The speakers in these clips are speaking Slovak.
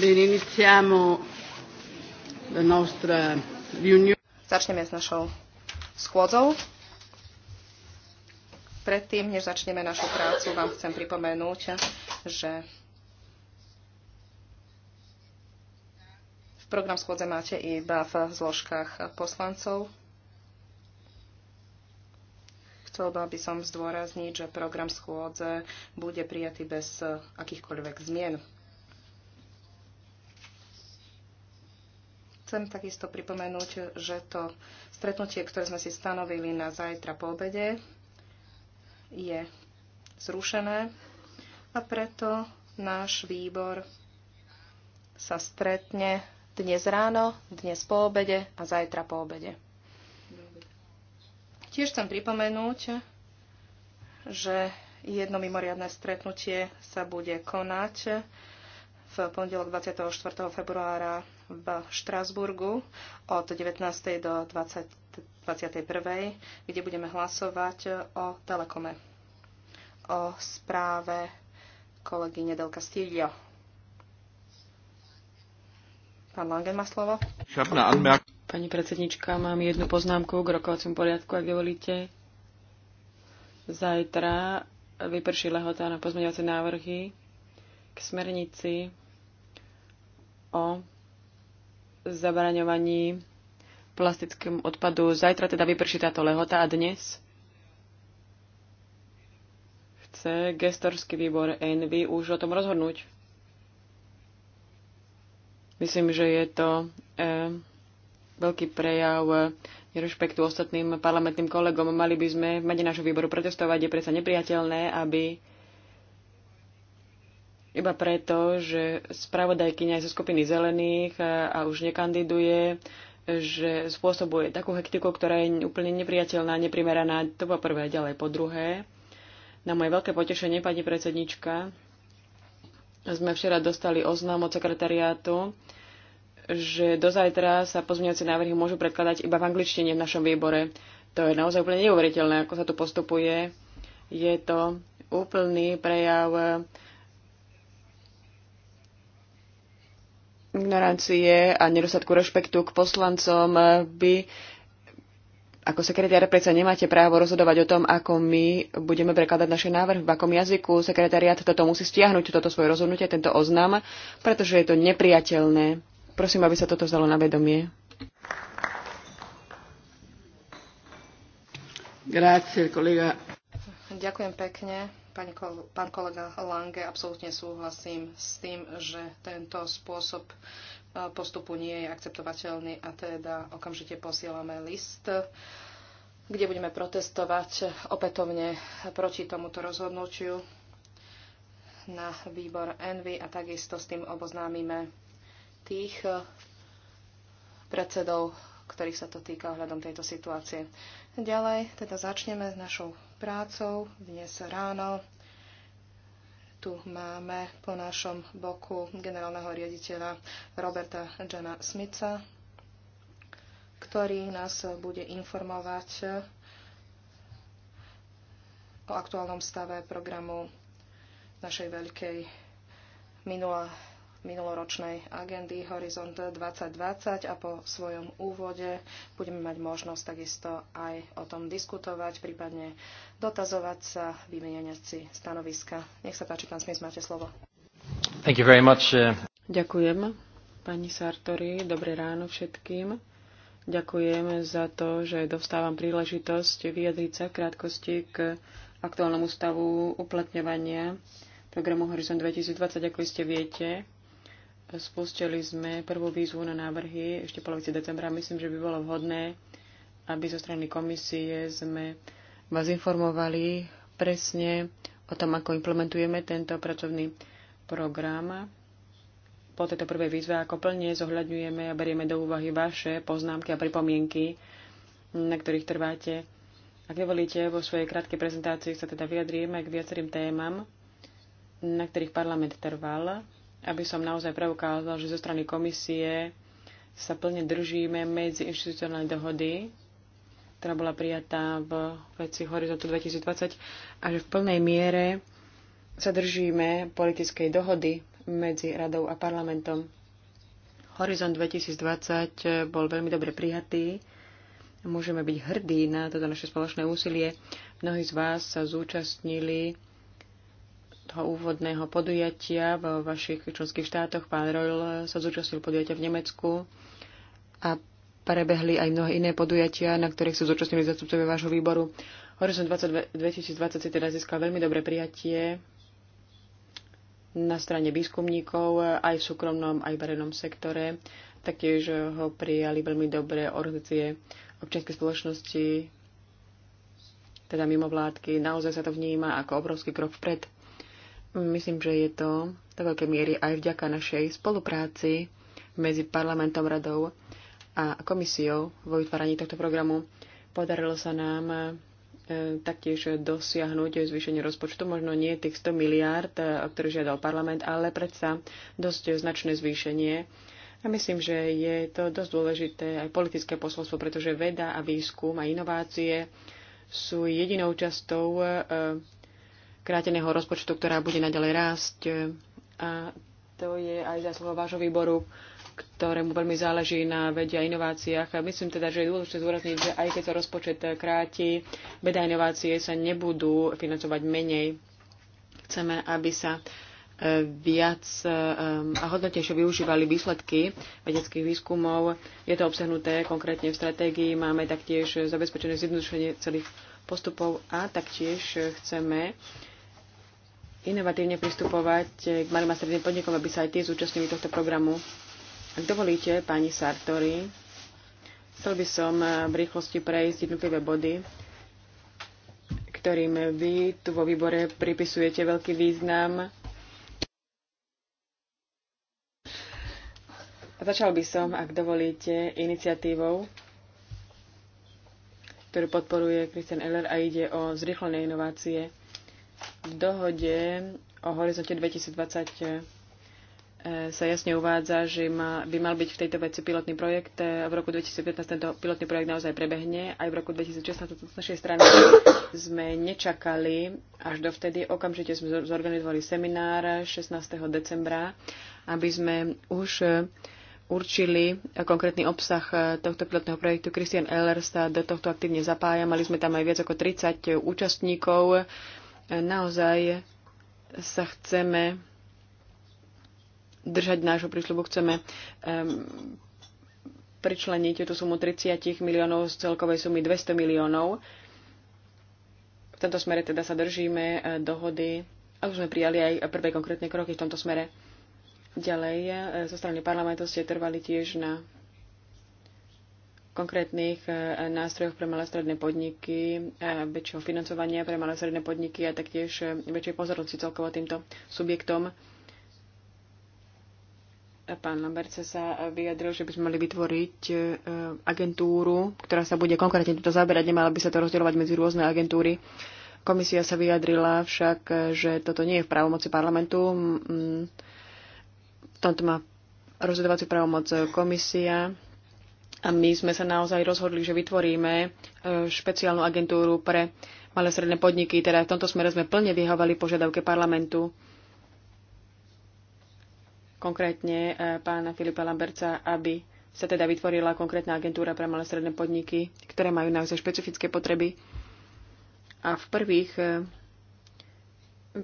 Bene, iniziamo la nostra riunione. Začneme s našou schôdzou. Predtým, než začneme našu prácu, vám chcem pripomenúť, že v program schôdze máte iba v zložkách poslancov. Chcel by som zdôrazniť, že program schôdze bude prijatý bez akýchkoľvek zmien. Chcem takisto pripomenúť, že to stretnutie, ktoré sme si stanovili na zajtra po obede, je zrušené a preto náš výbor sa stretne dnes ráno, dnes po obede a zajtra po obede. Tiež chcem pripomenúť, že jedno mimoriadne stretnutie sa bude konať pondelok 24. februára v Štrásburgu od 19. do 20, 21. kde budeme hlasovať o Telekome, o správe kolegy Nedelka Castillo. Pán Langen má slovo. Pani predsednička, mám jednu poznámku k rokovacím poriadku, ak dovolíte. Zajtra vyprší lehota na pozmeňovacie návrhy k smernici o zabraňovaní plastickému odpadu. Zajtra teda vyprší táto lehota a dnes chce gestorský výbor ENVY už o tom rozhodnúť. Myslím, že je to e, veľký prejav nerešpektu ostatným parlamentným kolegom. Mali by sme v mene nášho výboru protestovať. Je predsa nepriateľné, aby iba preto, že spravodajkyňa je zo skupiny zelených a, a už nekandiduje, že spôsobuje takú hektiku, ktorá je úplne nepriateľná, neprimeraná. To po prvé, ďalej po druhé. Na moje veľké potešenie, pani predsednička, sme včera dostali oznám od sekretariátu, že do zajtra sa pozmeňovacie návrhy môžu predkladať iba v angličtine v našom výbore. To je naozaj úplne neuveriteľné, ako sa tu postupuje. Je to úplný prejav ignorancie a nedostatku rešpektu k poslancom by eh, ako sekretár predsa nemáte právo rozhodovať o tom, ako my budeme prekladať naše návrhy, v akom jazyku. Sekretariat toto musí stiahnuť, toto svoje rozhodnutie, tento oznam, pretože je to nepriateľné. Prosím, aby sa toto vzalo na vedomie. Grazie, kolega. Ďakujem pekne Pani, pán kolega Lange, absolútne súhlasím s tým, že tento spôsob e, postupu nie je akceptovateľný a teda okamžite posielame list kde budeme protestovať opätovne proti tomuto rozhodnutiu na výbor Envy a takisto s tým oboznámime tých predsedov ktorých sa to týka ohľadom tejto situácie. Ďalej teda začneme s našou prácou dnes ráno. Tu máme po našom boku generálneho riaditeľa Roberta Jana Smica, ktorý nás bude informovať o aktuálnom stave programu našej veľkej minulá minuloročnej agendy Horizont 2020 a po svojom úvode budeme mať možnosť takisto aj o tom diskutovať, prípadne dotazovať sa, vymieňať si stanoviska. Nech sa páči, pán Smith, máte slovo. Thank you very much. Eh. Ďakujem, pani Sartori. Dobré ráno všetkým. Ďakujem za to, že dostávam príležitosť vyjadriť sa v krátkosti k aktuálnemu stavu uplatňovania programu Horizon 2020, ako ste viete. Spustili sme prvú výzvu na návrhy ešte polovici decembra. Myslím, že by bolo vhodné, aby zo strany komisie sme vás informovali presne o tom, ako implementujeme tento pracovný program. Po tejto prvej výzve, ako plne zohľadňujeme a berieme do úvahy vaše poznámky a pripomienky, na ktorých trváte. Ak dovolíte, vo svojej krátkej prezentácii sa teda vyjadrieme k viacerým témam, na ktorých parlament trval aby som naozaj preukázal, že zo strany komisie sa plne držíme medzi inštitucionálnej dohody, ktorá bola prijatá v veci Horizontu 2020 a že v plnej miere sa držíme politickej dohody medzi radou a parlamentom. Horizont 2020 bol veľmi dobre prijatý. Môžeme byť hrdí na toto naše spoločné úsilie. Mnohí z vás sa zúčastnili toho úvodného podujatia vo vašich členských štátoch. Pán Royl sa zúčastnil podujatia v Nemecku a prebehli aj mnohé iné podujatia, na ktorých sa zúčastnili zastupcovia vášho výboru. Horizon 20, 2020 si teda získal veľmi dobré prijatie na strane výskumníkov, aj v súkromnom, aj v verejnom sektore. Taktiež ho prijali veľmi dobré organizácie občianskej spoločnosti, teda mimovládky. Naozaj sa to vníma ako obrovský krok vpred. Myslím, že je to do veľkej miery aj vďaka našej spolupráci medzi parlamentom, radou a komisiou vo vytváraní tohto programu. Podarilo sa nám e, taktiež dosiahnuť zvýšenie rozpočtu, možno nie tých 100 miliárd, e, o ktorých žiadal parlament, ale predsa dosť značné zvýšenie. A myslím, že je to dosť dôležité aj politické posolstvo, pretože veda a výskum a inovácie sú jedinou častou e, kráteného rozpočtu, ktorá bude naďalej rásť. A to je aj zásluha vášho výboru, ktorému veľmi záleží na vede a inováciách. A myslím teda, že je dôležité zúrazniť, že aj keď sa rozpočet kráti, veda a inovácie sa nebudú financovať menej. Chceme, aby sa e, viac e, a hodnotnejšie využívali výsledky vedeckých výskumov. Je to obsahnuté konkrétne v stratégii. Máme taktiež zabezpečené zjednodušenie celých postupov a taktiež chceme uh, inovatívne pristupovať k malým a stredným podnikom, aby sa aj tie zúčastnili tohto programu. Ak dovolíte, pani Sartori, chcel by som eh, v rýchlosti prejsť jednotlivé body, ktorým vy tu vo výbore pripisujete veľký význam. Začal by som, ak dovolíte, iniciatívou, ktorú podporuje Christian Eller a ide o zrýchlené inovácie dohode o horizonte 2020 e, sa jasne uvádza, že by mal byť v tejto veci pilotný projekt. E, v roku 2015 tento pilotný projekt naozaj prebehne. Aj v roku 2016 z našej strany sme nečakali až dovtedy. Okamžite sme zorganizovali seminár 16. decembra, aby sme už e, určili konkrétny obsah tohto pilotného projektu. Christian Eller sa do tohto aktívne zapája. Mali sme tam aj viac ako 30 účastníkov naozaj sa chceme držať nášho prísľubu, chceme um, pričleniť túto sumu 30 miliónov z celkovej sumy 200 miliónov. V tomto smere teda sa držíme e, dohody a už sme prijali aj prvé konkrétne kroky v tomto smere. Ďalej, e, zo strany parlamentu ste trvali tiež na konkrétnych e, nástrojoch pre malé stredné podniky, e, väčšieho financovania pre malé stredné podniky a taktiež e, väčšej pozornosti celkovo týmto subjektom. Pán Lambert sa vyjadril, že by sme mali vytvoriť agentúru, ktorá sa bude konkrétne toto zaberať, nemala by sa to rozdielovať medzi rôzne agentúry. Komisia sa vyjadrila však, že toto nie je v právomoci parlamentu. V tomto má rozhodovaciu právomoc komisia a my sme sa naozaj rozhodli, že vytvoríme e, špeciálnu agentúru pre malé stredné podniky. Teda v tomto smere sme plne vyhovali požiadavke parlamentu. Konkrétne e, pána Filipa Lamberca, aby sa teda vytvorila konkrétna agentúra pre malé stredné podniky, ktoré majú naozaj špecifické potreby. A v prvých e,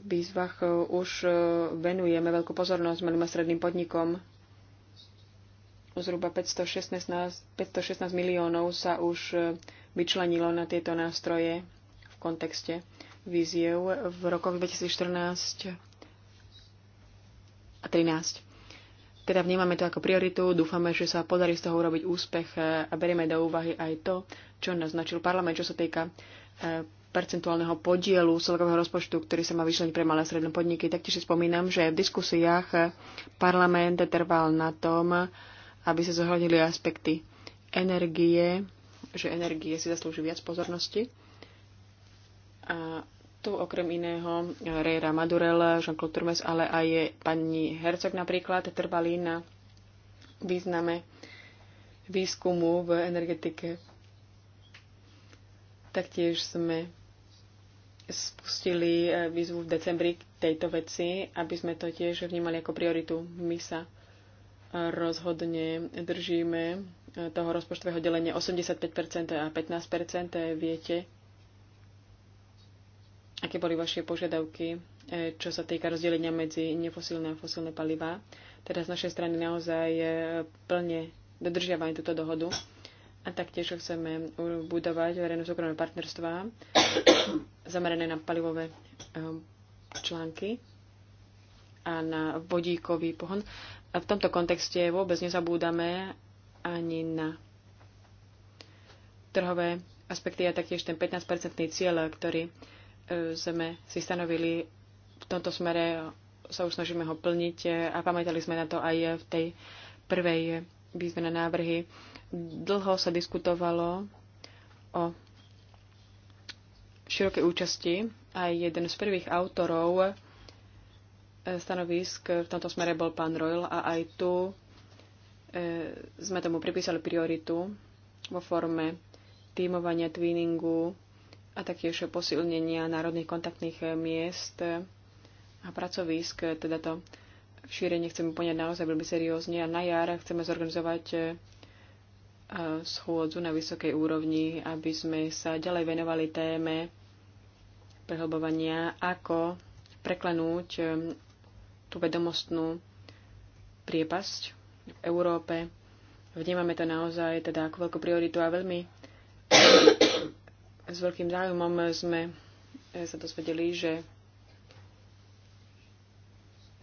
výzvach už venujeme veľkú pozornosť malým a stredným podnikom Zhruba 516, 516 miliónov sa už e, vyčlenilo na tieto nástroje v kontexte víziev v rokoch 2014 a 2013. Teda vnímame to ako prioritu, dúfame, že sa podarí z toho urobiť úspech e, a berieme do úvahy aj to, čo naznačil parlament, čo sa týka e, percentuálneho podielu celkového rozpočtu, ktorý sa má vyšleniť pre malé a stredné podniky. Taktiež si spomínam, že v diskusiách parlament trval na tom, aby sa zohľadnili aspekty energie, že energie si zaslúži viac pozornosti. A tu okrem iného Rera Madurel, Jean-Claude Turmes, ale aj pani Herceg napríklad trvali na význame výskumu v energetike. Taktiež sme spustili eh, výzvu v decembri tejto veci, aby sme to tiež vnímali ako prioritu. My sa rozhodne držíme e, toho rozpočtového delenia 85% a 15%. E, viete, aké boli vaše požiadavky, e, čo sa týka rozdelenia medzi nefosilné a fosilné palivá. Teda z našej strany naozaj plne dodržiavame túto dohodu a taktiež chceme budovať verejno-súkromné partnerstvá zamerané na palivové články a na vodíkový pohon. A v tomto kontexte vôbec nezabúdame ani na trhové aspekty a taktiež ten 15-percentný cieľ, ktorý e, sme si stanovili v tomto smere, sa už snažíme ho plniť a pamätali sme na to aj v tej prvej výzve na návrhy. Dlho sa diskutovalo o širokej účasti a jeden z prvých autorov stanovisk v tomto smere bol pán Royal a aj tu e, sme tomu pripísali prioritu vo forme týmovania, tweeningu a taktiež posilnenia národných kontaktných miest a pracovisk. Teda to šírenie chceme poňať naozaj veľmi seriózne a na jar chceme zorganizovať e, schôdzu na vysokej úrovni, aby sme sa ďalej venovali téme prehlbovania, ako preklenúť tú vedomostnú priepasť v Európe. Vnímame to naozaj teda ako veľkú prioritu a veľmi s veľkým záujmom sme sa dozvedeli, že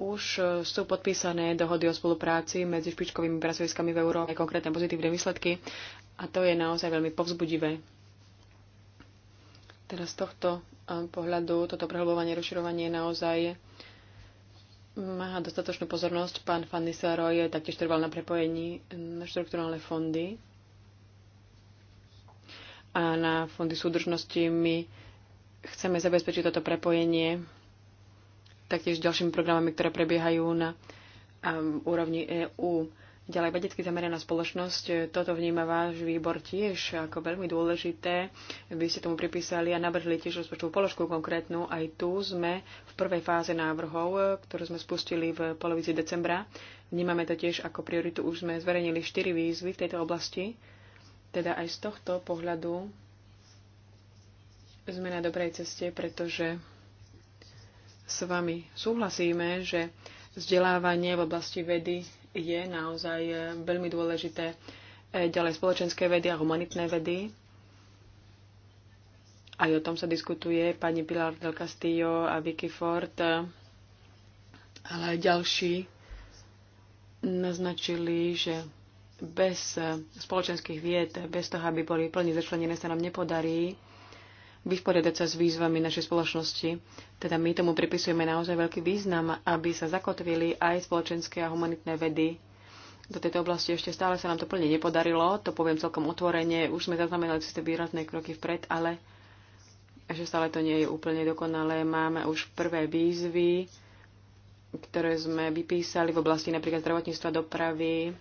už sú podpísané dohody o spolupráci medzi špičkovými pracoviskami v Európe, a konkrétne pozitívne výsledky a to je naozaj veľmi povzbudivé. Teraz z tohto eh, pohľadu toto prehlbovanie, rozširovanie je naozaj má dostatočnú pozornosť. Pán Fanny je taktiež trval na prepojení na mm, štrukturálne fondy a na fondy súdržnosti. My chceme zabezpečiť toto prepojenie taktiež ďalšími programami, ktoré prebiehajú na um, úrovni EÚ. Ďalej, vedecky zameraná spoločnosť, e, toto vníma váš výbor tiež ako veľmi dôležité. Vy ste tomu pripísali a navrhli tiež rozpočtovú položku konkrétnu. Aj tu sme v prvej fáze návrhov, e, ktorú sme spustili v polovici decembra. Vnímame to tiež ako prioritu. Už sme zverejnili štyri výzvy v tejto oblasti. Teda aj z tohto pohľadu sme na dobrej ceste, pretože s vami súhlasíme, že vzdelávanie v oblasti vedy je naozaj e, veľmi dôležité. E, ďalej spoločenské vedy a humanitné vedy. Aj o tom sa diskutuje pani Pilar del Castillo a Vicky Ford, e, ale aj ďalší naznačili, že bez spoločenských vied, bez toho, aby boli plne začlenené, sa nám nepodarí vysporiadať sa s výzvami našej spoločnosti. Teda my tomu pripisujeme naozaj veľký význam, aby sa zakotvili aj spoločenské a humanitné vedy do tejto oblasti ešte stále sa nám to plne nepodarilo, to poviem celkom otvorene, už sme zaznamenali ste výrazné kroky vpred, ale ešte stále to nie je úplne dokonalé. Máme už prvé výzvy, ktoré sme vypísali v oblasti napríklad zdravotníctva, dopravy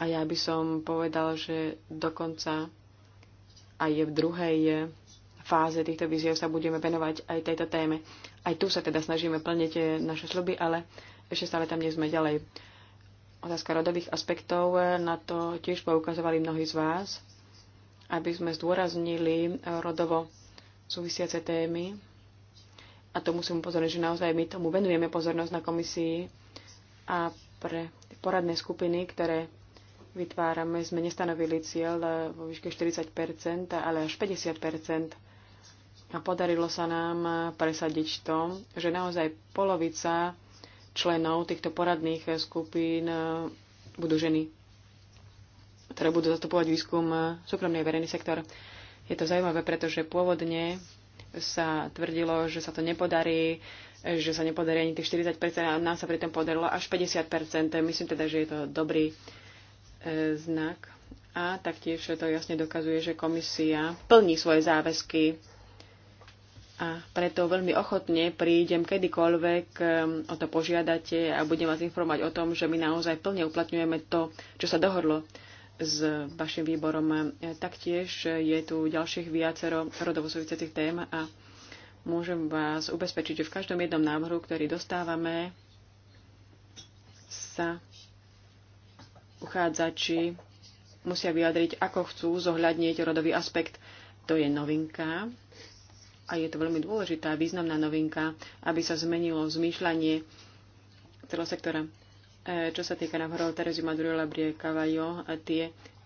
a ja by som povedal, že dokonca aj v druhej fáze týchto víziev sa budeme venovať aj tejto téme. Aj tu sa teda snažíme plniť eh, naše sluby, ale ešte stále tam nie sme ďalej. Otázka rodových aspektov, eh, na to tiež poukazovali mnohí z vás, aby sme zdôraznili eh, rodovo súvisiace témy. A to musím upozorniť, že naozaj my tomu venujeme pozornosť na komisii a pre poradné skupiny, ktoré vytvárame, sme nestanovili cieľ vo výške 40 ale až 50 a podarilo sa nám presadiť to, že naozaj polovica členov týchto poradných skupín e, budú ženy, ktoré budú zastupovať výskum e, súkromný verejný sektor. Je to zaujímavé, pretože pôvodne sa tvrdilo, že sa to nepodarí, e, že sa nepodarí ani tých 40%, a nám sa pritom podarilo až 50%. Myslím teda, že je to dobrý e, znak. A taktiež to jasne dokazuje, že komisia plní svoje záväzky a preto veľmi ochotne prídem kedykoľvek um, o to požiadate a budem vás informovať o tom, že my naozaj plne uplatňujeme to, čo sa dohodlo s vašim výborom. E, taktiež je tu ďalších viacero rodovo súvisiacich tém a môžem vás ubezpečiť, že v každom jednom návrhu, ktorý dostávame, sa uchádzači musia vyjadriť, ako chcú zohľadniť rodový aspekt. To je novinka a je to veľmi dôležitá významná novinka, aby sa zmenilo zmýšľanie celého sektora. E, čo sa týka návrhov Terezy Madurela Briekavajo, Cavajo, e, tie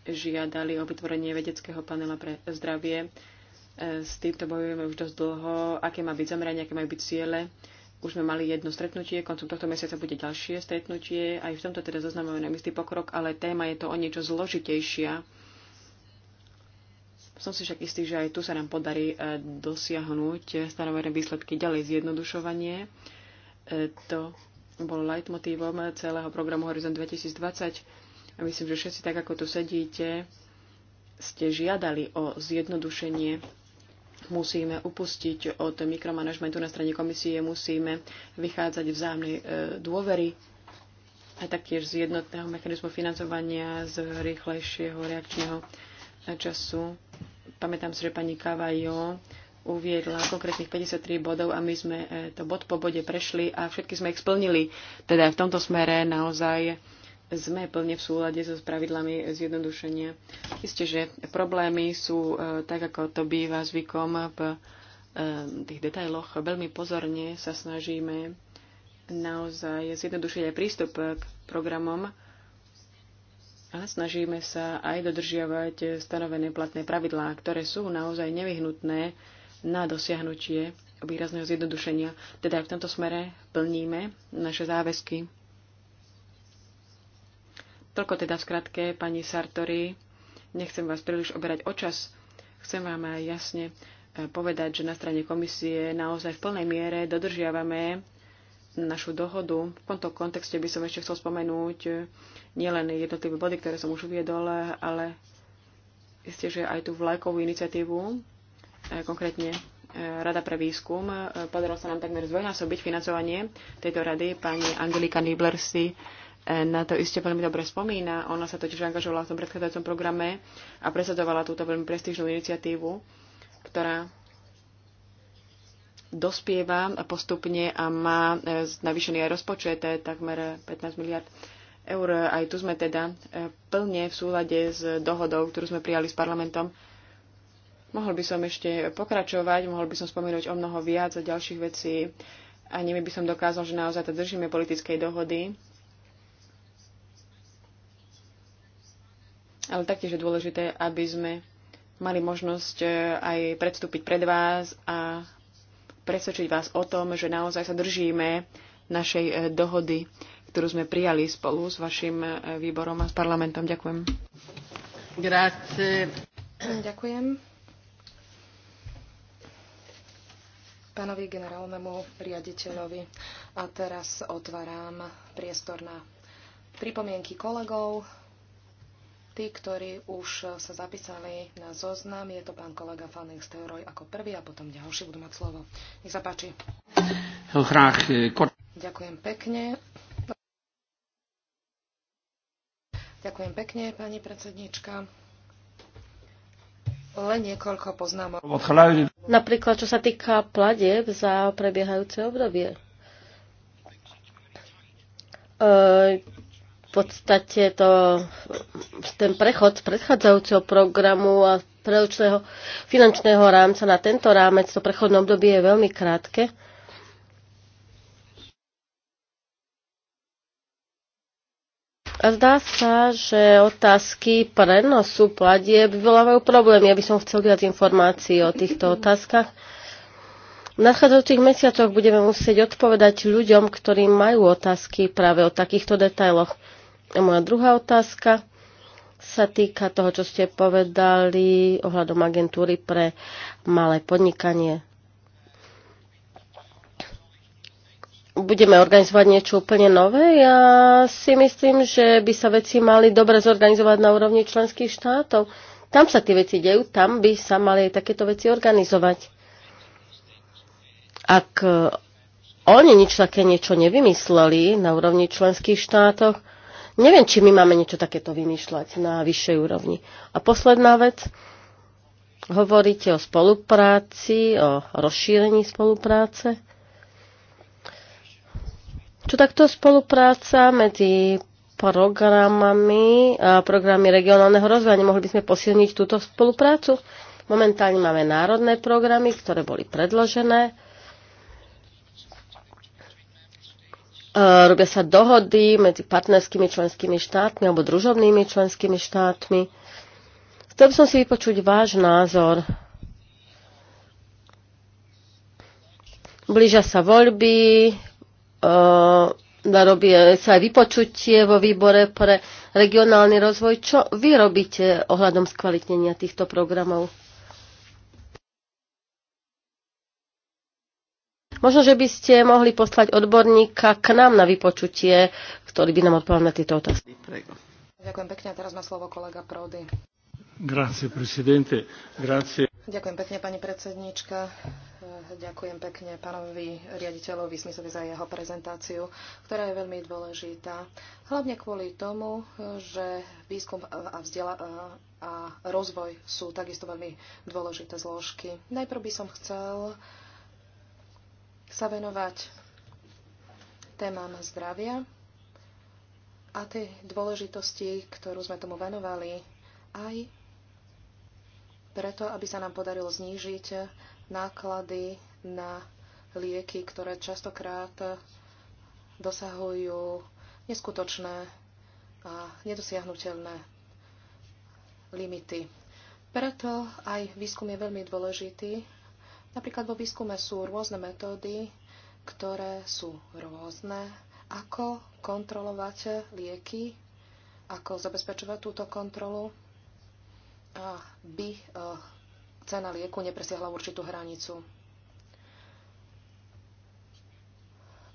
žiadali o vytvorenie vedeckého panela pre zdravie. E, s týmto bojujeme už dosť dlho, aké má byť zameranie, aké majú byť ciele. Už sme mali jedno stretnutie, koncom tohto mesiaca bude ďalšie stretnutie. Aj v tomto teda zaznamenujem istý pokrok, ale téma je to o niečo zložitejšia som si však istý, že aj tu sa nám podarí e, dosiahnuť stanovené výsledky ďalej zjednodušovanie. E, to bolo leitmotívom celého programu Horizon 2020. A myslím, že všetci tak, ako tu sedíte, ste žiadali o zjednodušenie musíme upustiť od mikromanažmentu na strane komisie, musíme vychádzať vzájomnej e, dôvery a taktiež z jednotného mechanizmu financovania, z rýchlejšieho reakčného času Pamätám si, že pani Kavajo uviedla konkrétnych 53 bodov a my sme eh, to bod po bode prešli a všetky sme ich splnili. Teda v tomto smere naozaj sme plne v súlade so pravidlami zjednodušenia. Isté, že problémy sú, eh, tak ako to býva zvykom v eh, tých detailoch, veľmi pozorne sa snažíme naozaj zjednodušiť aj prístup k programom, a snažíme sa aj dodržiavať stanovené platné pravidlá, ktoré sú naozaj nevyhnutné na dosiahnutie výrazného zjednodušenia. Teda aj v tomto smere plníme naše záväzky. Toľko teda v skratke, pani Sartori. Nechcem vás príliš oberať o čas. Chcem vám aj jasne eh, povedať, že na strane komisie naozaj v plnej miere dodržiavame našu dohodu. V tomto kontexte by som ešte chcel spomenúť e, nielen jednotlivé body, ktoré som už uviedol, ale isté, že aj tú vlajkovú iniciatívu, e, konkrétne e, Rada pre výskum. Podarilo sa nám takmer zdvojnásobiť financovanie tejto rady. Pani Angelika Nibler si na to iste veľmi dobre spomína. Ona sa totiž angažovala v tom predchádzajúcom programe a presadovala túto veľmi prestížnú iniciatívu, ktorá dospieva postupne a má e, navýšený aj rozpočet takmer 15 miliard eur. Aj tu sme teda e, plne v súlade s dohodou, ktorú sme prijali s parlamentom. Mohol by som ešte pokračovať, mohol by som spomenúť o mnoho viac a ďalších vecí. A nimi by som dokázal, že naozaj to držíme politickej dohody. Ale taktiež je dôležité, aby sme mali možnosť e, aj predstúpiť pred vás a presvedčiť vás o tom, že naozaj sa držíme našej eh, dohody, ktorú sme prijali spolu s vašim eh, výborom a s parlamentom. Ďakujem. Grazie. Ďakujem. Pánovi generálnemu riaditeľovi. A teraz otváram priestor na pripomienky kolegov. Tí, ktorí už sa zapísali na zoznam, je to pán kolega Fanning Steuroj ako prvý a potom ďalší budú mať slovo. Nech sa páči. Eh, Ďakujem pekne. Ďakujem pekne, pani predsednička. Len niekoľko poznámok. Napríklad, čo sa týka pladeb za prebiehajúce obdobie. Eh, podstate to, ten prechod z predchádzajúceho programu a predočného finančného rámca na tento rámec, to prechodné obdobie je veľmi krátke. A zdá sa, že otázky prenosu pladie vyvolávajú problémy. Ja by som chcel viac informácií o týchto otázkach. V nadchádzajúcich mesiacoch budeme musieť odpovedať ľuďom, ktorí majú otázky práve o takýchto detailoch. A moja druhá otázka sa týka toho, čo ste povedali ohľadom agentúry pre malé podnikanie. budeme organizovať niečo úplne nové. Ja si myslím, že by sa veci mali dobre zorganizovať na úrovni členských štátov. Tam sa tie veci dejú, tam by sa mali aj takéto veci organizovať. Ak oni nič také niečo nevymysleli na úrovni členských štátoch, Neviem, či my máme niečo takéto vymýšľať na vyššej úrovni. A posledná vec. Hovoríte o spolupráci, o rozšírení spolupráce. Čo takto spolupráca medzi programami a programy regionálneho rozvoja? Nemohli by sme posilniť túto spoluprácu? Momentálne máme národné programy, ktoré boli predložené Eh, robia sa dohody medzi partnerskými členskými štátmi alebo družobnými členskými štátmi. Chcel by som si vypočuť váš názor. Blížia sa voľby, eh, robí sa aj vypočutie vo výbore pre regionálny rozvoj. Čo vy robíte ohľadom skvalitnenia týchto programov? Možno, že by ste mohli poslať odborníka k nám na vypočutie, ktorý by nám odpovedal na tieto otázky. Ďakujem pekne. A teraz má slovo kolega Prody. Grazie, presidente. Grazie. Ďakujem pekne, pani predsedníčka. Ďakujem pekne pánovi riaditeľovi Smysovi za jeho prezentáciu, ktorá je veľmi dôležitá. Hlavne kvôli tomu, že výskum a, vzdiela- a rozvoj sú takisto veľmi dôležité zložky. Najprv by som chcel uh, sa venovať témam zdravia a tej dôležitosti, ktorú sme tomu venovali, aj preto, aby sa nám podarilo znížiť náklady na lieky, ktoré častokrát dosahujú neskutočné a nedosiahnutelné limity. Preto aj výskum je veľmi dôležitý Napríklad vo výskume sú rôzne metódy, ktoré sú rôzne, ako kontrolovať lieky, ako zabezpečovať túto kontrolu, aby e, cena lieku nepresiahla určitú hranicu.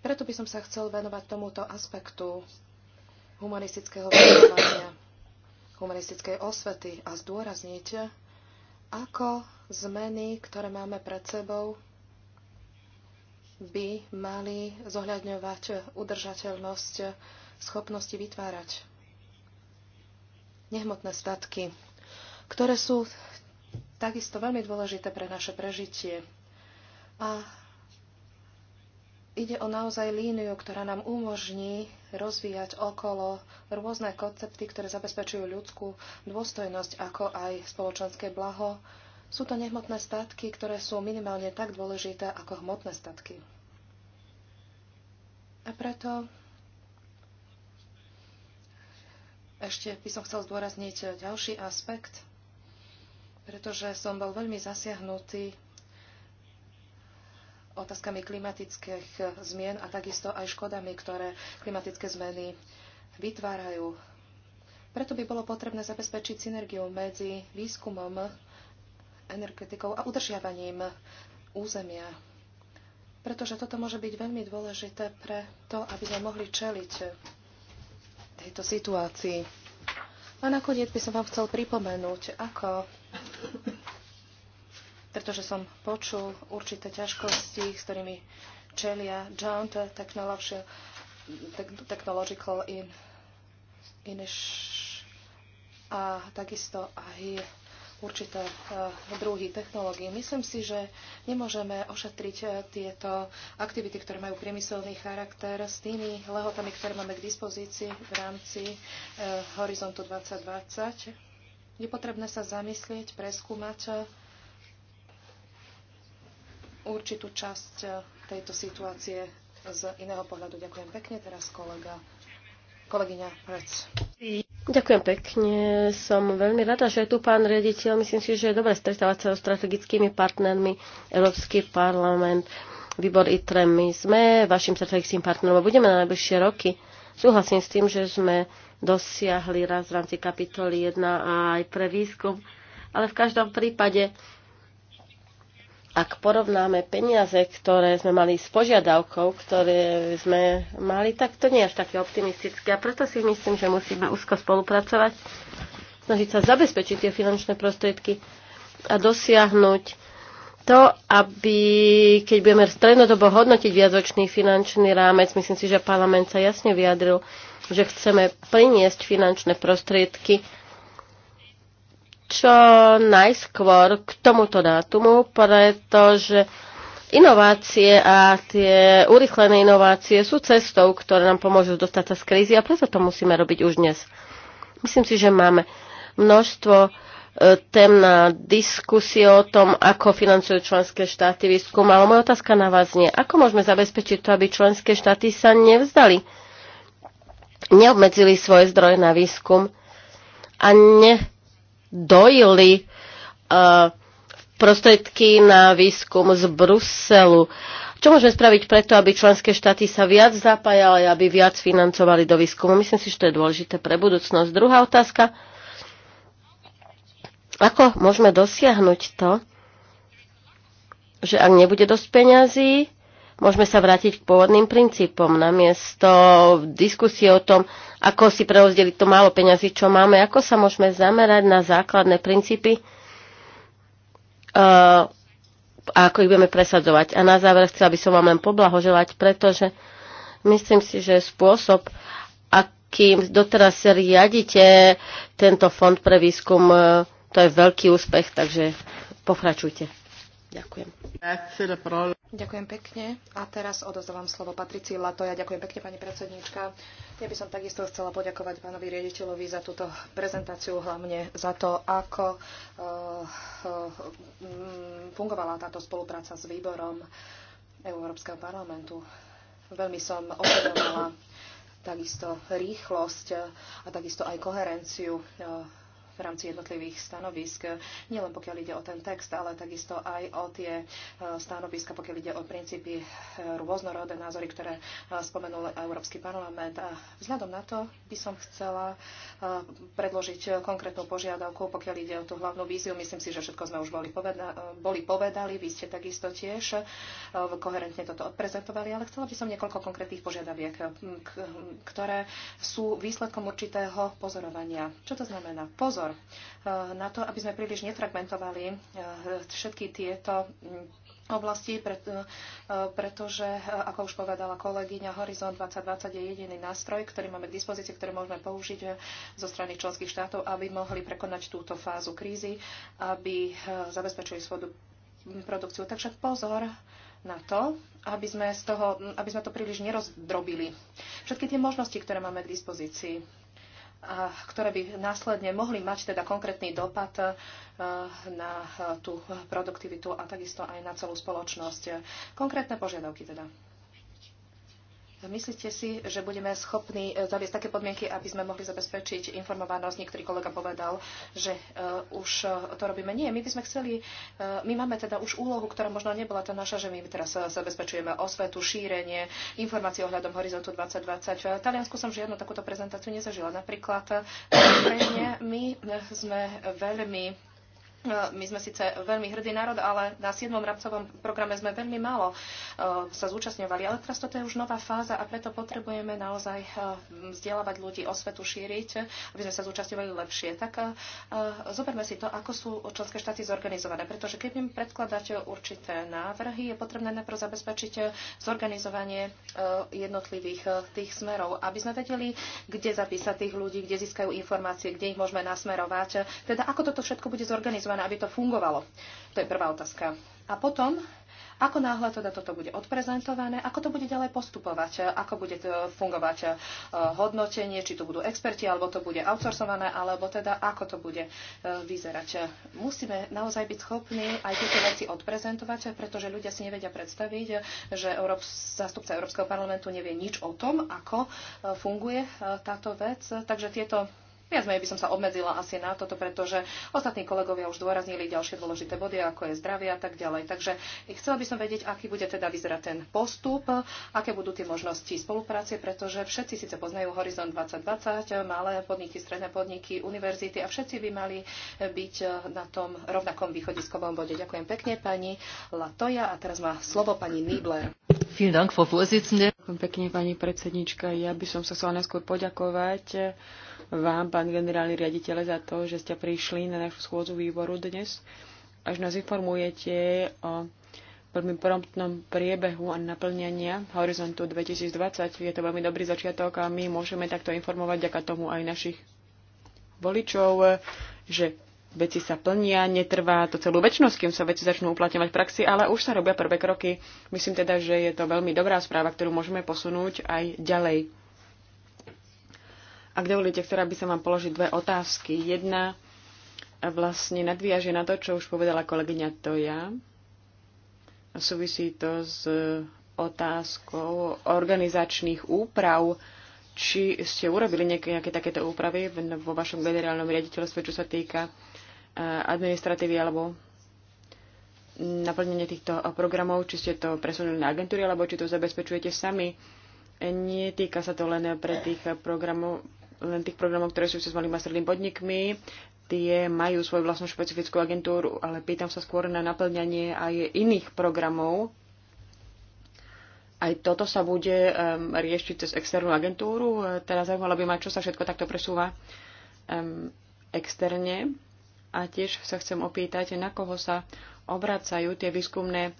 Preto by som sa chcel venovať tomuto aspektu humanistického vzdelávania, humanistickej osvety a zdôrazniť, ako zmeny, ktoré máme pred sebou, by mali zohľadňovať udržateľnosť schopnosti vytvárať nehmotné statky, ktoré sú takisto veľmi dôležité pre naše prežitie. A ide o naozaj líniu, ktorá nám umožní rozvíjať okolo rôzne koncepty, ktoré zabezpečujú ľudskú dôstojnosť, ako aj spoločenské blaho, sú to nehmotné statky, ktoré sú minimálne tak dôležité ako hmotné statky. A preto ešte by som chcel zdôrazniť ďalší aspekt, pretože som bol veľmi zasiahnutý otázkami klimatických zmien a takisto aj škodami, ktoré klimatické zmeny vytvárajú. Preto by bolo potrebné zabezpečiť synergiu medzi výskumom energetikou a udržiavaním územia. Pretože toto môže byť veľmi dôležité pre to, aby sme mohli čeliť tejto situácii. A nakoniec by som vám chcel pripomenúť, ako pretože som počul určité ťažkosti, s ktorými čelia Joint Technological in, Inish a takisto aj určité eh, druhy technológií. Myslím si, že nemôžeme ošetriť eh, tieto aktivity, ktoré majú priemyselný charakter s tými lehotami, ktoré máme k dispozícii v rámci eh, Horizontu 2020. Je potrebné sa zamyslieť, preskúmať určitú časť tejto situácie z iného pohľadu. Ďakujem pekne. Teraz kolega, kolegyňa Prec. Ďakujem pekne. Som veľmi rada, že je tu pán rediteľ. Myslím si, že je dobre stretávať sa so strategickými partnermi Európsky parlament, výbor ITRE. My sme vašim strategickým partnerom a budeme na najbližšie roky. Súhlasím s tým, že sme dosiahli raz v rámci kapitoly 1 a aj pre výskum, ale v každom prípade ak porovnáme peniaze, ktoré sme mali s požiadavkou, ktoré sme mali, tak to nie je až také optimistické. A preto si myslím, že musíme úzko spolupracovať, snažiť sa zabezpečiť tie finančné prostriedky a dosiahnuť to, aby, keď budeme strednodobo hodnotiť viazočný finančný rámec, myslím si, že parlament sa jasne vyjadril, že chceme priniesť finančné prostriedky čo najskôr k tomuto dátumu, pretože inovácie a tie urychlené inovácie sú cestou, ktoré nám pomôžu dostať sa z krízy a preto to musíme robiť už dnes. Myslím si, že máme množstvo e, tém na diskusie o tom, ako financujú členské štáty výskum, ale moja otázka na vás nie. Ako môžeme zabezpečiť to, aby členské štáty sa nevzdali, neobmedzili svoje zdroje na výskum a ne dojili e, prostriedky na výskum z Bruselu. Čo môžeme spraviť preto, aby členské štáty sa viac zapájali, aby viac financovali do výskumu? Myslím si, že to je dôležité pre budúcnosť. Druhá otázka. Ako môžeme dosiahnuť to, že ak nebude dosť peňazí, môžeme sa vrátiť k pôvodným princípom. Namiesto diskusie o tom, ako si preozdeliť to málo peňazí, čo máme, ako sa môžeme zamerať na základné princípy eh, a ako ich budeme presadzovať. A na záver chcela by som vám len poblahoželať, pretože myslím si, že spôsob, akým doteraz riadite tento fond pre výskum, eh, to je veľký úspech, takže pokračujte. Ďakujem. Ďakujem pekne. A teraz odozdávam slovo Patricii Latoja. Ďakujem pekne, pani predsedníčka. Ja by som takisto chcela poďakovať pánovi riaditeľovi za túto prezentáciu, hlavne za to, ako eh, eh, fungovala táto spolupráca s výborom Európskeho parlamentu. Veľmi som oceňovala takisto rýchlosť a takisto aj koherenciu eh, v rámci jednotlivých stanovisk, nielen pokiaľ ide o ten text, ale takisto aj o tie e, stanoviska, pokiaľ ide o princípy e, rôznorodé názory, ktoré e, spomenul Európsky parlament. A vzhľadom na to by som chcela predložiť konkrétnu požiadavku, pokiaľ ide o tú hlavnú víziu. Myslím si, že všetko sme už boli, poveda- boli povedali, vy ste takisto tiež koherentne toto odprezentovali, ale chcela by som niekoľko konkrétnych požiadaviek, ktoré sú výsledkom určitého pozorovania. Čo to znamená? Pozor, priestor eh, na to, aby sme príliš nefragmentovali eh, všetky tieto mm, oblasti, eh, pretože, ako už povedala kolegyňa, Horizon 2020 je jediný nástroj, ktorý máme k dispozícii, ktorý môžeme použiť zo strany členských štátov, aby mohli prekonať túto fázu krízy, aby zabezpečili svoju produkciu. Takže pozor na to, aby sme, z toho, aby sme to príliš nerozdrobili. Všetky tie možnosti, ktoré máme k dispozícii a ktoré by následne mohli mať teda konkrétny dopad e, na e, tú produktivitu a takisto aj na celú spoločnosť. Konkrétne požiadavky teda. Myslíte si, že budeme schopní e, zaviesť také podmienky, aby sme mohli zabezpečiť informovanosť? Niektorý kolega povedal, že uh, už e, to robíme. Nie, my by sme chceli, uh, my máme teda už úlohu, ktorá možno nebola tá naša, že my teraz zabezpečujeme osvetu, šírenie, informácie ohľadom Horizontu 2020. V Taliansku som žiadnu takúto prezentáciu nezažila. Napríklad my sme veľmi E, my sme síce veľmi hrdý národ, ale na 7. rámcovom programe sme veľmi málo e, sa zúčastňovali. Ale teraz toto je už nová fáza a preto potrebujeme naozaj e, vzdelávať ľudí, o svetu šíriť, aby sme sa zúčastňovali lepšie. Tak zoberme si to, ako sú členské štáty zorganizované. Pretože keď im predkladáte určité návrhy, je potrebné najprv zabezpečiť zorganizovanie jednotlivých tých smerov, aby sme vedeli, kde zapísať tých ľudí, kde získajú informácie, kde ich môžeme nasmerovať. Teda ako toto všetko bude zorganizované zapracované, aby to fungovalo? To je prvá otázka. A potom, ako náhle teda toto bude odprezentované, ako to bude ďalej postupovať, ako bude to fungovať eh, hodnotenie, či to budú experti, alebo to bude outsourcované, alebo teda ako to bude eh, vyzerať. Musíme naozaj byť schopní aj tieto veci odprezentovať, pretože ľudia si nevedia predstaviť, že Európs- zástupca Európskeho parlamentu nevie nič o tom, ako eh, funguje táto vec. Takže tieto Viac menej by som sa obmedzila asi na toto, pretože ostatní kolegovia už dôraznili ďalšie dôležité body, ako je zdravie a tak ďalej. Takže chcela by som vedieť, aký bude teda vyzerať ten postup, aké budú tie možnosti spolupráce, pretože všetci síce poznajú Horizon 2020, malé podniky, stredné podniky, univerzity a všetci by mali byť na tom rovnakom východiskovom bode. Ďakujem pekne pani Latoja a teraz má slovo pani Nibler. Ďakujem pekne, pani predsednička. Ja by som sa chcela najskôr poďakovať vám, pán generálny riaditeľ, za to, že ste prišli na našu schôdzu výboru dnes, až nás informujete o veľmi promptnom priebehu a naplňania Horizontu 2020. Je to veľmi dobrý začiatok a my môžeme takto informovať ďaká tomu aj našich voličov, že veci sa plnia, netrvá to celú väčšnosť, kým sa veci začnú uplatňovať v praxi, ale už sa robia prvé kroky. Myslím teda, že je to veľmi dobrá správa, ktorú môžeme posunúť aj ďalej. Ak dovolíte, ktorá by som vám položiť dve otázky. Jedna vlastne nadviaže na to, čo už povedala kolegyňa Toja. A súvisí to s otázkou organizačných úprav. Či ste urobili nejaké, nejaké takéto úpravy vo vašom generálnom riaditeľstve, čo sa týka e, administratívy alebo naplnenie týchto programov, či ste to presunuli na agentúry, alebo či to zabezpečujete sami. E, Netýka sa to len pre tých programov, len tých programov, ktoré sú s malými a strednými podnikmi. Tie majú svoju vlastnú špecifickú agentúru, ale pýtam sa skôr na naplňanie aj iných programov. Aj toto sa bude um, riešiť cez externú agentúru. Teda zaujímalo by ma, čo sa všetko takto presúva um, externe. A tiež sa chcem opýtať, na koho sa obracajú tie výskumné uh,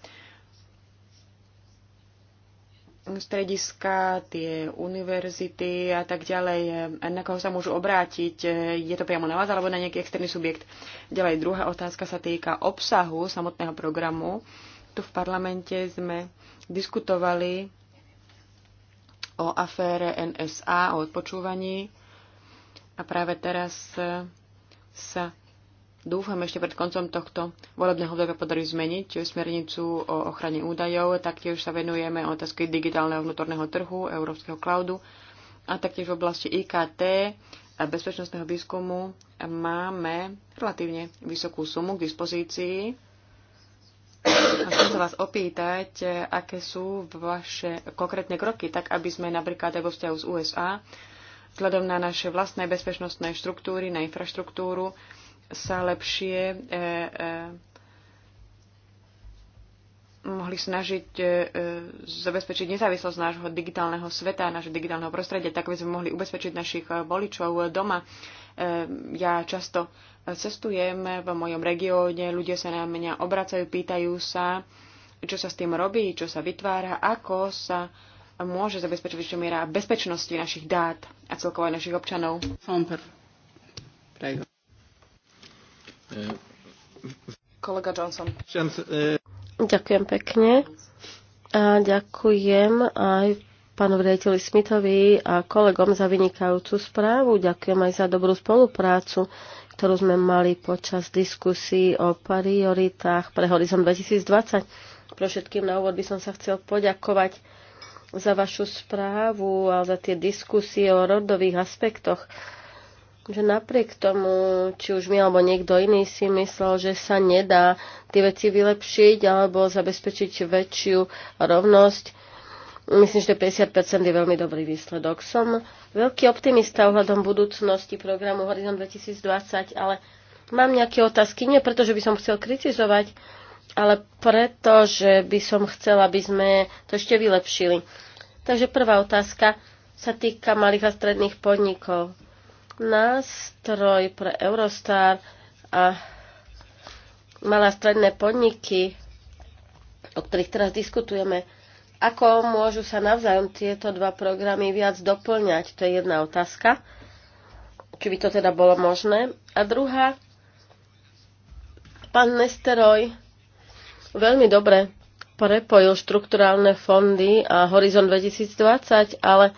strediska, tie univerzity a tak ďalej, na koho sa môžu obrátiť, je to priamo na vás alebo na nejaký externý subjekt. Ďalej druhá otázka sa týka obsahu samotného programu. Tu v parlamente sme diskutovali o afére NSA, o odpočúvaní a práve teraz sa dúfam ešte pred koncom tohto volebného obdobia podarí zmeniť smernicu o ochrane údajov. Taktiež sa venujeme otázke digitálneho vnútorného trhu, európskeho cloudu a taktiež v oblasti IKT a bezpečnostného výskumu máme relatívne vysokú sumu k dispozícii. A chcem sa vás opýtať, aké sú vaše konkrétne kroky, tak aby sme napríklad aj vo vzťahu z USA, vzhľadom na naše vlastné bezpečnostné štruktúry, na infraštruktúru, sa lepšie e, e, mohli snažiť e, zabezpečiť nezávislosť nášho digitálneho sveta, nášho digitálneho prostredia, tak aby sme mohli ubezpečiť našich voličov doma. Ja často cestujem v mojom regióne, ľudia sa na mňa obracajú, pýtajú sa, čo sa s tým robí, čo sa vytvára, ako sa môže zabezpečiť čo miera bezpečnosti našich dát a celkovo našich občanov. Fomper. Kolega Johnson. Ďakujem pekne. A ďakujem aj pánu rejteli Smithovi a kolegom za vynikajúcu správu. Ďakujem aj za dobrú spoluprácu, ktorú sme mali počas diskusí o prioritách pre Horizon 2020. Pro všetkým na úvod by som sa chcel poďakovať za vašu správu a za tie diskusie o rodových aspektoch že napriek tomu, či už my alebo niekto iný si myslel, že sa nedá tie veci vylepšiť alebo zabezpečiť väčšiu rovnosť, myslím, že 50% je veľmi dobrý výsledok. Som veľký optimista ohľadom budúcnosti programu Horizon 2020, ale mám nejaké otázky, nie preto, že by som chcel kritizovať, ale preto, že by som chcela, aby sme to ešte vylepšili. Takže prvá otázka sa týka malých a stredných podnikov nástroj pre Eurostar a malé stredné podniky, o ktorých teraz diskutujeme, ako môžu sa navzájom tieto dva programy viac doplňať? To je jedna otázka. Či by to teda bolo možné. A druhá, pán Nesteroj veľmi dobre prepojil štrukturálne fondy a Horizon 2020, ale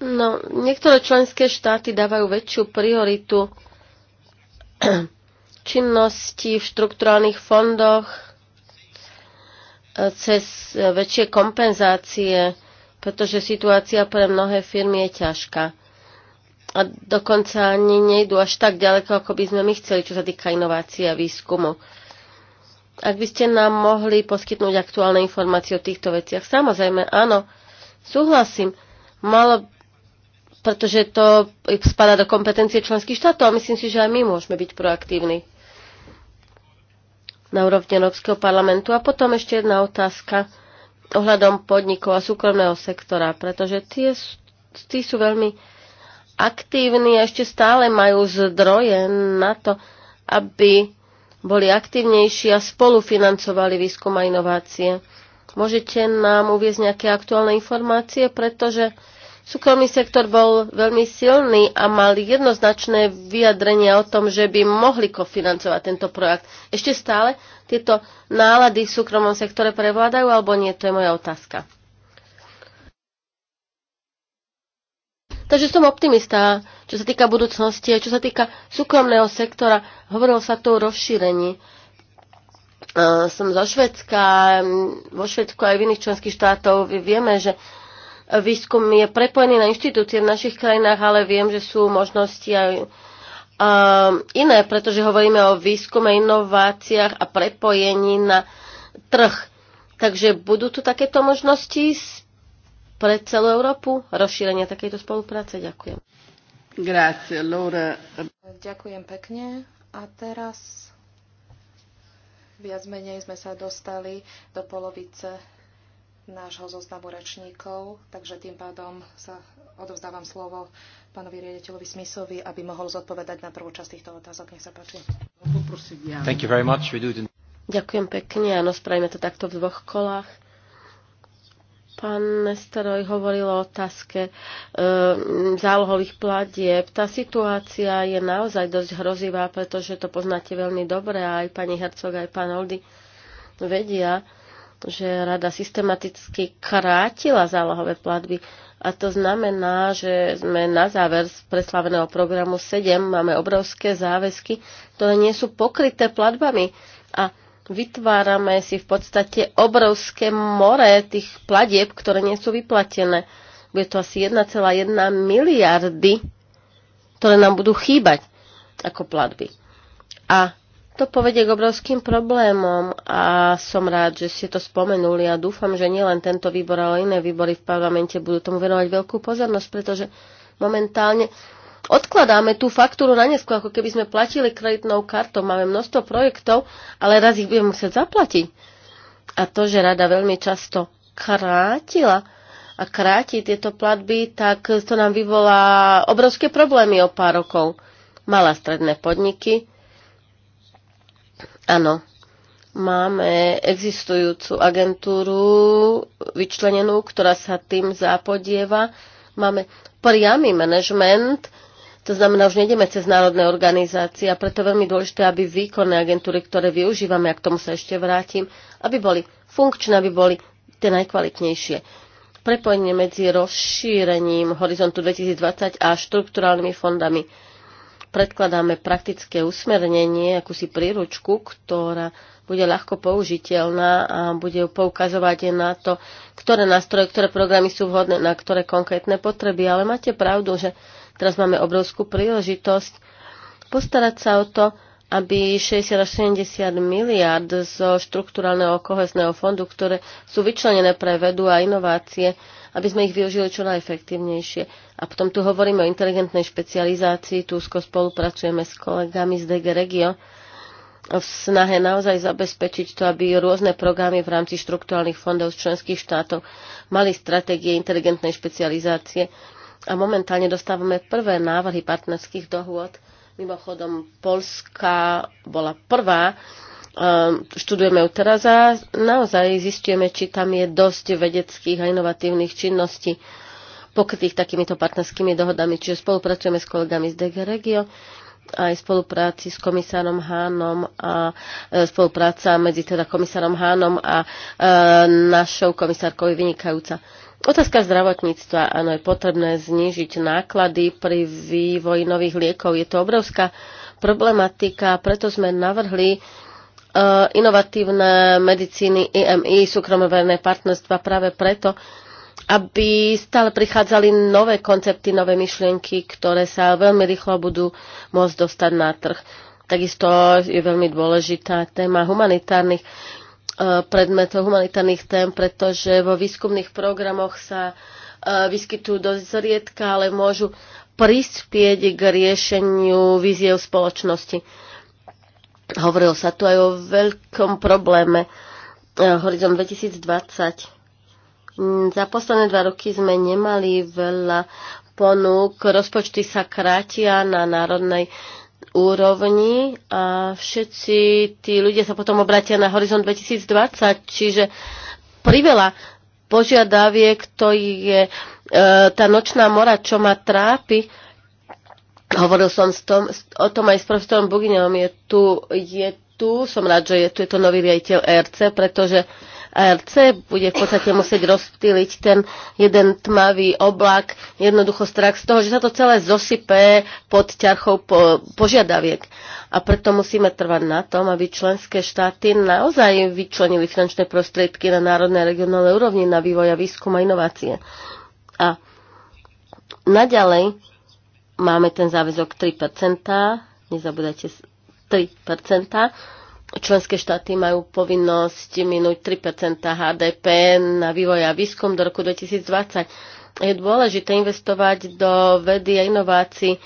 No, niektoré členské štáty dávajú väčšiu prioritu činnosti v štrukturálnych fondoch e, cez e, väčšie kompenzácie, pretože situácia pre mnohé firmy je ťažká. A dokonca ani nejdu až tak ďaleko, ako by sme my chceli, čo sa týka inovácie a výskumu. Ak by ste nám mohli poskytnúť aktuálne informácie o týchto veciach, samozrejme, áno, súhlasím. Malo pretože to spadá do kompetencie členských štátov a myslím si, že aj my môžeme byť proaktívni na úrovni Európskeho parlamentu. A potom ešte jedna otázka ohľadom podnikov a súkromného sektora, pretože tie, tí sú veľmi aktívni a ešte stále majú zdroje na to, aby boli aktívnejší a spolufinancovali výskum a inovácie. Môžete nám uviezť nejaké aktuálne informácie, pretože Súkromný sektor bol veľmi silný a mal jednoznačné vyjadrenia o tom, že by mohli kofinancovať tento projekt. Ešte stále tieto nálady v súkromnom sektore prevládajú alebo nie? To je moja otázka. Takže som optimista, čo sa týka budúcnosti a čo sa týka súkromného sektora. Hovorilo sa tu o rozšírení. Som zo Švedska, vo Švedsku aj v iných členských štátov vieme, že výskum je prepojený na inštitúcie v našich krajinách, ale viem, že sú možnosti aj iné, pretože hovoríme o výskume, inováciách a prepojení na trh. Takže budú tu takéto možnosti pre celú Európu rozšírenia takejto spolupráce? Ďakujem. Grazie, Laura. Ďakujem pekne. A teraz viac menej sme sa dostali do polovice nášho zoznamu rečníkov, takže tým pádom sa odovzdávam slovo pánovi riaditeľovi Smithovi, aby mohol zodpovedať na prvú časť týchto otázok. Nech sa páči. Thank you very much. We do it in... Ďakujem pekne. Áno, spravíme to takto v dvoch kolách. Pán Nestoroj hovoril o otázke e, zálohových platieb. Tá situácia je naozaj dosť hrozivá, pretože to poznáte veľmi dobre a aj pani Hercog, aj pán Oldy vedia, že rada systematicky krátila zálohové platby. A to znamená, že sme na záver z preslaveného programu 7, máme obrovské záväzky, ktoré nie sú pokryté platbami. A vytvárame si v podstate obrovské more tých platieb, ktoré nie sú vyplatené. Bude to asi 1,1 miliardy, ktoré nám budú chýbať ako platby. A to povedie k obrovským problémom a som rád, že ste to spomenuli a dúfam, že nielen tento výbor, ale iné výbory v parlamente budú tomu venovať veľkú pozornosť, pretože momentálne odkladáme tú faktúru na neskôr, ako keby sme platili kreditnou kartou. Máme množstvo projektov, ale raz ich budeme musieť zaplatiť. A to, že rada veľmi často krátila a kráti tieto platby, tak to nám vyvolá obrovské problémy o pár rokov. Mala stredné podniky, Áno, máme existujúcu agentúru vyčlenenú, ktorá sa tým zápodieva. Máme priamy manažment, to znamená, už nejdeme cez národné organizácie a preto je veľmi dôležité, aby výkonné agentúry, ktoré využívame, a k tomu sa ešte vrátim, aby boli funkčné, aby boli tie najkvalitnejšie. Prepojenie medzi rozšírením horizontu 2020 a štrukturálnymi fondami predkladáme praktické usmernenie, akúsi príručku, ktorá bude ľahko použiteľná a bude poukazovať na to, ktoré nástroje, ktoré programy sú vhodné na ktoré konkrétne potreby. Ale máte pravdu, že teraz máme obrovskú príležitosť postarať sa o to, aby 60 až 70 miliard zo štruktúralného kohezného fondu, ktoré sú vyčlenené pre vedu a inovácie, aby sme ich využili čo najefektívnejšie. A potom tu hovoríme o inteligentnej špecializácii, tu úzko spolupracujeme s kolegami z DG Regio v snahe naozaj zabezpečiť to, aby rôzne programy v rámci štruktúrnych fondov z členských štátov mali stratégie inteligentnej špecializácie. A momentálne dostávame prvé návrhy partnerských dohôd. Mimochodom, Polska bola prvá, Ehm, študujeme ju teraz a naozaj zistujeme, či tam je dosť vedeckých a inovatívnych činností pokrytých takýmito partnerskými dohodami. Čiže spolupracujeme s kolegami z DG Regio aj spolupráci s komisárom Hánom a e, spolupráca medzi teda komisárom Hánom a e, našou komisárkou je vynikajúca. Otázka zdravotníctva. Áno, je potrebné znížiť náklady pri vývoji nových liekov. Je to obrovská problematika, preto sme navrhli Eh, inovatívne medicíny IMI, súkromné verejné partnerstva práve preto, aby stále prichádzali nové koncepty, nové myšlienky, ktoré sa veľmi rýchlo budú môcť dostať na trh. Takisto je veľmi dôležitá téma humanitárnych eh, predmetov, humanitárnych tém, pretože vo výskumných programoch sa eh, vyskytujú dosť zriedka, ale môžu prispieť k riešeniu víziev spoločnosti Hovorilo sa tu aj o veľkom probléme e, Horizon 2020. Mm, za posledné dva roky sme nemali veľa ponúk, rozpočty sa krátia na národnej úrovni a všetci tí ľudia sa potom obratia na Horizon 2020, čiže priveľa požiadaviek, to je e, tá nočná mora, čo ma trápi, Hovoril som s tom, o tom aj s profesorom Buginom. Je tu, je tu, som rád, že je tu je to nový riaditeľ ERC, pretože ERC bude v podstate musieť rozptýliť ten jeden tmavý oblak, jednoducho strach z toho, že sa to celé zosype pod ťarchou po, požiadaviek. A preto musíme trvať na tom, aby členské štáty naozaj vyčlenili finančné prostriedky na národnej a regionálnej úrovni na vývoj a výskum a inovácie. A naďalej máme ten záväzok 3%, nezabudajte 3%. Členské štáty majú povinnosť minúť 3% HDP na vývoj a výskum do roku 2020. Je dôležité investovať do vedy a inovácií.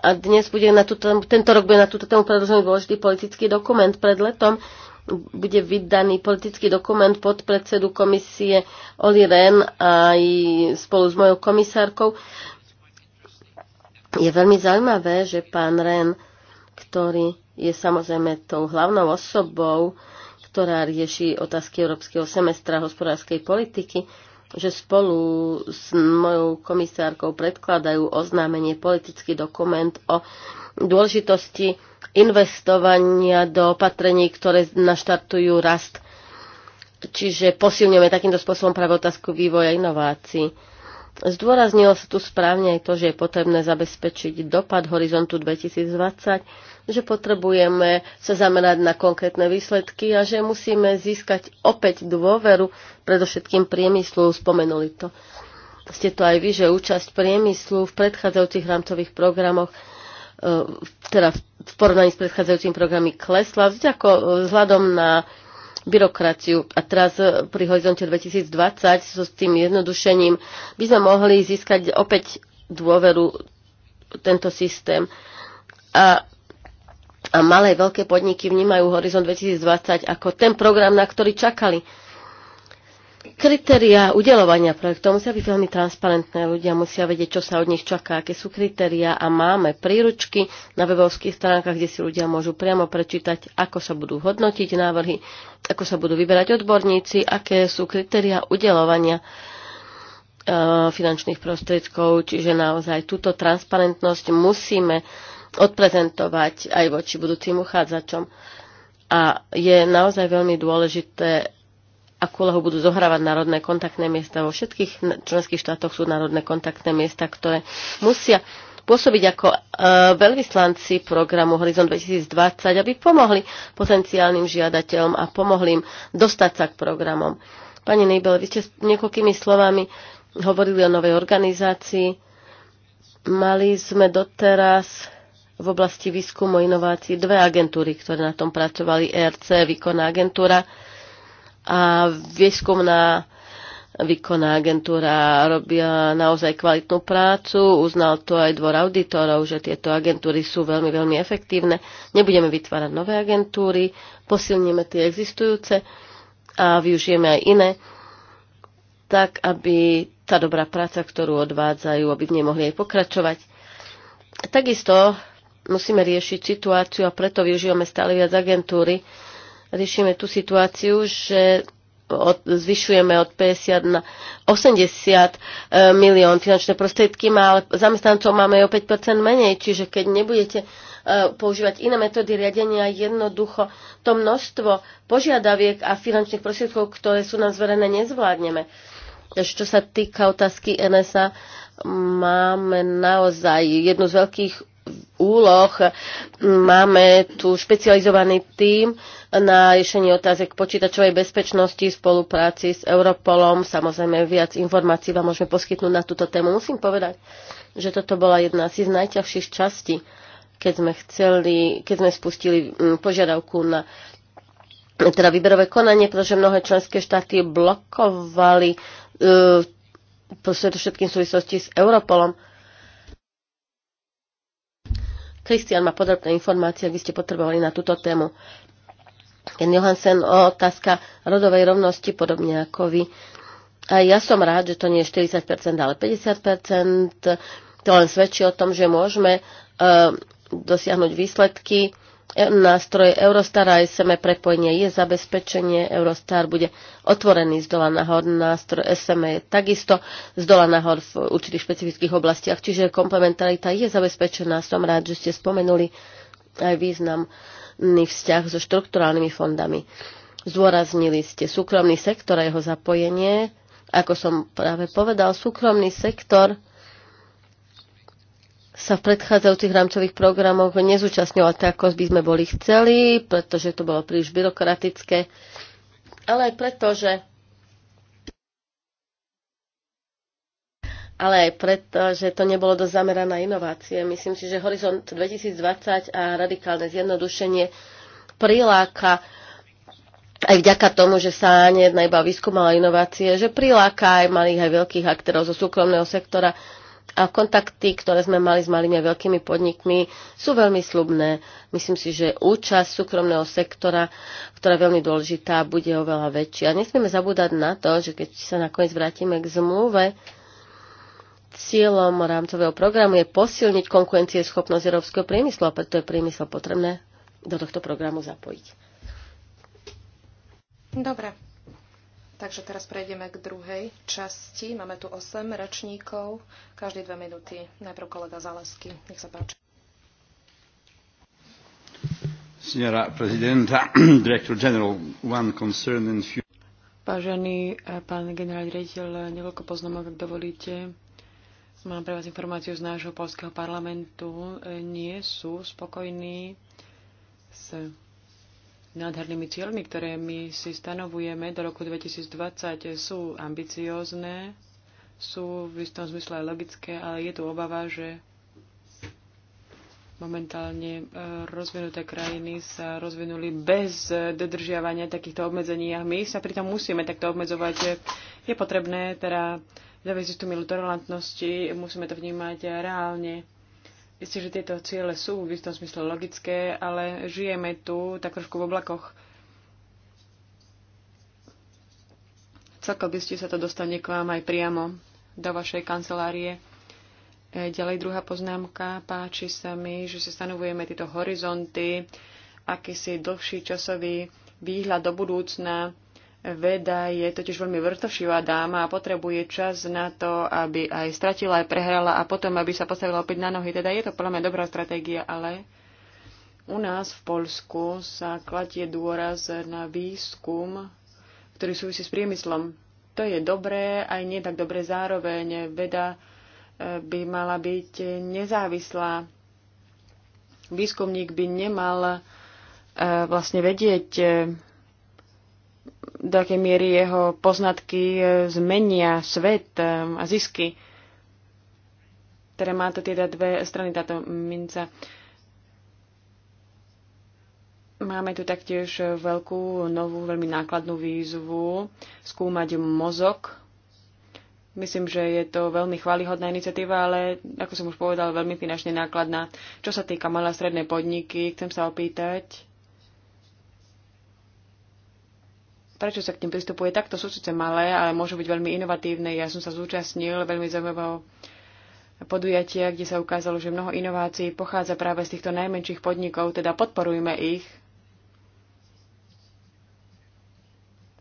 A dnes bude na túto, tento rok bude na túto tému predložený dôležitý politický dokument pred letom, bude vydaný politický dokument pod predsedu komisie Oli Ren aj spolu s mojou komisárkou. Je veľmi zaujímavé, že pán Ren, ktorý je samozrejme tou hlavnou osobou, ktorá rieši otázky európskeho semestra hospodárskej politiky, že spolu s mojou komisárkou predkladajú oznámenie politický dokument o dôležitosti investovania do opatrení, ktoré naštartujú rast. Čiže posilňujeme takýmto spôsobom práve otázku vývoja inovácií. Zdôraznilo sa tu správne aj to, že je potrebné zabezpečiť dopad horizontu 2020, že potrebujeme sa zamerať na konkrétne výsledky a že musíme získať opäť dôveru, predovšetkým priemyslu, spomenuli to. Ste to aj vy, že účasť priemyslu v predchádzajúcich rámcových programoch e, teda v porovnaní s predchádzajúcim programy klesla e, vzhľadom na byrokraciu. A teraz e, pri horizonte 2020 so s tým jednodušením by sme mohli získať opäť dôveru tento systém. A, a malé, veľké podniky vnímajú Horizont 2020 ako ten program, na ktorý čakali. Kritéria udelovania projektov musia byť veľmi transparentné. Ľudia musia vedieť, čo sa od nich čaká, aké sú kritéria a máme príručky na webovských stránkach, kde si ľudia môžu priamo prečítať, ako sa budú hodnotiť návrhy, ako sa budú vyberať odborníci, aké sú kritéria udelovania e, finančných prostriedkov, čiže naozaj túto transparentnosť musíme odprezentovať aj voči budúcim uchádzačom. A je naozaj veľmi dôležité akú lehu budú zohrávať národné kontaktné miesta. Vo všetkých členských štátoch sú národné kontaktné miesta, ktoré musia pôsobiť ako e, veľvyslanci programu Horizon 2020, aby pomohli potenciálnym žiadateľom a pomohli im dostať sa k programom. Pani Neibel, vy ste s niekoľkými slovami hovorili o novej organizácii. Mali sme doteraz v oblasti výskumu inovácií dve agentúry, ktoré na tom pracovali, ERC, výkonná agentúra a výskumná výkonná agentúra robia naozaj kvalitnú prácu. Uznal to aj dvor auditorov, že tieto agentúry sú veľmi, veľmi efektívne. Nebudeme vytvárať nové agentúry, posilníme tie existujúce a využijeme aj iné, tak aby tá dobrá práca, ktorú odvádzajú, aby v nej mohli aj pokračovať. Takisto musíme riešiť situáciu a preto využívame stále viac agentúry, riešime tú situáciu, že od, zvyšujeme od 50 na 80 e, milión finančné prostriedky, ale zamestnancov máme o 5% menej, čiže keď nebudete e, používať iné metódy riadenia, jednoducho to množstvo požiadaviek a finančných prostriedkov, ktoré sú nám zverené, nezvládneme. Čo sa týka otázky NSA, máme naozaj jednu z veľkých úloh. Máme tu špecializovaný tím na riešenie otázek počítačovej bezpečnosti, spolupráci s Europolom. Samozrejme, viac informácií vám môžeme poskytnúť na túto tému. Musím povedať, že toto bola jedna z najťažších častí, keď sme, chceli, keď sme spustili mm, požiadavku na teda výberové konanie, pretože mnohé členské štáty blokovali e, všetkým v súvislosti s Europolom. Kristian má podrobné informácie, ak by ste potrebovali na túto tému. Ken Johansen, otázka rodovej rovnosti, podobne ako vy. A ja som rád, že to nie je 40%, ale 50%. To len svedčí o tom, že môžeme uh, dosiahnuť výsledky nástroje Eurostara a SME prepojenie je zabezpečenie. Eurostar bude otvorený z dola nahor. Nástroj SME je takisto z dola nahor v určitých špecifických oblastiach. Čiže komplementarita je zabezpečená. Som rád, že ste spomenuli aj významný vzťah so štrukturálnymi fondami. Zdôraznili ste súkromný sektor a jeho zapojenie. Ako som práve povedal, súkromný sektor sa v predchádzajúcich rámcových programoch nezúčastňovať tak, ako by sme boli chceli, pretože to bolo príliš byrokratické, ale aj preto, že ale aj preto, že to nebolo dosť zamerané na inovácie. Myslím si, že Horizont 2020 a radikálne zjednodušenie priláka aj vďaka tomu, že sa nejedná iba výskumala inovácie, že priláka aj malých aj veľkých aktérov zo súkromného sektora a kontakty, ktoré sme mali s malými a veľkými podnikmi, sú veľmi slubné. Myslím si, že účasť súkromného sektora, ktorá je veľmi dôležitá, bude oveľa väčšia. A nesmieme zabúdať na to, že keď sa nakoniec vrátime k zmluve, cieľom rámcového programu je posilniť konkurencieschopnosť európskeho priemyslu a preto je priemysel potrebné do tohto programu zapojiť. Dobre, Takže teraz prejdeme k druhej časti. Máme tu 8 rečníkov, Každé dve minúty. Najprv kolega Zalesky, nech sa páči. Signora Presidenta, Director General, one concern in few... Vážený eh, pán generál riaditeľ, niekoľko poznámok, ak dovolíte. Mám pre vás informáciu z nášho polského parlamentu. Eh, nie sú spokojní s nádhernými cieľmi, ktoré my si stanovujeme do roku 2020, sú ambiciózne, sú v istom zmysle aj logické, ale je tu obava, že momentálne e, rozvinuté krajiny sa rozvinuli bez dodržiavania takýchto obmedzení a my sa pritom musíme takto obmedzovať. Je potrebné teda zaviesť tú milu tolerantnosti, musíme to vnímať reálne. Isté, že tieto ciele sú v istom smysle logické, ale žijeme tu tak trošku v oblakoch. Celkom by ste sa to dostane k vám aj priamo do vašej kancelárie. E, ďalej druhá poznámka. Páči sa mi, že si stanovujeme tieto horizonty, akýsi dlhší časový výhľad do budúcna, Veda je totiž veľmi vrtošivá dáma a potrebuje čas na to, aby aj stratila, aj prehrala a potom, aby sa postavila opäť na nohy. Teda je to podľa mňa dobrá stratégia, ale u nás v Polsku sa kladie dôraz na výskum, ktorý súvisí s priemyslom. To je dobré, aj nie tak dobré zároveň. Veda eh, by mala byť nezávislá. Výskumník by nemal eh, vlastne vedieť, eh, do akej miery jeho poznatky e, zmenia svet e, a zisky, ktoré má to teda dve strany, táto minca. Máme tu taktiež veľkú, novú, veľmi nákladnú výzvu skúmať mozog. Myslím, že je to veľmi chválihodná iniciatíva, ale ako som už povedal, veľmi finančne nákladná. Čo sa týka malé a stredné podniky, chcem sa opýtať, prečo sa k tým pristupuje takto. Sú síce malé, ale môžu byť veľmi inovatívne. Ja som sa zúčastnil veľmi zaujímavého podujatia, kde sa ukázalo, že mnoho inovácií pochádza práve z týchto najmenších podnikov, teda podporujme ich.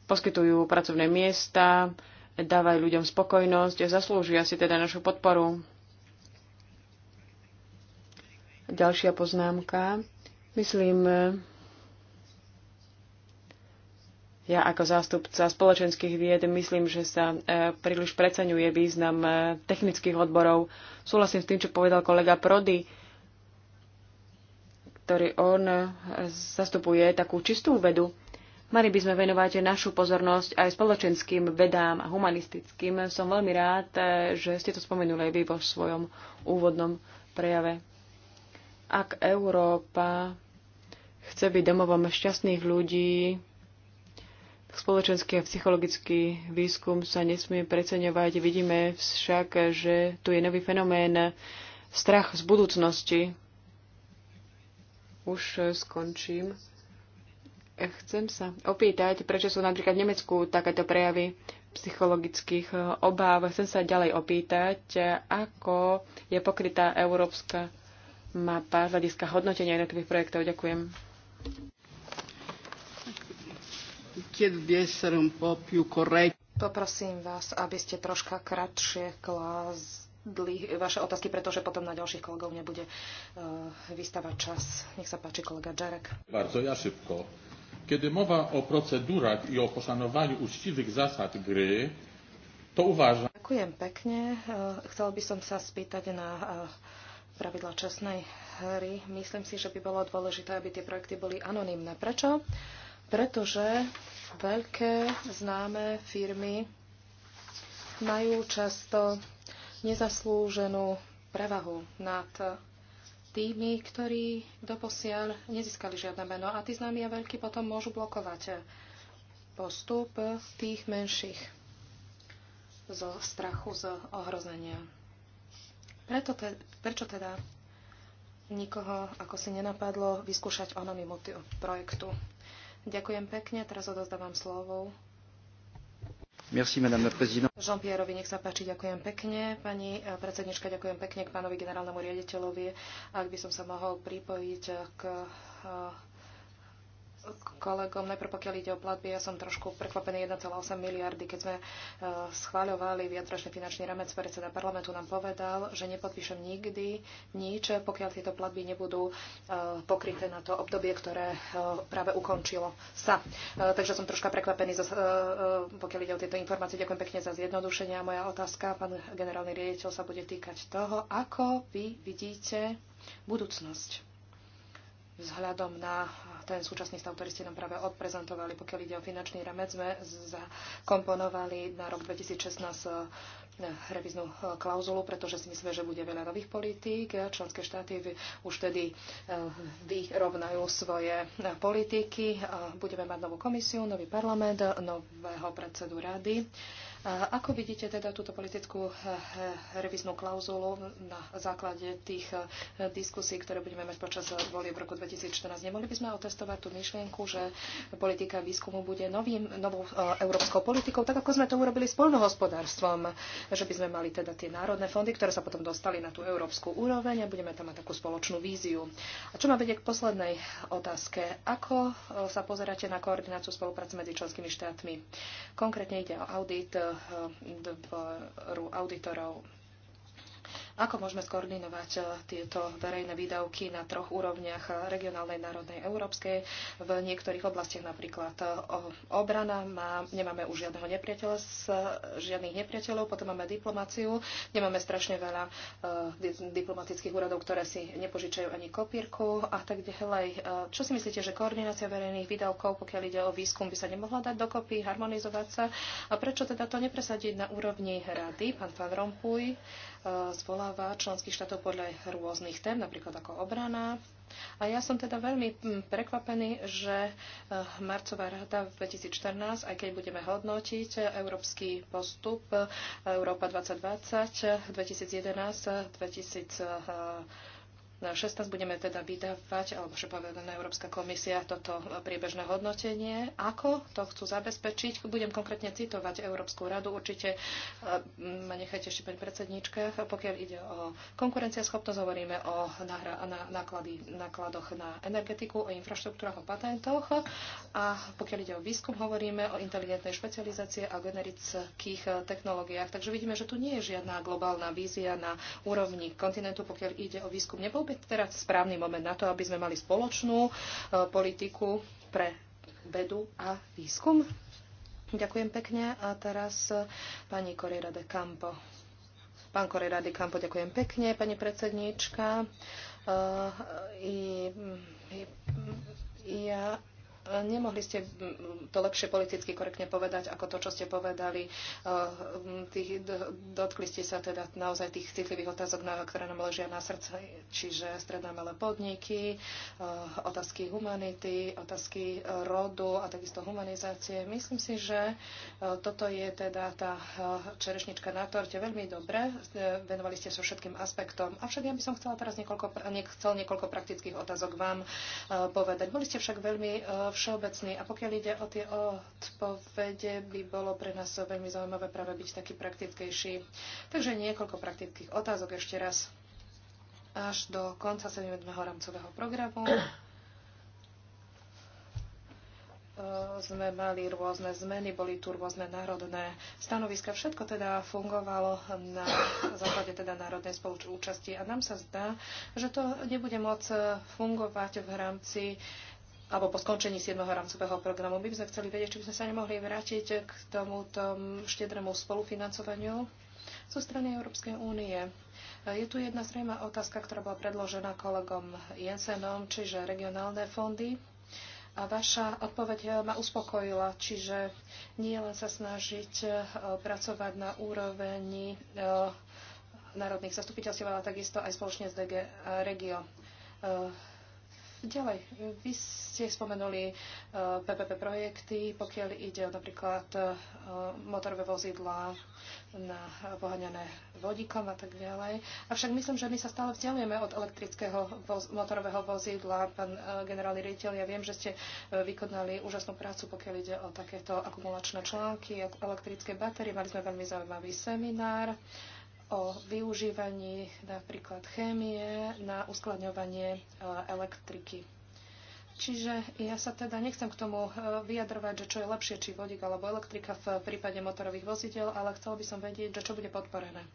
Poskytujú pracovné miesta, dávajú ľuďom spokojnosť, a zaslúžia si teda našu podporu. Ďalšia poznámka. Myslím, ja ako zástupca spoločenských vied myslím, že sa e, príliš preceňuje význam e, technických odborov. Súhlasím s tým, čo povedal kolega Prody, ktorý on e, zastupuje takú čistú vedu. Mali by sme venovať našu pozornosť aj spoločenským vedám a humanistickým. Som veľmi rád, že ste to spomenuli aj vy vo svojom úvodnom prejave. Ak Európa chce byť domovom šťastných ľudí, Spoločenský a psychologický výskum sa nesmie preceňovať. Vidíme však, že tu je nový fenomén strach z budúcnosti. Už skončím. Chcem sa opýtať, prečo sú napríklad v Nemecku takéto prejavy psychologických obáv. Chcem sa ďalej opýtať, ako je pokrytá európska mapa z hľadiska hodnotenia jednotlivých projektov. Ďakujem. Poprosím vás, aby ste troška kratšie klásli vaše otázky, pretože potom na ďalších kolegov nebude uh, eh, vystávať čas. Nech sa páči, kolega Džarek. Bardzo ja szybko. Kedy mowa o procedúrach i o poszanowaniu uczciwych zasad gry, to uvážam... Ďakujem pekne. Eh, chcel by som sa spýtať na eh, pravidla čestnej hry. Myslím si, že by bolo dôležité, aby tie projekty boli anonimné. Prečo? Uh, pretože veľké známe firmy majú často nezaslúženú prevahu nad tými, ktorí doposiaľ nezískali žiadne meno a tí známi a veľkí potom môžu blokovať postup tých menších zo strachu, z ohrozenia. Preto te, prečo teda nikoho, ako si nenapadlo, vyskúšať anonymitu projektu? Ďakujem pekne. Teraz odozdávam slovo. Merci, Jean-Pierreovi, nech sa páči, ďakujem pekne. Pani eh, predsednička, ďakujem pekne k pánovi generálnemu riaditeľovi. Ak by som sa mohol pripojiť k eh, kolegom. Najprv pokiaľ ide o platby, ja som trošku prekvapený 1,8 miliardy, keď sme eh, schváľovali viacročný finančný ramec. Predseda parlamentu nám povedal, že nepodpíšem nikdy nič, pokiaľ tieto platby nebudú eh, pokryté na to obdobie, ktoré eh, práve ukončilo sa. Takže som troška prekvapený, pokiaľ ide o tieto informácie. Ďakujem pekne za zjednodušenie. Moja otázka, pán generálny riaditeľ, sa bude týkať toho, ako vy vidíte budúcnosť vzhľadom na ten súčasný stav, ktorý ste nám práve odprezentovali, pokiaľ ide o finančný ramec, sme zakomponovali na rok 2016 eh, reviznú eh, klauzulu, pretože si myslíme, že bude veľa nových politík. Členské štáty už tedy eh, vyrovnajú svoje politiky. Budeme mať novú komisiu, nový parlament, nového predsedu rady. Ako vidíte teda túto politickú eh, eh, reviznú klauzulu na základe tých eh, diskusí, ktoré budeme mať počas volie v roku 2014? Nemohli by sme otestovať tú myšlienku, že politika výskumu bude novým, novou európskou politikou, tak ako sme to urobili s poľnohospodárstvom, že by sme mali teda tie národné fondy, ktoré sa potom dostali na tú európsku úroveň a budeme tam mať takú spoločnú víziu. A čo ma vedie k poslednej otázke? Ako sa pozeráte na koordináciu spolupráce medzi členskými štátmi? Konkrétne ide o audit dvoru auditorov ako môžeme skoordinovať eh, tieto verejné výdavky na troch úrovniach regionálnej, národnej, európskej? V niektorých oblastiach napríklad eh, obrana, má, nemáme už žiadneho nepriateľa, eh, žiadnych nepriateľov, potom máme diplomáciu, nemáme strašne veľa uh, diplomatických úradov, ktoré si nepožičajú ani kopírku a tak ďalej. Čo si myslíte, že koordinácia verejných výdavkov, pokiaľ ide o výskum, by sa nemohla dať dokopy, harmonizovať sa? A prečo teda to nepresadiť na úrovni rady? Pán Van Rompuy uh, zvolá vzdeláva členských štátov podľa rôznych tém, napríklad ako obrana. A ja som teda veľmi mm, prekvapený, že eh, Marcová rada v 2014, aj keď budeme hodnotiť európsky postup eh, Európa 2020, 2011, 2020 16 budeme teda vydávať, alebo že povedaná Európska komisia, toto priebežné hodnotenie. Ako to chcú zabezpečiť? Budem konkrétne citovať Európsku radu. Určite eh, ma nechajte ešte pani predsedníčka. Pokiaľ ide o konkurenciaschopnosť, hovoríme o náklady, nákladoch na energetiku, o infraštruktúrach, o patentoch. A pokiaľ ide o výskum, hovoríme o inteligentnej špecializácie a generických eh, technológiách. Takže vidíme, že tu nie je žiadna globálna vízia na úrovni kontinentu, pokiaľ ide o výskum. Nebol práve teraz správny moment na to, aby sme mali spoločnú e, politiku pre vedu a výskum. Ďakujem pekne. A teraz e, pani Correra de Campo. Pán Correra de Campo, ďakujem pekne, pani predsedníčka. Uh, i, i, ja Nemohli ste to lepšie politicky korektne povedať, ako to, čo ste povedali. Eh, tých, dotkli ste sa teda naozaj tých citlivých otázok, na, ktoré nám ležia na srdce, čiže stredná malé podniky, eh, otázky humanity, otázky rodu a takisto humanizácie. Myslím si, že eh, toto je teda tá čerešnička na torte veľmi dobre. Venovali ste sa so všetkým aspektom. Avšak ja by som chcela teraz niekoľko, chcel niekoľko praktických otázok vám povedať. Boli ste však veľmi všeobecný. A pokiaľ ide o tie odpovede, by bolo pre nás veľmi zaujímavé práve byť taký praktickejší. Takže niekoľko praktických otázok ešte raz až do konca 7. rámcového programu. Eh, sme mali rôzne zmeny, boli tu rôzne národné stanoviska. Všetko teda fungovalo na základe teda národnej spolúčasti a nám sa zdá, že to nebude môcť fungovať v rámci uh, alebo po skončení 7. rámcového programu. My by sme chceli vedieť, či by sme sa nemohli vrátiť k tomuto štedrému spolufinancovaniu zo strany Európskej únie. Je tu jedna zrejma otázka, ktorá bola predložená kolegom Jensenom, čiže regionálne fondy. A vaša odpoveď ma uspokojila, čiže nie len sa snažiť e, pracovať na úrovni e, národných zastupiteľstiev, ale takisto aj spoločne s DG Regio e, Ďalej, vy ste spomenuli PPP e, projekty, pokiaľ ide o napríklad e, motorové vozidla na pohaňané vodíkom a tak ďalej. Avšak myslím, že my sa stále vzdialujeme od elektrického voz, motorového vozidla. Pán e, generálny riaditeľ, ja viem, že ste vykonali úžasnú prácu, pokiaľ ide o takéto akumulačné články, elektrické batérie. Mali sme veľmi zaujímavý seminár o využívaní napríklad chémie na uskladňovanie e, elektriky. Čiže ja sa teda nechcem k tomu e, vyjadrovať, že čo je lepšie, či vodík alebo elektrika v prípade motorových vozidel, ale chcel by som vedieť, že čo bude podporené.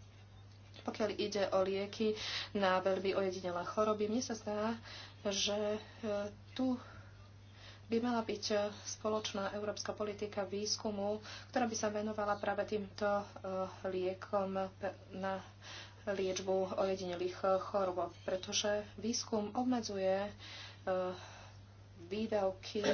Pokiaľ ide o lieky na veľmi ojedinelé choroby, mne sa zdá, že e, tu by mala byť e, spoločná európska politika výskumu, ktorá by sa venovala práve týmto e, liekom na liečbu ojedinelých e, chorôb, pretože výskum obmedzuje výdavky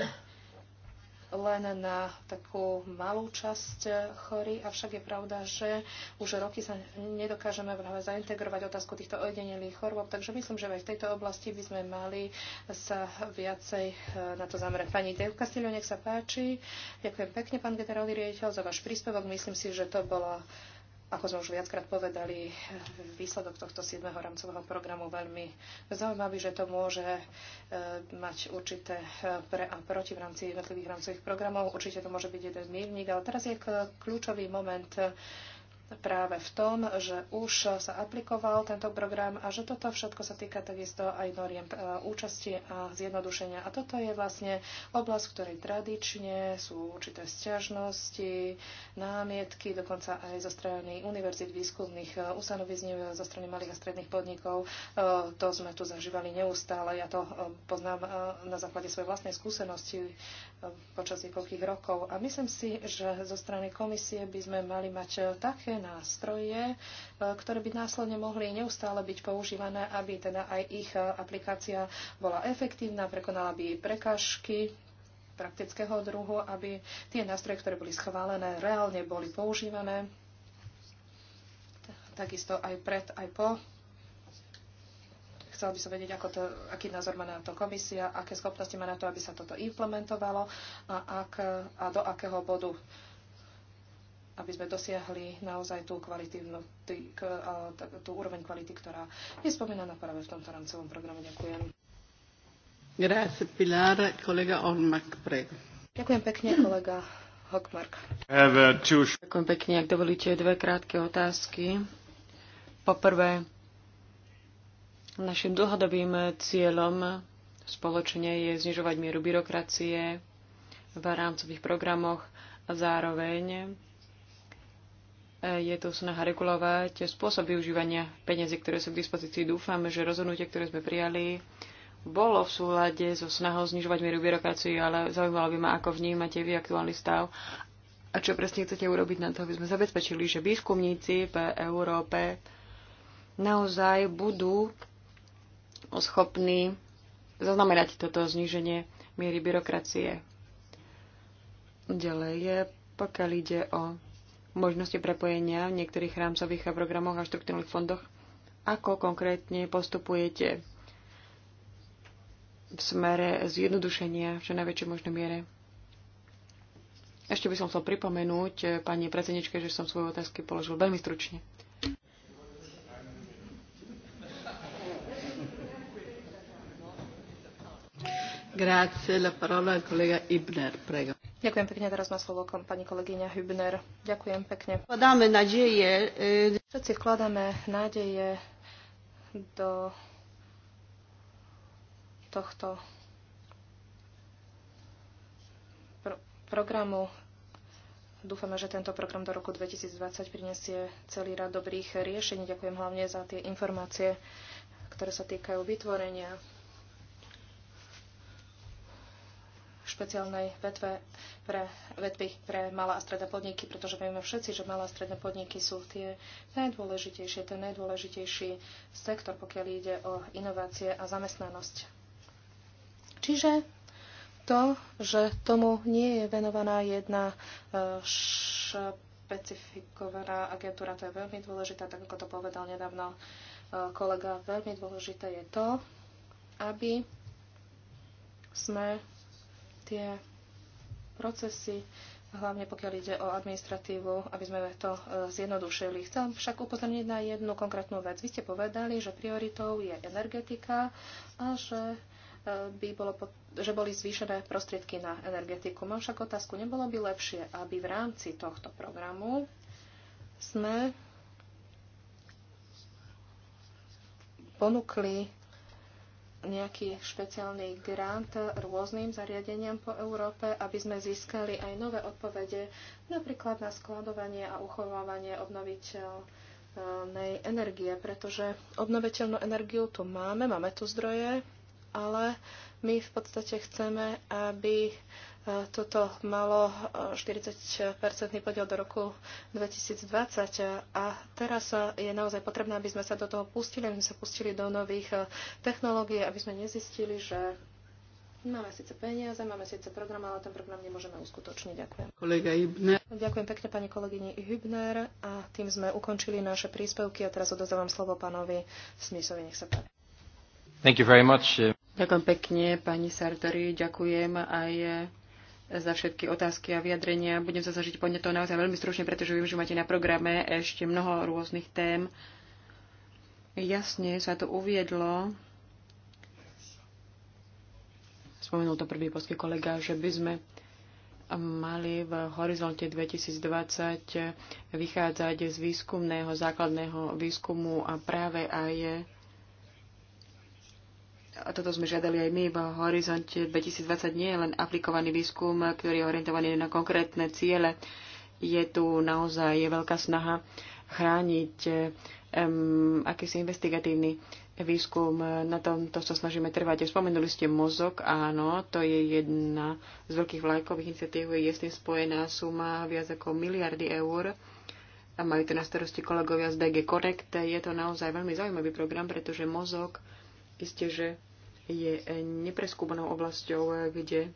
len na takú malú časť chory, avšak je pravda, že už roky sa nedokážeme práve zaintegrovať otázku týchto ojedinelých chorôb, takže myslím, že aj v tejto oblasti by sme mali sa viacej eh, na to zamerať. Pani Dejv Castillo, nech sa páči. Ďakujem pekne, pán generálny riaditeľ, za váš príspevok. Myslím si, že to bola ako sme už viackrát povedali, výsledok tohto 7. rámcového programu veľmi zaujímavý, že to môže e, mať určité e, pre a proti v rámci jednotlivých rámcových programov. Určite to môže byť jeden mírnik, ale teraz je kľúčový moment práve v tom, že už sa aplikoval tento program a že toto všetko sa týka takisto aj noriem e, účasti a zjednodušenia. A toto je vlastne oblasť, v ktorej tradične sú určité stiažnosti, námietky, dokonca aj zo strany univerzít výskumných e, ustanovizní, e, zo strany malých a stredných podnikov. To sme tu zažívali neustále. Ja to poznám na základe svojej vlastnej skúsenosti počas niekoľkých rokov. A myslím si, že zo strany komisie by sme mali mať také nástroje, e, ktoré by následne mohli neustále byť používané, aby teda aj ich aplikácia bola efektívna, prekonala by prekážky praktického druhu, aby tie nástroje, ktoré boli schválené, reálne boli používané takisto aj pred, aj po Chcel by som vedieť, ako to, aký názor má na to komisia, aké schopnosti má na to, aby sa toto implementovalo a, ak, a do akého bodu aby sme dosiahli naozaj tú, kvalitívnu, tý, k, a, tú úroveň kvality, ktorá je spomínaná práve v tomto rámcovom programe. Ďakujem. Grazie, Pilar. Kolega Ormak, prego. Ďakujem pekne, kolega Hockmark. Uh, Ďakujem pekne, ak dovolíte dve krátke otázky. Poprvé, Našim dlhodobým cieľom spoločne je znižovať mieru byrokracie v rámcových programoch a zároveň eh, je tu snaha regulovať spôsob využívania peniazy, ktoré sú k dispozícii. Dúfame, že rozhodnutie, ktoré sme prijali, bolo v súlade so snahou znižovať mieru byrokracie, ale zaujímalo by ma, ako vnímate vy aktuálny stav a čo presne chcete urobiť na to, aby sme zabezpečili, že výskumníci v Európe naozaj budú schopný zaznamenať toto zníženie miery byrokracie. Ďalej je, pokiaľ ide o možnosti prepojenia v niektorých rámcových programoch a štruktúrnych fondoch, ako konkrétne postupujete v smere zjednodušenia v čo najväčšej možnej miere. Ešte by som chcel pripomenúť eh, pani predsedničke, že som svoje otázky položil veľmi stručne. Ďakujem pekne, teraz má slovo pani kolegyňa Hübner. Ďakujem pekne. Vkladáme e, Všetci vkladáme nádeje do tohto programu. Dúfame, že tento program do roku 2020 prinesie celý rad dobrých riešení. Ďakujem hlavne za tie informácie, ktoré sa týkajú vytvorenia špeciálnej vetve pre, vetvy pre malé a stredné podniky, pretože vieme všetci, že malé a stredné podniky sú tie najdôležitejšie, ten najdôležitejší sektor, pokiaľ ide o inovácie a zamestnanosť. Čiže to, že tomu nie je venovaná jedna eh, špecifikovaná agentúra, to je veľmi dôležité, tak ako to povedal nedávno eh, kolega, veľmi dôležité je to, aby sme tie procesy, hlavne pokiaľ ide o administratívu, aby sme to e, zjednodušili. Chcem však upozorniť na jednu konkrétnu vec. Vy ste povedali, že prioritou je energetika a že e, by bolo, že boli zvýšené prostriedky na energetiku. Mám však otázku, nebolo by lepšie, aby v rámci tohto programu sme ponúkli nejaký špeciálny grant rôznym zariadeniam po Európe, aby sme získali aj nové odpovede, napríklad na skladovanie a uchovávanie obnoviteľnej energie, pretože obnoviteľnú energiu tu máme, máme tu zdroje, ale my v podstate chceme, aby toto malo 40-percentný e, podiel do roku 2020 a teraz e, je naozaj potrebné, aby sme sa do toho pustili, aby sme sa pustili do nových e, technológií, aby sme nezistili, že máme síce peniaze, máme síce program, ale ten program nemôžeme uskutočniť. Ďakujem. Kolega Hübner. Ďakujem pekne pani kolegyni Hübner a tým sme ukončili naše príspevky a teraz odozávam slovo pánovi Smisovi. Nech sa páči. Thank you very much. Ďakujem pekne, pani Sartori. Ďakujem aj za všetky otázky a vyjadrenia. Budem sa zažiť podne toho naozaj veľmi stručne, pretože viem, že máte na programe ešte mnoho rôznych tém. Jasne sa to uviedlo, spomenul to prvý polský kolega, že by sme mali v horizonte 2020 vychádzať z výskumného, základného výskumu a práve aj je a toto sme žiadali aj my v horizonte 2020, nie je len aplikovaný výskum, ktorý je orientovaný na konkrétne ciele. Je tu naozaj je veľká snaha chrániť um, akýsi investigatívny výskum. Na tomto sa snažíme trvať. Spomenuli ste mozog, áno, to je jedna z veľkých vlajkových iniciatív, je tým spojená suma viac ako miliardy eur. A majú to na starosti kolegovia z DG Connect. Je to naozaj veľmi zaujímavý program, pretože mozog Isté, že je nepreskúbanou oblasťou, kde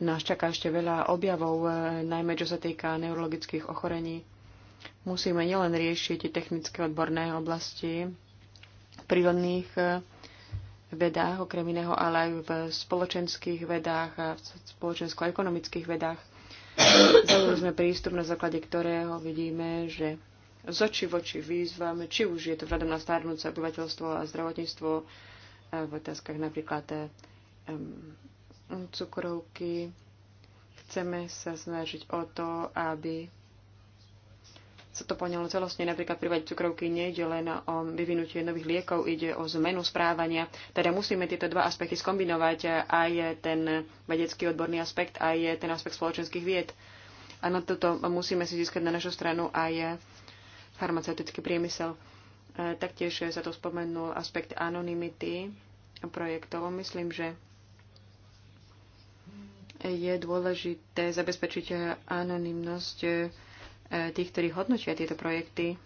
nás čaká ešte veľa objavov, najmä čo sa týka neurologických ochorení. Musíme nielen riešiť technické odborné oblasti v prírodných eh, vedách, okrem iného, ale aj v spoločenských vedách a v spoločensko-ekonomických vedách. Zaujali sme prístup, na základe ktorého vidíme, že z oči oči výzvam, či už je to vzhľadom na starnúce obyvateľstvo a zdravotníctvo v otázkach napríklad eh, cukrovky. Chceme sa snažiť o to, aby sa to poňalo celostne. Napríklad v cukrovky nejde len o vyvinutie nových liekov, ide o zmenu správania. Teda musíme tieto dva aspekty skombinovať, aj ten vedecký odborný aspekt, aj ten aspekt spoločenských vied. A na toto musíme si získať na našu stranu aj farmaceutický priemysel. E, taktiež sa to spomenul aspekt anonymity projektov. Myslím, že je dôležité zabezpečiť anonymnosť e, tých, ktorí hodnotia tieto projekty.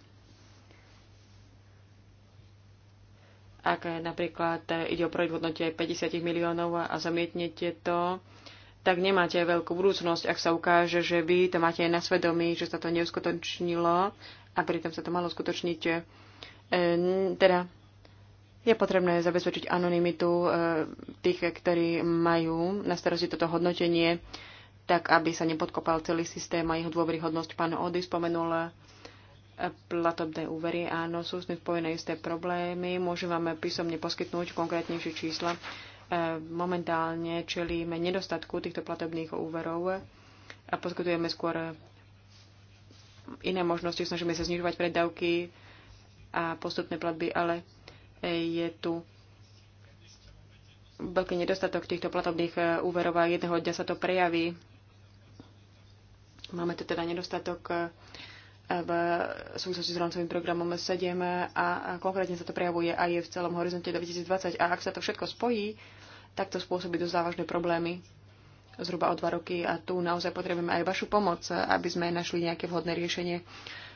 Ak e, napríklad ide o projekt hodnotie 50 miliónov a zamietnete to, tak nemáte veľkú budúcnosť, ak sa ukáže, že vy to máte aj na svedomí, že sa to neuskutočnilo a pritom sa to malo skutočniť. E, teda je potrebné zabezpečiť anonymitu e, tých, ktorí majú na starosti toto hodnotenie, tak aby sa nepodkopal celý systém a jeho dôveryhodnosť. Pán Ody spomenul e, platobné úvery. Áno, sú s tým spojené isté problémy. Môžem vám písomne poskytnúť konkrétnejšie čísla. E, momentálne čelíme nedostatku týchto platobných úverov a poskytujeme skôr iné možnosti, snažíme sa znižovať predávky a postupné platby, ale e, je tu veľký nedostatok týchto platobných e, úverov a jedného dňa sa to prejaví. Máme tu teda nedostatok e, v súvislosti s rámcovým programom 7 a konkrétne sa to prejavuje aj v celom horizonte 2020. A ak sa to všetko spojí, tak to spôsobí dosť závažné problémy zhruba o dva roky a tu naozaj potrebujeme aj vašu pomoc, aby sme našli nejaké vhodné riešenie.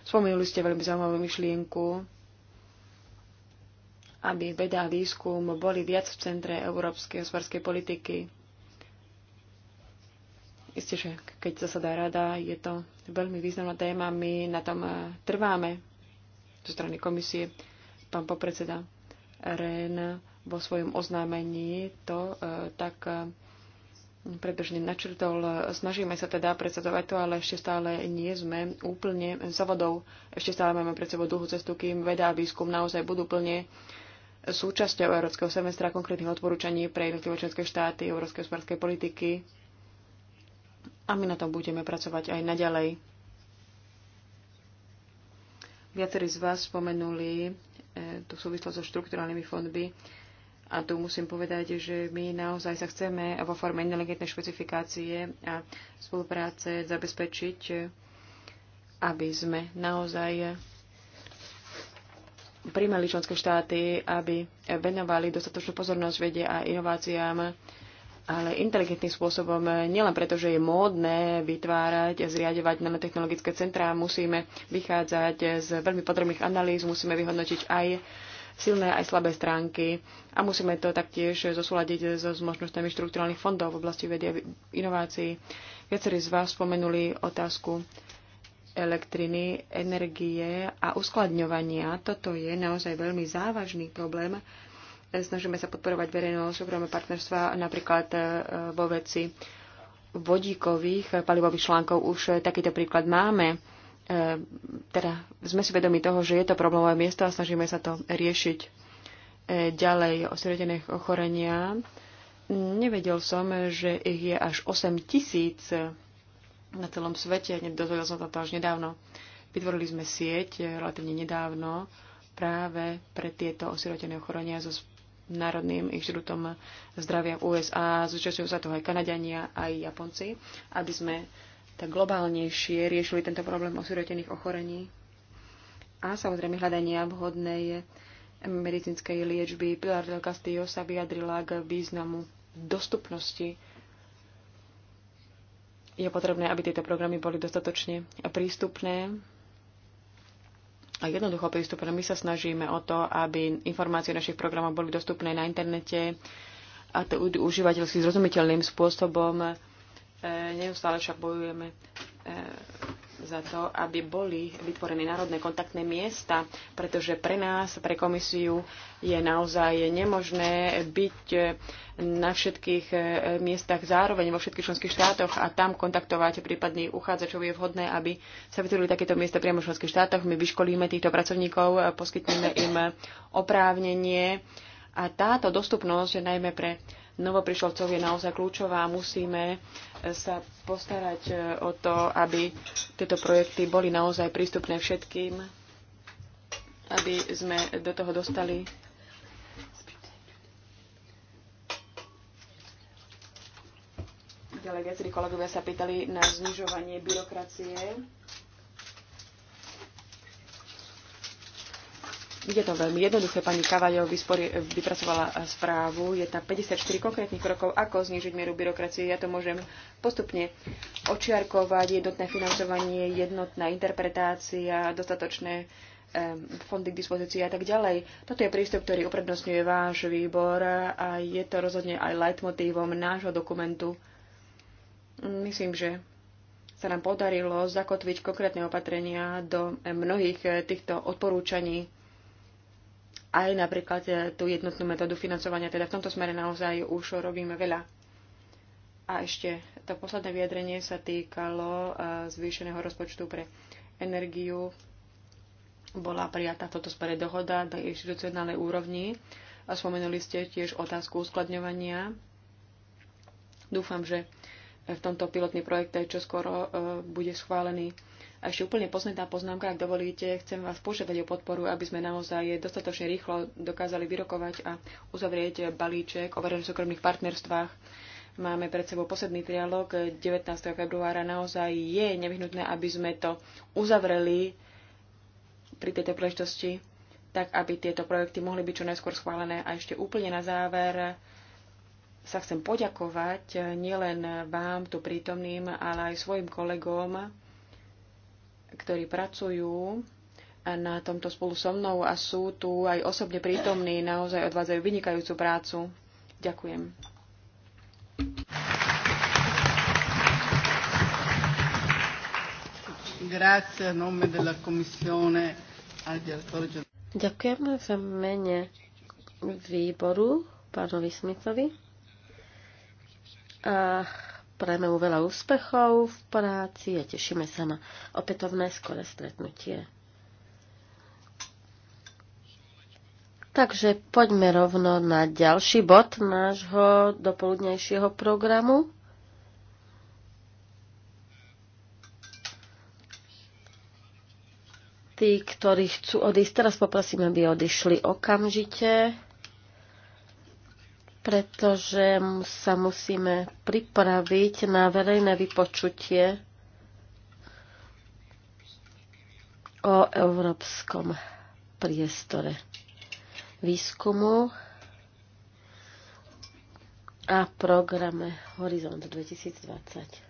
Spomínali ste veľmi zaujímavú myšlienku, aby veda a výskum boli viac v centre európskej hospodárskej politiky. Isté, že keď zasadá rada, je to veľmi významná téma. My na tom eh, trváme zo strany komisie. Pán popredseda Rehn vo svojom oznámení to eh, tak eh, predbežne načrtol. Snažíme sa teda predsedovať to, ale ešte stále nie sme úplne za vodou. Ešte stále máme pred sebou dlhú cestu, kým veda a výskum naozaj budú plne súčasťou Európskeho semestra konkrétnych odporúčaní pre jednotlivé členské štáty európskej hospodárskej politiky. A my na tom budeme pracovať aj naďalej. Viacerí z vás spomenuli eh, tú súvislosť so štrukturálnymi fondmi. A tu musím povedať, že my naozaj sa chceme vo forme inteligentnej špecifikácie a spolupráce zabezpečiť, aby sme naozaj príjmali členské štáty, aby venovali dostatočnú pozornosť vede a inováciám, ale inteligentným spôsobom, nielen preto, že je módne vytvárať a zriadovať nanotechnologické centrá, musíme vychádzať z veľmi podrobných analýz, musíme vyhodnotiť aj silné aj slabé stránky a musíme to taktiež zosúľadiť so, s možnosťami štruktúrálnych fondov v oblasti vedy a inovácií. Viacerí z vás spomenuli otázku elektriny, energie a uskladňovania. Toto je naozaj veľmi závažný problém. Snažíme sa podporovať verejné súkromné partnerstva napríklad e, vo veci vodíkových palivových článkov. Už takýto príklad máme Ehm, teda sme si vedomi toho, že je to problémové miesto a snažíme sa to riešiť. E, ďalej sredených ochorenia. Nevedel som, že ich je až 8 tisíc na celom svete. Dozvedel som to až nedávno. Vytvorili sme sieť e, relatívne nedávno práve pre tieto osirotené ochorenia so Národným inštitútom zdravia v USA. Zúčastňujú sa toho aj Kanadiania, aj Japonci, aby sme tak globálnejšie riešili tento problém osirotených ochorení a samozrejme hľadanie vhodnej medicínskej liečby. Pilar del Castillo sa vyjadrila k významu dostupnosti. Je potrebné, aby tieto programy boli dostatočne prístupné a jednoducho prístupné. My sa snažíme o to, aby informácie o našich programoch boli dostupné na internete a to užívateľsky zrozumiteľným spôsobom Neustále však bojujeme e, za to, aby boli vytvorené národné kontaktné miesta, pretože pre nás, pre komisiu je naozaj nemožné byť e, na všetkých e, miestach zároveň vo všetkých členských štátoch a tam kontaktovať prípadných uchádzačov je vhodné, aby sa vytvorili takéto miesta priamo v členských štátoch. My vyškolíme týchto pracovníkov, poskytneme im oprávnenie a táto dostupnosť, najmä pre novoprišlovcov je naozaj kľúčová. a Musíme e, sa postarať e, o to, aby tieto projekty boli naozaj prístupné všetkým, aby sme do toho dostali Ďalej viacerí kolegovia sa pýtali na znižovanie byrokracie. Je to veľmi jednoduché. Pani Kavajov vypracovala správu. Je tam 54 konkrétnych krokov, ako znižiť mieru byrokracie. Ja to môžem postupne očiarkovať. Jednotné financovanie, jednotná interpretácia, dostatočné fondy k dispozícii a tak ďalej. Toto je prístup, ktorý uprednostňuje váš výbor a je to rozhodne aj leitmotívom nášho dokumentu. Myslím, že sa nám podarilo zakotviť konkrétne opatrenia do mnohých týchto odporúčaní aj napríklad e, tú jednotnú metódu financovania. Teda v tomto smere naozaj už robíme veľa. A ešte to posledné vyjadrenie sa týkalo e, zvýšeného rozpočtu pre energiu. Bola prijatá v tomto smere dohoda na inštitucionálnej úrovni. A spomenuli ste tiež otázku uskladňovania. Dúfam, že v tomto pilotný projekte čoskoro e, bude schválený a ešte úplne posledná poznámka, ak dovolíte, chcem vás požiadať o podporu, aby sme naozaj dostatočne rýchlo dokázali vyrokovať a uzavrieť balíček o verejných súkromných partnerstvách. Máme pred sebou posledný trialog 19. februára. Naozaj je nevyhnutné, aby sme to uzavreli pri tejto príležitosti, tak aby tieto projekty mohli byť čo najskôr schválené. A ešte úplne na záver sa chcem poďakovať nielen vám tu prítomným, ale aj svojim kolegom, ktorí pracujú na tomto spolu so mnou a sú tu aj osobne prítomní, naozaj odvádzajú vynikajúcu prácu. Ďakujem. Ďakujem v mene výboru pánovi Smithovi. Uh, Prajeme mu veľa úspechov v práci a tešíme sa na opätovné skore stretnutie. Takže poďme rovno na ďalší bod nášho dopoludnejšieho programu. Tí, ktorí chcú odísť, teraz poprosím, aby odišli okamžite pretože sa musíme pripraviť na verejné vypočutie o európskom priestore výskumu a programe Horizont 2020.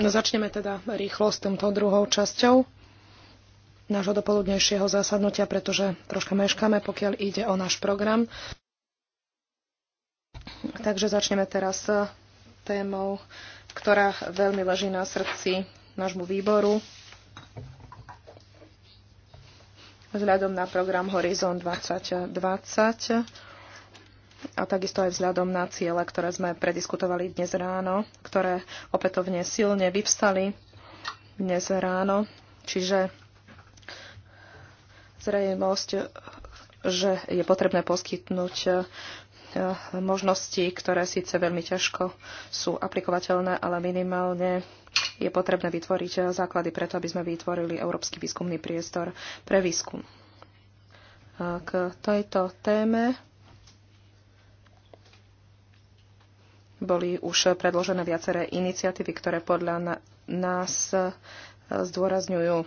No, začneme teda rýchlo s týmto druhou časťou nášho dopoludnejšieho zasadnutia, pretože troška meškáme, pokiaľ ide o náš program. Takže začneme teraz témou, ktorá veľmi leží na srdci nášmu výboru. Vzhľadom na program Horizon 2020 a takisto aj vzhľadom na ciele, ktoré sme prediskutovali dnes ráno, ktoré opätovne silne vyvstali dnes ráno. Čiže zrejmosť, že je potrebné poskytnúť eh, možnosti, ktoré síce veľmi ťažko sú aplikovateľné, ale minimálne je potrebné vytvoriť eh, základy preto, aby sme vytvorili Európsky výskumný priestor pre výskum. K tejto téme boli už predložené viaceré iniciatívy, ktoré podľa nás e, zdôrazňujú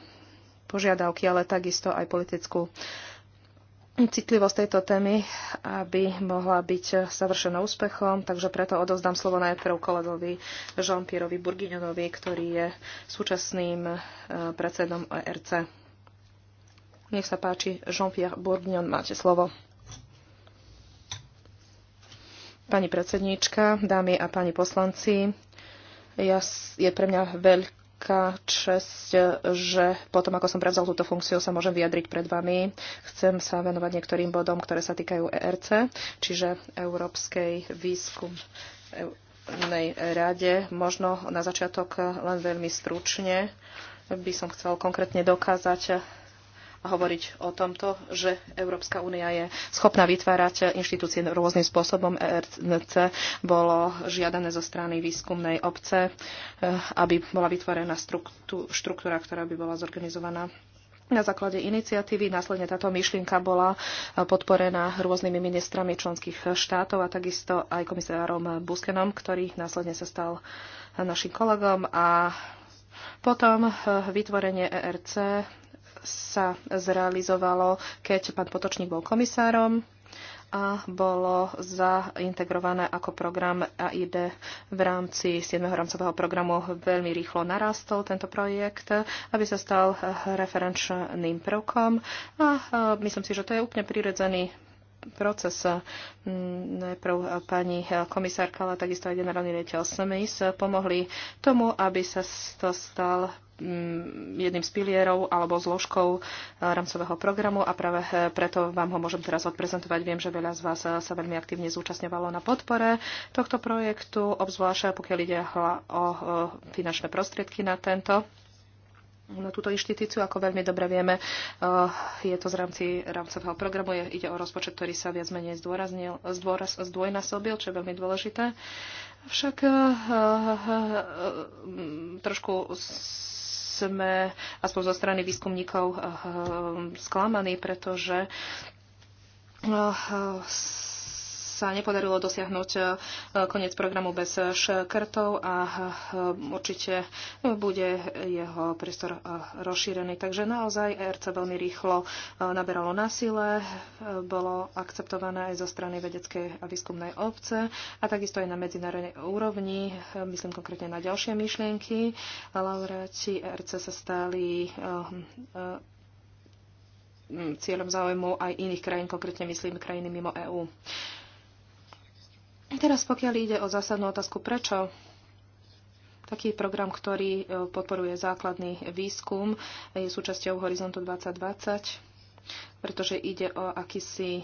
požiadavky, ale takisto aj politickú citlivosť tejto témy, aby mohla byť završená úspechom. Takže preto odovzdám slovo najprv kolegovi Jean-Pierovi Burgiňonovi, ktorý je súčasným e, predsedom ERC. Nech sa páči, Jean-Pierre Bourguignon, máte slovo. Pani predsedníčka, dámy a páni poslanci, ja, je pre mňa veľká česť, že potom, ako som prevzal túto funkciu, sa môžem vyjadriť pred vami. Chcem sa venovať niektorým bodom, ktoré sa týkajú ERC, čiže Európskej výskumnej rade. Možno na začiatok len veľmi stručne by som chcel konkrétne dokázať hovoriť o tomto, že Európska únia je schopná vytvárať inštitúcie rôznym spôsobom. ERC bolo žiadané zo strany výskumnej obce, eh, aby bola vytvorená štruktúra, ktorá by bola zorganizovaná na základe iniciatívy. Následne táto myšlienka bola eh, podporená rôznymi ministrami členských štátov a takisto aj komisárom Buskenom, ktorý následne sa stal eh, našim kolegom a potom vytvorenie ERC sa zrealizovalo, keď pán Potočník bol komisárom a bolo zaintegrované ako program AID v rámci 7. rámcového programu. Veľmi rýchlo narastol tento projekt, aby sa stal referenčným prvkom a myslím si, že to je úplne prirodzený proces. Najprv pani komisárka, ale takisto aj generálny riaditeľ SMIS pomohli tomu, aby sa to stal Mm, jedným z pilierov alebo zložkou eh, rámcového programu a práve eh, preto vám ho môžem teraz odprezentovať. Viem, že veľa z vás eh, sa veľmi aktívne zúčastňovalo na podpore tohto projektu, obzvlášť pokiaľ ide o finančné prostriedky na tento na túto inštitúciu. Ako veľmi dobre vieme, je to z rámci rámcového programu. Je, ide o rozpočet, ktorý sa viac menej zdôraznil, zdôraz, zdvojnásobil, čo je veľmi dôležité. Však mm, trošku sme aspoň zo strany výskumníkov eh, sklamaní, pretože eh, sa nepodarilo dosiahnuť e, koniec programu bez škrtov a e, určite bude jeho priestor e, rozšírený. Takže naozaj ERC veľmi rýchlo naberalo na sile, bolo akceptované aj zo strany vedeckej a výskumnej obce a takisto aj na medzinárodnej úrovni, myslím konkrétne na ďalšie myšlienky. Laureáti ERC sa stali cieľom záujmu aj iných krajín, konkrétne myslím krajiny mimo EÚ. Teraz pokiaľ ide o zásadnú otázku, prečo taký program, ktorý e, podporuje základný výskum, je súčasťou Horizontu 2020, pretože ide o akýsi e,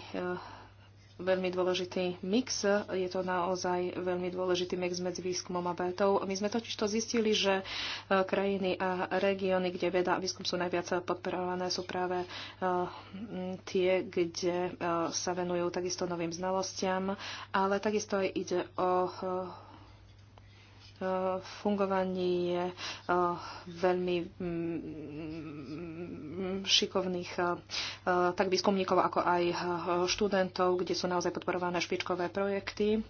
veľmi dôležitý mix. Je to naozaj veľmi dôležitý mix medzi výskumom a vedou. My sme totiž to zistili, že e, krajiny a regióny, kde veda a výskum sú najviac podporované, sú práve e, tie, kde e, sa venujú takisto novým znalostiam, ale takisto aj ide o E, fungovaní e, veľmi mm, mm, šikovných e, tak výskumníkov, ako aj študentov, kde sú naozaj podporované špičkové projekty.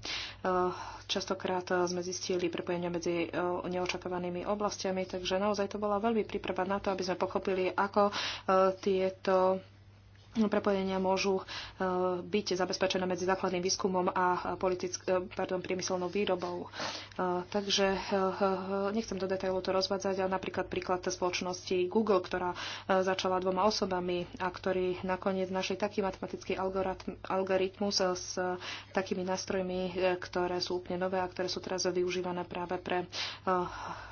Častokrát sme zistili prepojenie medzi neočakávanými oblastiami, takže naozaj to bola veľmi príprava na to, aby sme pochopili, ako tieto prepojenia môžu e, byť zabezpečené medzi základným výskumom a politick- e, pardon, priemyselnou výrobou. E, takže nechcem do detailov to rozvádzať, ale napríklad príklad spoločnosti Google, ktorá začala dvoma osobami a ktorí nakoniec našli taký matematický algoritmus s takými nástrojmi, ktoré sú úplne nové a ktoré sú teraz využívané práve pre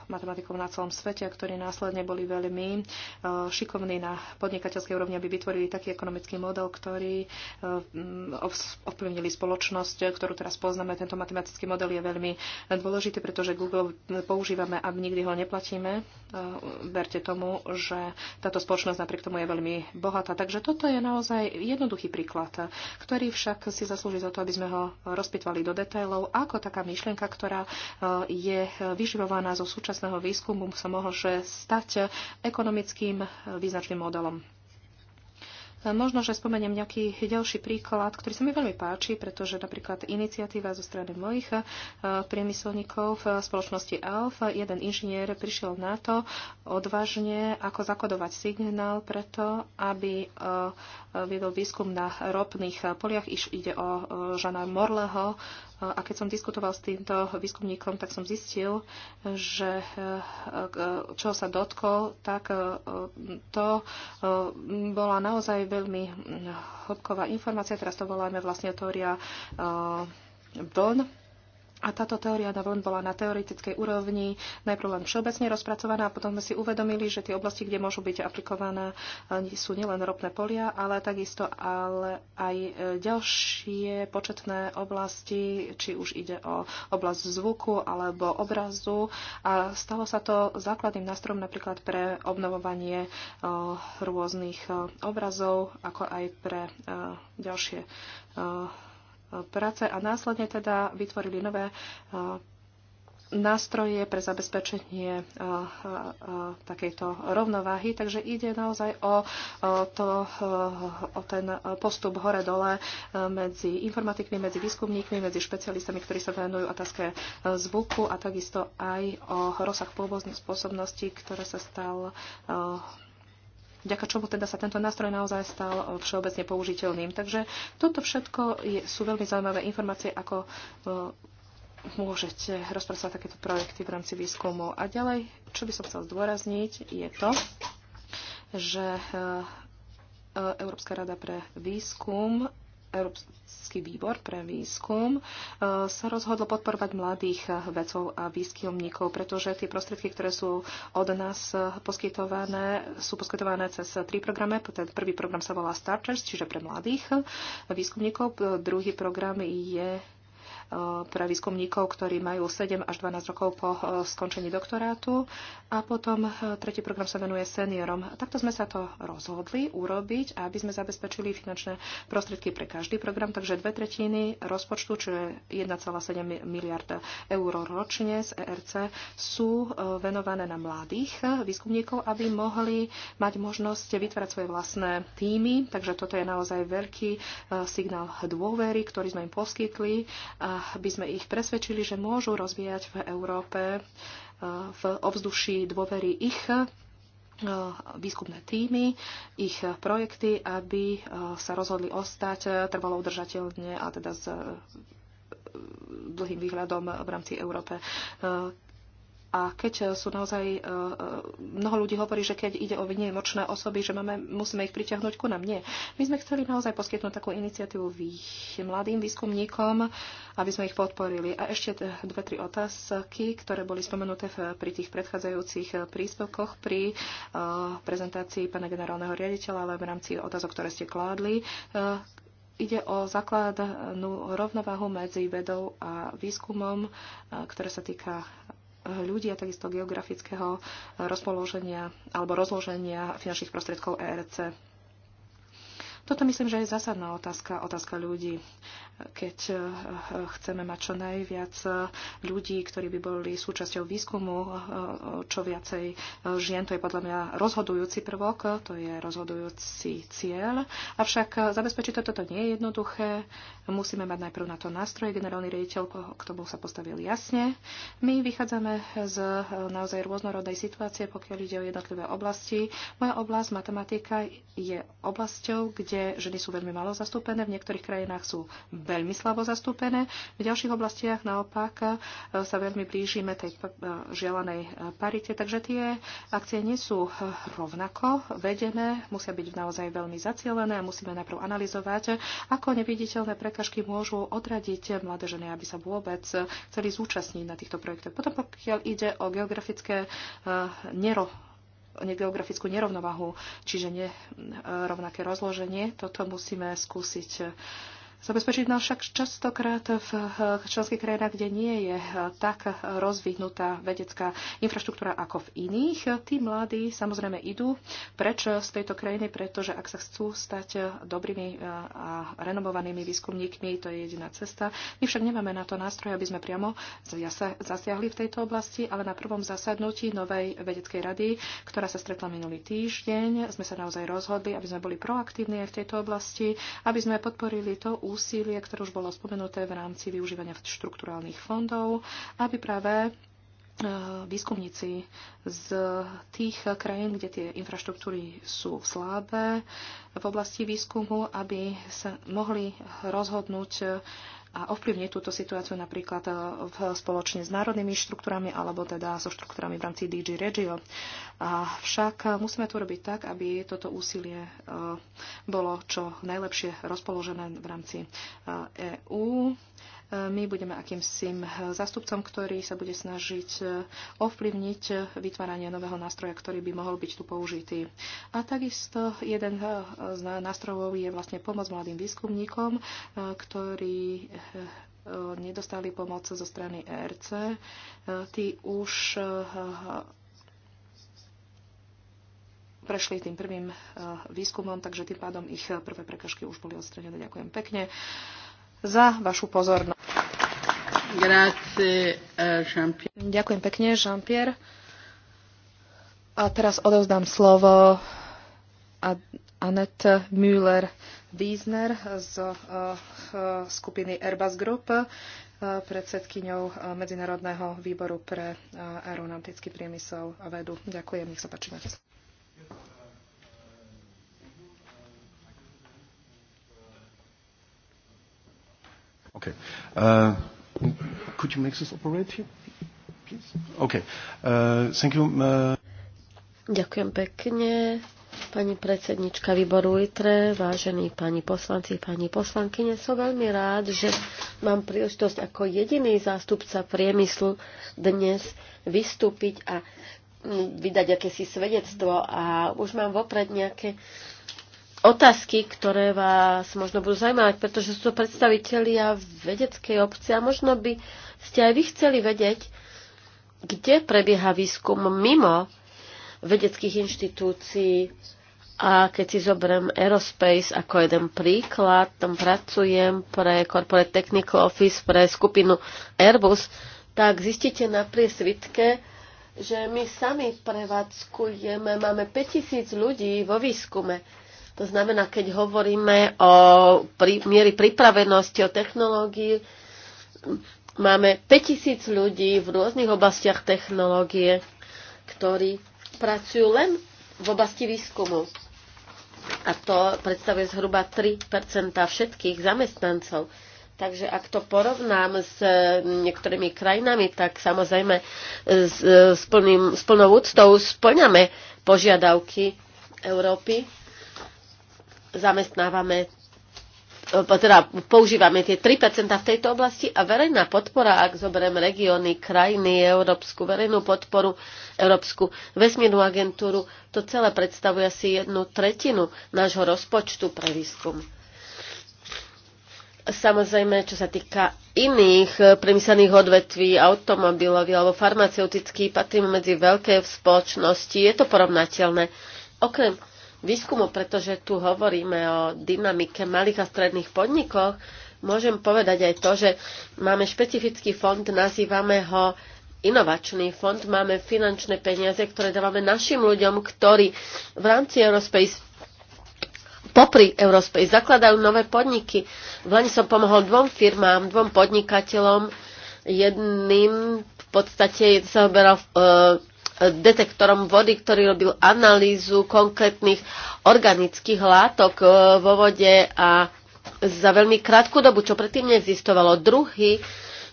matematikov na celom svete a ktorí následne boli veľmi šikovní na podnikateľskej úrovni, aby vytvorili taký ekonomický ekonomický model, ktorý e, ovplyvnili spoločnosť, ktorú teraz poznáme. Tento matematický model je veľmi dôležitý, pretože Google používame a nikdy ho neplatíme. E, verte tomu, že táto spoločnosť napriek tomu je veľmi bohatá. Takže toto je naozaj jednoduchý príklad, ktorý však si zaslúži za to, aby sme ho rozpitvali do detailov, ako taká myšlienka, ktorá e, je vyživovaná zo súčasného výskumu, sa mohol stať ekonomickým význačným modelom. Možno, že spomeniem nejaký ďalší príklad, ktorý sa mi veľmi páči, pretože napríklad iniciatíva zo strany mojich eh, priemyselníkov v spoločnosti ALF, jeden inžinier prišiel na to odvážne, ako zakodovať signál preto, aby eh, viedol výskum na ropných eh, poliach. Iš ide o Žana Morleho, a keď som diskutoval s týmto výskumníkom, tak som zistil, že e, e, čo sa dotkol, tak e, to bola naozaj veľmi hodková informácia. Teraz to voláme vlastne teória vln a táto teória len bola na teoretickej úrovni najprv len všeobecne rozpracovaná a potom sme si uvedomili, že tie oblasti, kde môžu byť aplikované, eh, sú nielen ropné polia, ale takisto ale aj eh, ďalšie početné oblasti, či už ide o oblasť zvuku alebo obrazu. A stalo sa to základným nástrojom napríklad pre obnovovanie eh, rôznych obrazov, ako aj pre ďalšie práce a následne teda vytvorili nové e, nástroje pre zabezpečenie e, e, takejto rovnováhy. Takže ide naozaj o, to, o ten postup hore-dole medzi informatikmi, medzi výskumníkmi, medzi špecialistami, ktorí sa venujú otázke zvuku a takisto aj o rozsah pôvodných spôsobností, ktoré sa stal vďaka čomu teda sa tento nástroj naozaj stal všeobecne použiteľným. Takže toto všetko je, sú veľmi zaujímavé informácie, ako e, môžete rozpracovať takéto projekty v rámci výskumu. A ďalej, čo by som chcel zdôrazniť, je to, že e, Európska rada pre výskum Európsky výbor pre výskum e, sa rozhodlo podporovať mladých vedcov a výskumníkov, pretože tie prostriedky, ktoré sú od nás poskytované, sú poskytované cez tri programy. Ten prvý program sa volá Starters, čiže pre mladých výskumníkov. Druhý program je E, pre výskumníkov, ktorí majú 7 až 12 rokov po e, skončení doktorátu. A potom e, tretí program sa venuje seniorom. Takto sme sa to rozhodli urobiť, aby sme zabezpečili finančné prostriedky pre každý program, takže dve tretiny rozpočtu, čo je 1,7 miliard eur ročne z ERC, sú venované na mladých výskumníkov, aby mohli mať možnosť vytvárať svoje vlastné týmy. Takže toto je naozaj veľký signál dôvery, ktorý sme im poskytli. A by sme ich presvedčili, že môžu rozvíjať v Európe e, v obzduši dôvery ich e, výskumné týmy, ich projekty, aby e, sa rozhodli ostať trvalo udržateľne a teda s dlhým výhľadom v rámci Európe. A keď eh, sú naozaj, eh, eh, mnoho ľudí hovorí, že keď ide o vynimočné osoby, že máme, musíme ich priťahnuť ku nám. Nie. My sme chceli naozaj poskytnúť takú iniciatívu vých, mladým výskumníkom, aby sme ich podporili. A ešte dve, tri otázky, ktoré boli spomenuté v, pri tých predchádzajúcich príspevkoch pri uh, prezentácii pána generálneho riaditeľa, ale v rámci otázok, ktoré ste kládli. Uh, ide o základnú rovnováhu medzi vedou a výskumom, ktoré sa týka ľudí a takisto geografického rozpoloženia alebo rozloženia finančných prostriedkov ERC. Toto myslím, že je zásadná otázka, otázka ľudí. Keď eh, chceme mať čo najviac eh, ľudí, ktorí by boli súčasťou výskumu, eh, čo viacej žien, to je podľa mňa rozhodujúci prvok, to je rozhodujúci cieľ. Avšak zabezpečiť toto nie je jednoduché. Musíme mať najprv na to nástroje. Generálny riaditeľ k tomu sa postavil jasne. My vychádzame z naozaj rôznorodnej situácie, pokiaľ ide o jednotlivé oblasti. Moja oblasť, matematika, je oblasťou, kde kde ženy sú veľmi malo zastúpené, v niektorých krajinách sú veľmi slabo zastúpené, v ďalších oblastiach naopak e, sa veľmi blížime tej e, želanej e, parite, takže tie akcie nie sú rovnako vedené, musia byť naozaj veľmi zacielené a musíme najprv analyzovať, ako neviditeľné prekažky môžu odradiť mladé ženy, aby sa vôbec chceli zúčastniť na týchto projektoch. Potom pokiaľ ide o geografické nero geografickú nerovnovahu, čiže nerovnaké rozloženie. Toto musíme skúsiť Zabezpečiť nás no však častokrát v členských krajinách, kde nie je eh, tak rozvinutá vedecká infraštruktúra ako v iných. Tí mladí samozrejme idú preč z tejto krajiny, pretože ak sa chcú stať eh, dobrými eh, a renomovanými výskumníkmi, to je jediná cesta. My však nemáme na to nástroj, aby sme priamo zasiahli v tejto oblasti, ale na prvom zasadnutí novej vedeckej rady, ktorá sa stretla minulý týždeň, sme sa naozaj rozhodli, aby sme boli proaktívni aj v tejto oblasti, aby sme podporili to úsilie, ktoré už bolo spomenuté v rámci využívania štrukturálnych fondov, aby práve e, výskumníci z tých krajín, kde tie infraštruktúry sú slabé v oblasti výskumu, aby sa mohli rozhodnúť a ovplyvniť túto situáciu napríklad e, v, spoločne s národnými štruktúrami alebo teda so štruktúrami v rámci DG Regio. A však e, musíme to robiť tak, aby toto úsilie e, bolo čo najlepšie rozpoložené v rámci EÚ my budeme akýmsi zastupcom, ktorý sa bude snažiť eh, ovplyvniť vytváranie nového nástroja, ktorý by mohol byť tu použitý. A takisto jeden eh, z nástrojov je vlastne pomoc mladým výskumníkom, eh, ktorí nedostali pomoc zo strany ERC. Tí už prešli tým prvým výskumom, takže tým pádom ich prvé prekažky už boli odstranené. Ďakujem pekne za vašu pozornosť. Eh, Ďakujem pekne, Jean-Pierre. A teraz odovzdám slovo Annette Müller-Wiesner z eh, eh, skupiny Airbus Group, predsedkyňou Medzinárodného výboru pre aeronautický priemysel a vedu. Ďakujem, nech sa páči, máte Okay. Uh, Could you make this operate here? Please? Okay. Uh, thank you. Uh... Ďakujem pekne. Pani predsednička výboru ITRE, vážení pani poslanci, pani poslankyne, som veľmi rád, že mám príležitosť ako jediný zástupca priemyslu dnes vystúpiť a mm, vydať akési svedectvo a už mám vopred nejaké uh, otázky, ktoré vás možno budú zaujímať, pretože sú to predstavitelia vedeckej obce a možno by ste aj vy chceli vedieť, kde prebieha výskum mimo vedeckých inštitúcií. A keď si zoberiem Aerospace ako jeden príklad, tam pracujem pre Corporate Technical Office, pre skupinu Airbus, tak zistíte na priesvitke, že my sami prevádzkujeme, máme 5000 ľudí vo výskume to znamená, keď hovoríme o pri, miery pripravenosti, o technológii, máme 5000 ľudí v rôznych oblastiach technológie, ktorí pracujú len v oblasti výskumu. A to predstavuje zhruba 3 všetkých zamestnancov. Takže ak to porovnám s niektorými krajinami, tak samozrejme s, s, plným, s plnou úctou splňame požiadavky Európy zamestnávame e, teda používame tie 3% v tejto oblasti a verejná podpora, ak zoberieme regióny, krajiny, európsku verejnú podporu, Európsku vesmírnu agentúru, to celé predstavuje asi jednu tretinu nášho rozpočtu pre výskum. Samozrejme, čo sa týka iných priemyselných odvetví, automobilový alebo farmaceutický, patríme medzi veľké spoločnosti, je to porovnateľné. Okrem výskumu, pretože tu hovoríme o dynamike malých a stredných podnikoch, môžem povedať aj to, že máme špecifický fond, nazývame ho inovačný fond, máme finančné peniaze, ktoré dávame našim ľuďom, ktorí v rámci Eurospace popri Eurospace zakladajú nové podniky. V Lani som pomohol dvom firmám, dvom podnikateľom, jedným v podstate sa oberal e, detektorom vody, ktorý robil analýzu konkrétnych organických látok e, vo vode a za veľmi krátku dobu, čo predtým neexistovalo. Druhý,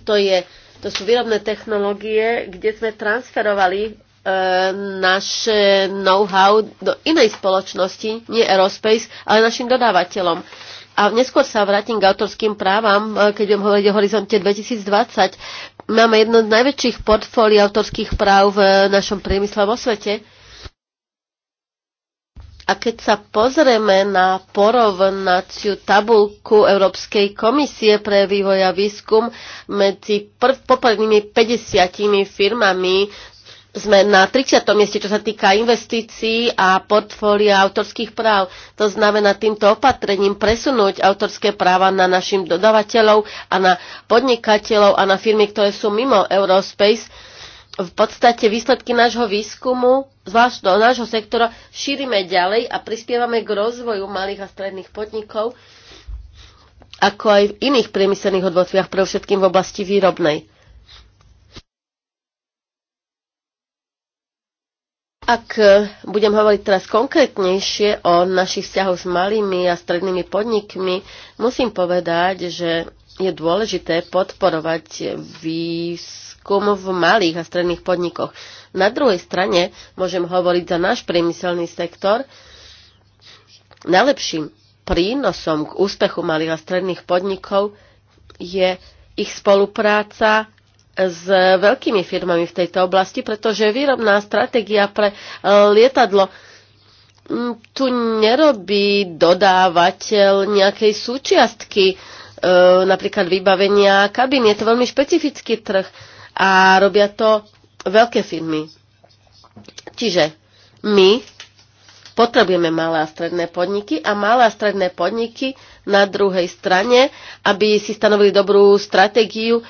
to, je, to sú výrobné technológie, kde sme transferovali e, naše know-how do inej spoločnosti, nie aerospace, ale našim dodávateľom. A neskôr sa vrátim k autorským právam, e, keď budem hovoriť o horizonte 2020 máme jedno z najväčších portfólií autorských práv v našom priemysle vo svete. A keď sa pozrieme na porovnaciu tabulku Európskej komisie pre vývoj a výskum medzi poprednými 50 firmami sme na 30. mieste, čo sa týka investícií a portfólia autorských práv. To znamená týmto opatrením presunúť autorské práva na našim dodavateľov a na podnikateľov a na firmy, ktoré sú mimo Eurospace. V podstate výsledky nášho výskumu, zvlášť do nášho sektora, šírime ďalej a prispievame k rozvoju malých a stredných podnikov, ako aj v iných priemyselných odvotviach, pre všetkým v oblasti výrobnej. Ak e, budem hovoriť teraz konkrétnejšie o našich vzťahoch s malými a strednými podnikmi, musím povedať, že je dôležité podporovať výskum v malých a stredných podnikoch. Na druhej strane môžem hovoriť za náš priemyselný sektor. Najlepším prínosom k úspechu malých a stredných podnikov je ich spolupráca s veľkými firmami v tejto oblasti, pretože výrobná stratégia pre e, lietadlo tu nerobí dodávateľ nejakej súčiastky, e, napríklad vybavenia kabín. Je to veľmi špecifický trh a robia to veľké firmy. Čiže my potrebujeme malé a stredné podniky a malé a stredné podniky na druhej strane, aby si stanovili dobrú stratégiu e,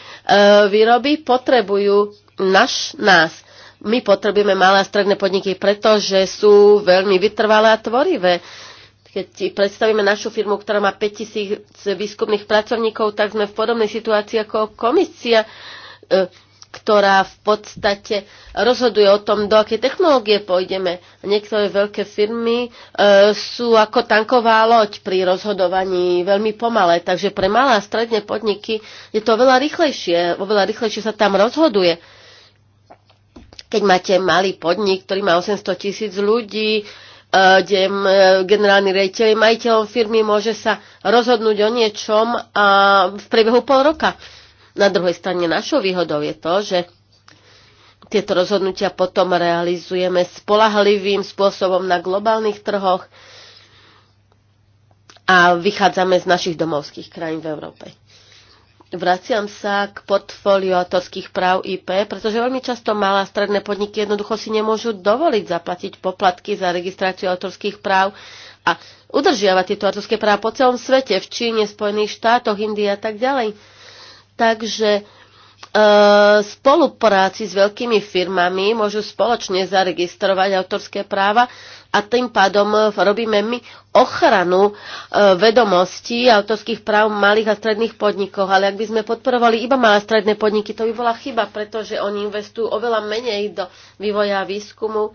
výroby, potrebujú naš, nás. My potrebujeme malé a stredné podniky, pretože sú veľmi vytrvalé a tvorivé. Keď si predstavíme našu firmu, ktorá má 5000 výskumných pracovníkov, tak sme v podobnej situácii ako komisia e, ktorá v podstate rozhoduje o tom, do aké technológie pôjdeme. Niektoré veľké firmy e, sú ako tanková loď pri rozhodovaní veľmi pomalé, takže pre malé a stredné podniky je to veľa rýchlejšie, oveľa rýchlejšie sa tam rozhoduje. Keď máte malý podnik, ktorý má 800 tisíc ľudí, e, kde e, generálny rejiteľ je majiteľom firmy, môže sa rozhodnúť o niečom v priebehu pol roka. Na druhej strane našou výhodou je to, že tieto rozhodnutia potom realizujeme spolahlivým spôsobom na globálnych trhoch a vychádzame z našich domovských krajín v Európe. Vraciam sa k portfóliu autorských práv IP, pretože veľmi často malé a stredné podniky jednoducho si nemôžu dovoliť zaplatiť poplatky za registráciu autorských práv a udržiavať tieto autorské práva po celom svete, v Číne, Spojených štátoch, Indii a tak ďalej. Takže e, spolupráci s veľkými firmami môžu spoločne zaregistrovať autorské práva a tým pádom robíme my ochranu e, vedomostí autorských práv malých a stredných podnikov. Ale ak by sme podporovali iba malé a stredné podniky, to by bola chyba, pretože oni investujú oveľa menej do vývoja a výskumu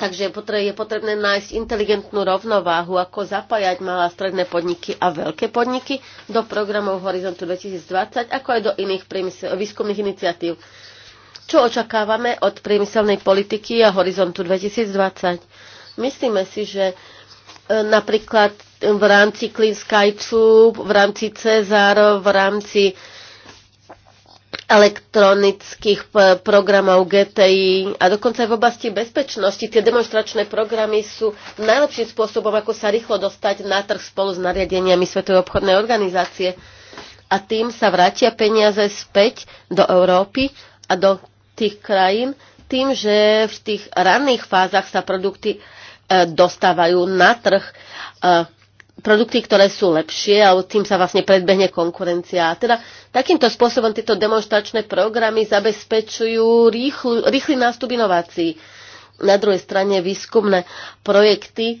Takže je potrebné nájsť inteligentnú rovnováhu, ako zapájať malé a stredné podniky a veľké podniky do programov Horizontu 2020, ako aj do iných výskumných iniciatív. Čo očakávame od priemyselnej politiky a Horizontu 2020? Myslíme si, že e, napríklad v rámci Clean Sky Tube, v rámci Cezar, v rámci elektronických eh, programov GTI a dokonca aj v oblasti bezpečnosti. Tie demonstračné programy sú najlepším spôsobom, ako sa rýchlo dostať na trh spolu s nariadeniami Svetovej obchodnej organizácie. A tým sa vrátia peniaze späť do Európy a do tých krajín tým, že v tých ranných fázach sa produkty eh, dostávajú na trh eh, produkty, ktoré sú lepšie a tým sa vlastne predbehne konkurencia. A teda takýmto spôsobom tieto demonstračné programy zabezpečujú rýchlu, rýchly nástup inovácií. Na druhej strane výskumné projekty e,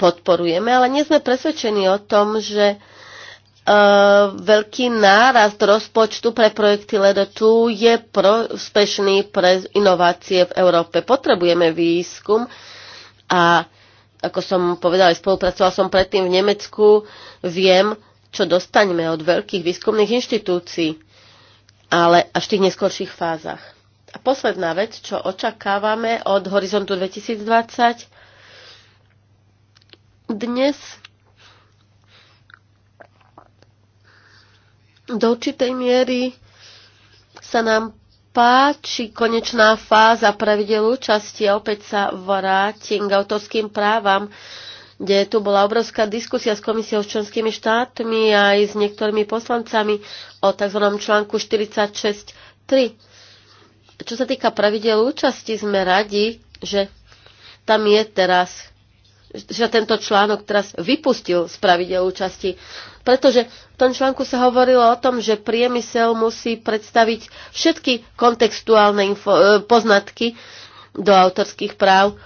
podporujeme, ale nie sme presvedčení o tom, že e, veľký nárast rozpočtu pre projekty ledo tu je prospešný pre inovácie v Európe. Potrebujeme výskum a ako som povedala, spolupracovala som predtým v Nemecku, viem, čo dostaneme od veľkých výskumných inštitúcií, ale až v tých neskorších fázach. A posledná vec, čo očakávame od Horizontu 2020, dnes do určitej miery sa nám páči konečná fáza pravidel účasti a opäť sa vrátim k autorským právam, kde tu bola obrovská diskusia s komisiou s členskými štátmi aj s niektorými poslancami o tzv. článku 46.3. Čo sa týka pravidel účasti, sme radi, že tam je teraz že tento článok teraz vypustil z pravidel účasti. Pretože v tom článku sa hovorilo o tom, že priemysel musí predstaviť všetky kontextuálne info, e, poznatky do autorských práv.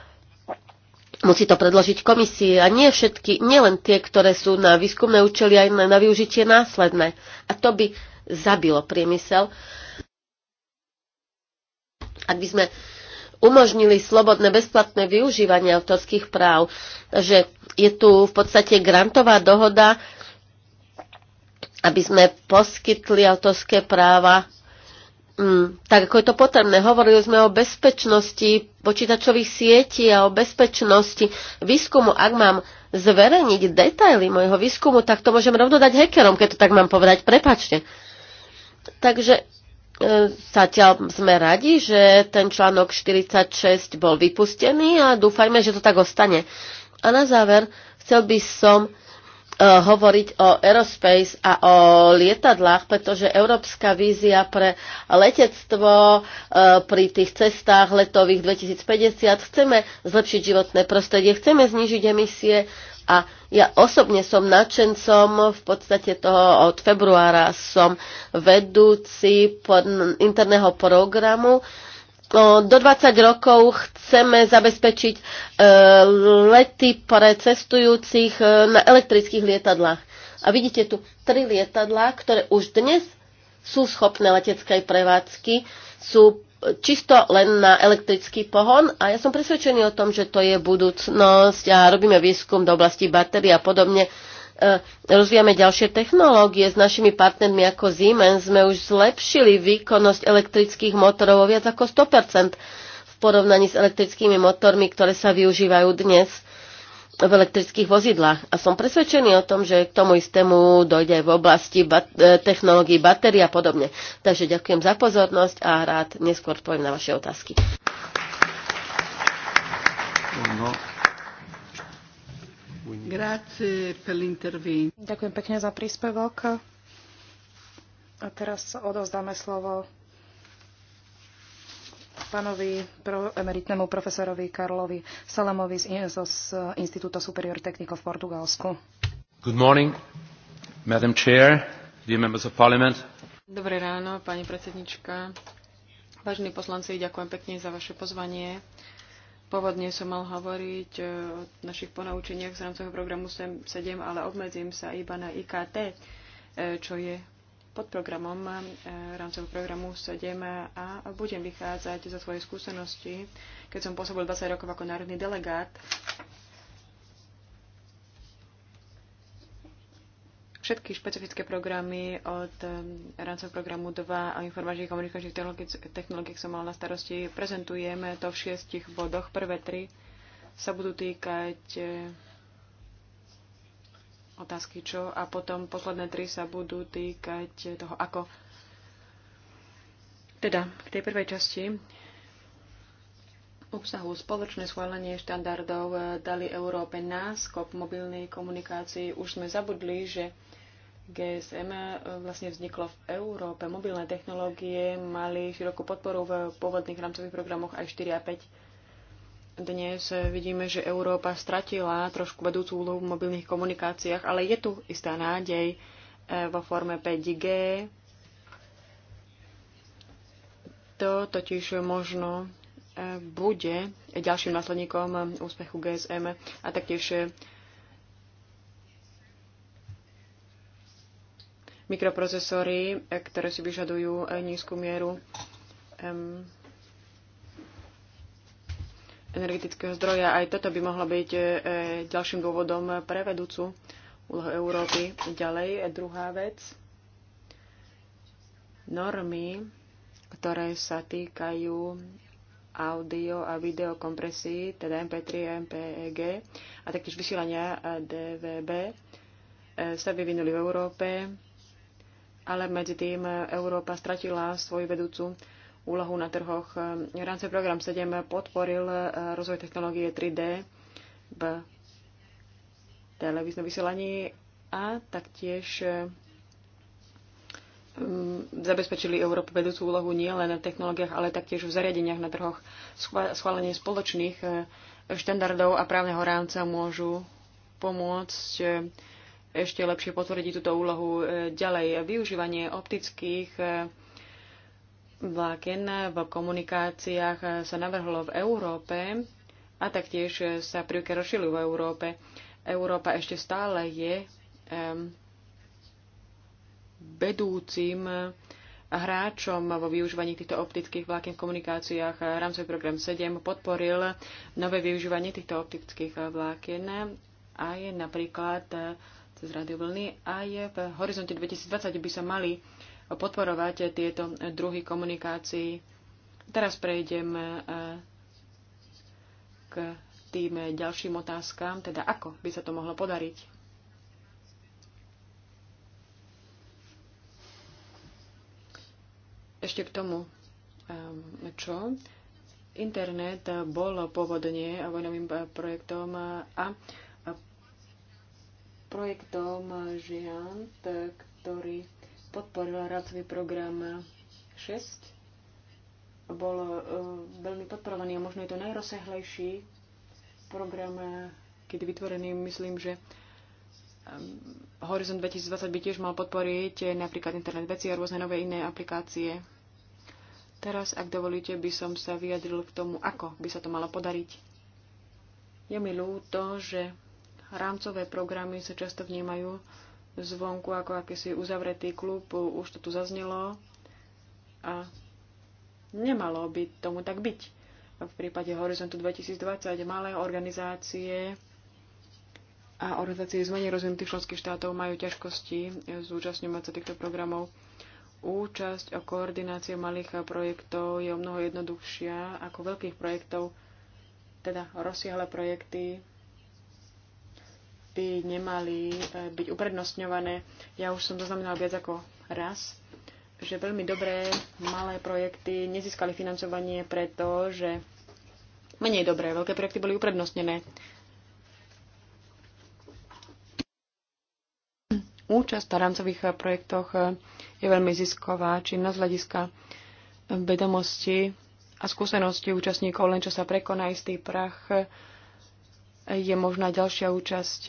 Musí to predložiť komisii a nie všetky, nielen tie, ktoré sú na výskumné účely aj na, využitie následné. A to by zabilo priemysel. Ak by sme umožnili slobodné bezplatné využívanie autorských práv. Takže je tu v podstate grantová dohoda, aby sme poskytli autorské práva Mm, tak ako je to potrebné, hovorili sme o bezpečnosti počítačových sietí a o bezpečnosti výskumu. Ak mám zverejniť detaily môjho výskumu, tak to môžem rovno dať hackerom, keď to tak mám povedať. Prepačte. Takže E, zatiaľ sme radi, že ten článok 46 bol vypustený a dúfajme, že to tak ostane. A na záver chcel by som e, hovoriť o aerospace a o lietadlách, pretože európska vízia pre letectvo e, pri tých cestách letových 2050 chceme zlepšiť životné prostredie, chceme znižiť emisie a ja osobne som nadšencom, v podstate toho od februára som vedúci pod interného programu. Do 20 rokov chceme zabezpečiť e, lety pre cestujúcich e, na elektrických lietadlách. A vidíte tu tri lietadlá, ktoré už dnes sú schopné leteckej prevádzky sú čisto len na elektrický pohon a ja som presvedčený o tom, že to je budúcnosť a robíme výskum do oblasti batérií a podobne. E, rozvíjame ďalšie technológie. S našimi partnermi ako Siemens sme už zlepšili výkonnosť elektrických motorov o viac ako 100% v porovnaní s elektrickými motormi, ktoré sa využívajú dnes v elektrických vozidlách. A som presvedčený o tom, že k tomu istému dojde aj v oblasti bat- e, technológií batérií a podobne. Takže ďakujem za pozornosť a rád neskôr poviem na vaše otázky. No. Ďakujem pekne za príspevok. A teraz odovzdáme slovo pánovi pro, emeritnému profesorovi Karlovi Salamovi z, z, z Instituto Superior Technico v Portugalsku. Good morning, Madam Chair, dear members of Parliament. Dobré ráno, pani predsednička. Vážení poslanci, ďakujem pekne za vaše pozvanie. Pôvodne som mal hovoriť e, o našich ponaučeniach z rámcového programu 7, ale obmedzím sa iba na IKT, e, čo je pod programom eh, rámcového programu 7 a budem vychádzať zo svojej skúsenosti, keď som pôsobil 20 rokov ako národný delegát. Všetky špecifické programy od eh, rámcov programu 2 a informačných komunikačných technológií som mal na starosti. Prezentujeme to v šiestich bodoch. Prvé tri sa budú týkať eh, otázky čo a potom posledné tri sa budú týkať toho ako. Teda k tej prvej časti obsahu spoločné schválenie štandardov dali Európe náskok mobilnej komunikácii. Už sme zabudli, že GSM vlastne vzniklo v Európe. Mobilné technológie mali širokú podporu v pôvodných rámcových programoch aj 4 a 5 dnes vidíme, že Európa stratila trošku vedúcu úlohu v mobilných komunikáciách, ale je tu istá nádej e, vo forme 5G. To totiž možno e, bude ďalším následníkom úspechu GSM a taktiež e, mikroprocesory, ktoré si vyžadujú nízku mieru energetického zdroja. Aj toto by mohlo byť e, ďalším dôvodom pre vedúcu úlohu Európy. Ďalej, e, druhá vec. Normy, ktoré sa týkajú audio a videokompresí, teda MP3 a MPEG a taktiež vysielania e, DVB sa vyvinuli v Európe, ale medzi tým Európa stratila svoju vedúcu úlohu na trhoch. rámci program 7 podporil eh, rozvoj technológie 3D v televíznom vysielaní a taktiež eh, zabezpečili Európu vedúcu úlohu nielen v technológiách, ale taktiež v zariadeniach na trhoch. Schválenie spoločných eh, štandardov a právneho rámca môžu pomôcť ešte lepšie potvrdiť túto úlohu ďalej. Využívanie optických vláken v komunikáciách sa navrhlo v Európe a taktiež sa prvky rozšili v Európe. Európa ešte stále je um, vedúcim hráčom vo využívaní týchto optických vlákien v komunikáciách. Rámcový program 7 podporil nové využívanie týchto optických vlákien aj napríklad cez radiovlny aj v horizonte 2020 by sa mali podporovať tieto druhy komunikácií. Teraz prejdem e, k tým ďalším otázkam, teda ako by sa to mohlo podariť. Ešte k tomu, e, čo internet bol pôvodne vojnovým e, projektom a projektom Žiant, ktorý podporila rácový program 6. Bol uh, veľmi podporovaný a možno je to najrozsahlejší program, e, kedy vytvorený, myslím, že e, Horizon 2020 by tiež mal podporiť e, napríklad internet veci a rôzne nové iné aplikácie. Teraz, ak dovolíte, by som sa vyjadril k tomu, ako by sa to malo podariť. Je mi ľúto, že rámcové programy sa často vnímajú zvonku ako akýsi uzavretý klub, už to tu zaznelo a nemalo by tomu tak byť. V prípade Horizontu 2020 malé organizácie a organizácie z menej rozvinutých členských štátov majú ťažkosti zúčastňovať sa týchto programov. Účasť o koordinácia malých projektov je o mnoho jednoduchšia ako veľkých projektov, teda rozsiahle projekty by nemali e, byť uprednostňované. Ja už som zaznamenala viac ako raz, že veľmi dobré malé projekty nezískali financovanie preto, že menej dobré veľké projekty boli uprednostnené. Účasť na rámcových projektoch je veľmi zisková, či na hľadiska vedomosti a skúsenosti účastníkov, len čo sa prekoná istý prach je možná ďalšia účasť.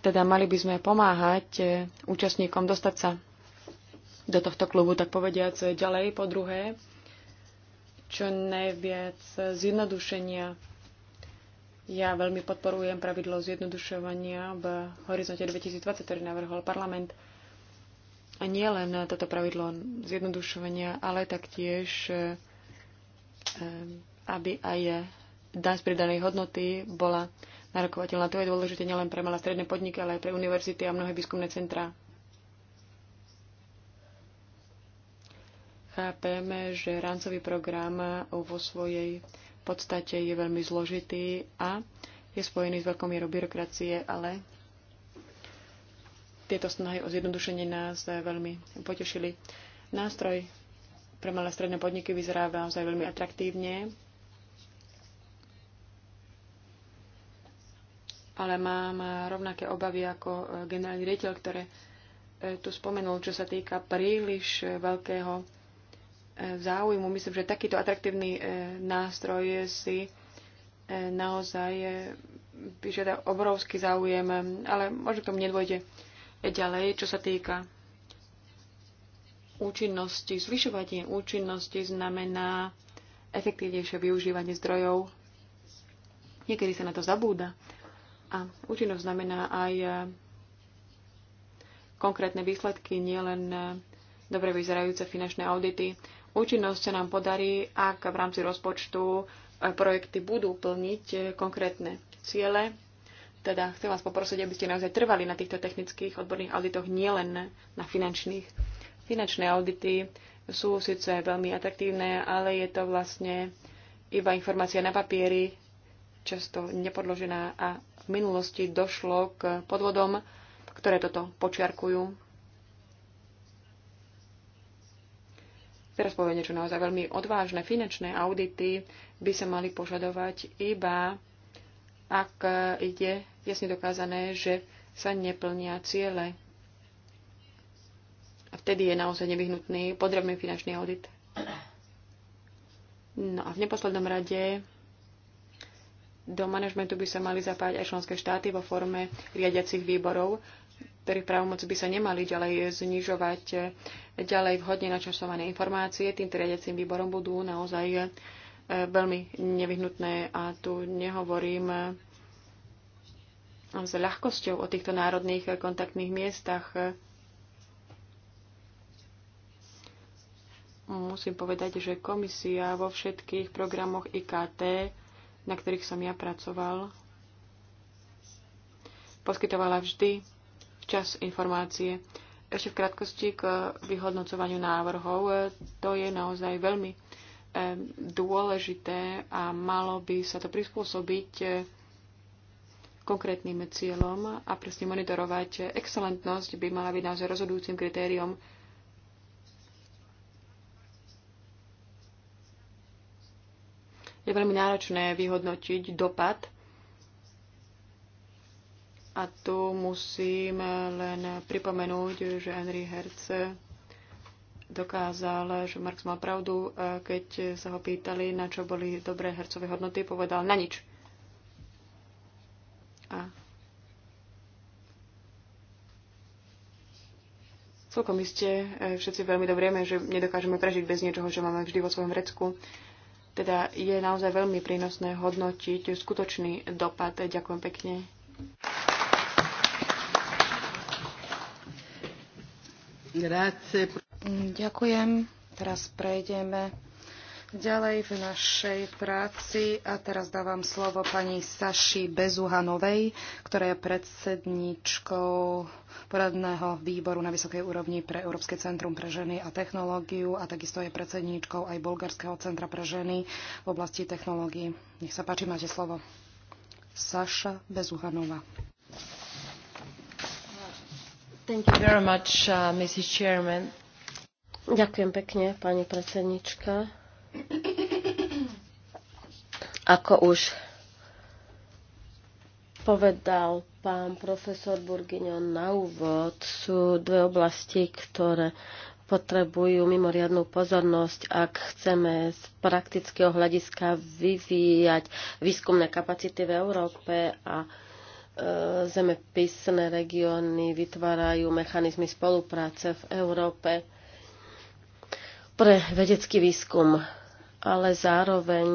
Teda mali by sme pomáhať eh, účastníkom dostať sa do tohto klubu, tak povediac eh, ďalej. Po druhé, čo najviac zjednodušenia. Ja veľmi podporujem pravidlo zjednodušovania v horizonte 2020, ktorý navrhol parlament. A nie len toto pravidlo zjednodušovania, ale taktiež, eh, aby aj dá z pridanej hodnoty bola narokovateľná. To je dôležité nielen pre malé stredné podniky, ale aj pre univerzity a mnohé výskumné centrá. Chápeme, že rámcový program vo svojej podstate je veľmi zložitý a je spojený s veľkou mierou byrokracie, ale tieto snahy o zjednodušenie nás veľmi potešili. Nástroj pre malé stredné podniky vyzerá naozaj veľmi atraktívne ale mám rovnaké obavy ako e, generálny riaditeľ, ktoré e, tu spomenul, čo sa týka príliš e, veľkého záujmu. Myslím, že takýto atraktívny nástroj si naozaj vyžiada obrovský záujem, ale možno k tomu nedôjde ďalej, čo sa týka účinnosti. Zvyšovanie účinnosti znamená efektívnejšie využívanie zdrojov. Niekedy sa na to zabúda. A účinnosť znamená aj e, konkrétne výsledky, nielen e, dobre vyzerajúce finančné audity. Účinnosť sa nám podarí, ak v rámci rozpočtu e, projekty budú plniť konkrétne ciele. Teda chcem vás poprosiť, aby ste naozaj trvali na týchto technických odborných auditoch, nielen na finančných. Finančné audity sú síce veľmi atraktívne, ale je to vlastne iba informácia na papieri, často nepodložená a v minulosti došlo k podvodom, ktoré toto počiarkujú. Teraz poviem niečo naozaj veľmi odvážne. Finančné audity by sa mali požadovať iba, ak ide jasne dokázané, že sa neplnia ciele. A vtedy je naozaj nevyhnutný podrobný finančný audit. No a v neposlednom rade do manažmentu by sa mali zapájať aj členské štáty vo forme riadiacich výborov, ktorých právomoci by sa nemali ďalej znižovať. Ďalej vhodne načasované informácie týmto riadiacim výborom budú naozaj e, veľmi nevyhnutné a tu nehovorím e, s ľahkosťou o týchto národných kontaktných miestach. Musím povedať, že komisia vo všetkých programoch IKT na ktorých som ja pracoval, poskytovala vždy včas informácie. Ešte v krátkosti k vyhodnocovaniu návrhov. To je naozaj veľmi dôležité a malo by sa to prispôsobiť e, konkrétnym cieľom a presne monitorovať. E, excelentnosť by mala byť naozaj rozhodujúcim kritériom je veľmi náročné vyhodnotiť dopad. A tu musím len pripomenúť, že Henry Hertz dokázal, že Marx mal pravdu, keď sa ho pýtali, na čo boli dobré hercové hodnoty, povedal na nič. A celkom iste e, všetci veľmi dobre vieme, že nedokážeme prežiť bez niečoho, čo máme vždy vo svojom vrecku. Teda je naozaj veľmi prínosné hodnotiť skutočný dopad. Ďakujem pekne. Grazie. Ďakujem. Teraz prejdeme ďalej v našej práci a teraz dávam slovo pani Saši Bezuhanovej, ktorá je predsedničkou poradného výboru na vysokej úrovni pre Európske centrum pre ženy a technológiu a takisto je predsedníčkou aj Bulgarského centra pre ženy v oblasti technológií. Nech sa páči, máte slovo. Saša Bezuhanová. Thank you very much, uh, Mrs. Chairman. Ďakujem pekne, pani predsednička. Ako už povedal pán profesor Burgiňon na úvod, sú dve oblasti, ktoré potrebujú mimoriadnú pozornosť, ak chceme z praktického hľadiska vyvíjať výskumné kapacity v Európe a e, zemepisné regióny vytvárajú mechanizmy spolupráce v Európe pre vedecký výskum, ale zároveň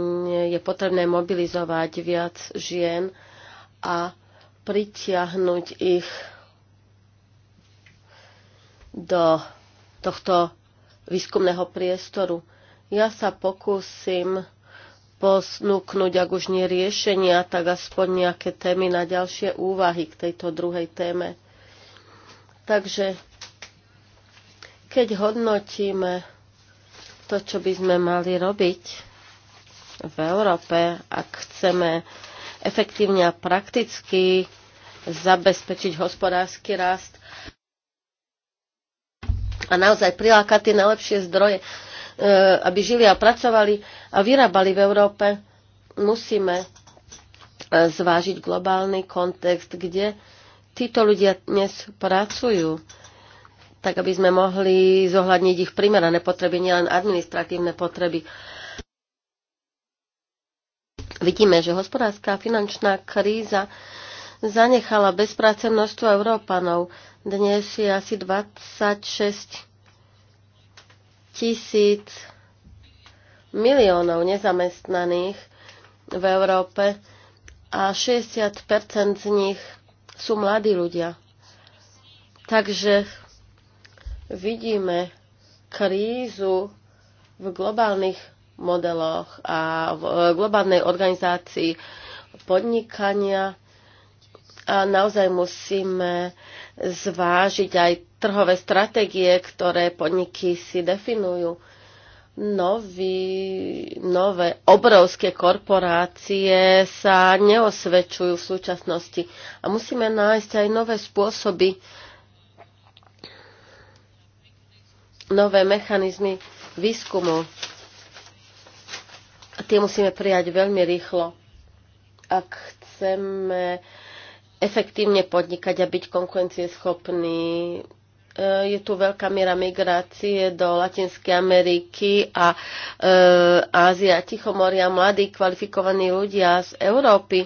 je potrebné mobilizovať viac žien a pritiahnuť ich do tohto výskumného priestoru. Ja sa pokúsim posnúknuť, ak už nie riešenia, tak aspoň nejaké témy na ďalšie úvahy k tejto druhej téme. Takže keď hodnotíme to, čo by sme mali robiť v Európe, ak chceme efektívne a prakticky zabezpečiť hospodársky rast a naozaj prilákať tie najlepšie zdroje, e, aby žili a pracovali a vyrábali v Európe, musíme e, zvážiť globálny kontext, kde títo ľudia dnes pracujú tak aby sme mohli zohľadniť ich primerané potreby, nielen administratívne potreby. Vidíme, že hospodárska a finančná kríza zanechala bezpráce množstvo Európanov. Dnes je asi 26 tisíc miliónov nezamestnaných v Európe a 60 z nich sú mladí ľudia. Takže vidíme krízu v globálnych modeloch a v eh, globálnej organizácii podnikania a naozaj musíme zvážiť aj trhové stratégie, ktoré podniky si definujú. Nový, nové obrovské korporácie sa neosvedčujú v súčasnosti a musíme nájsť aj nové spôsoby, nové mechanizmy výskumu. A tie musíme prijať veľmi rýchlo, ak chceme efektívne podnikať a byť konkurencieschopní. E, je tu veľká miera migrácie do Latinskej Ameriky a e, Ázia, Tichomoria, mladí, kvalifikovaní ľudia z Európy.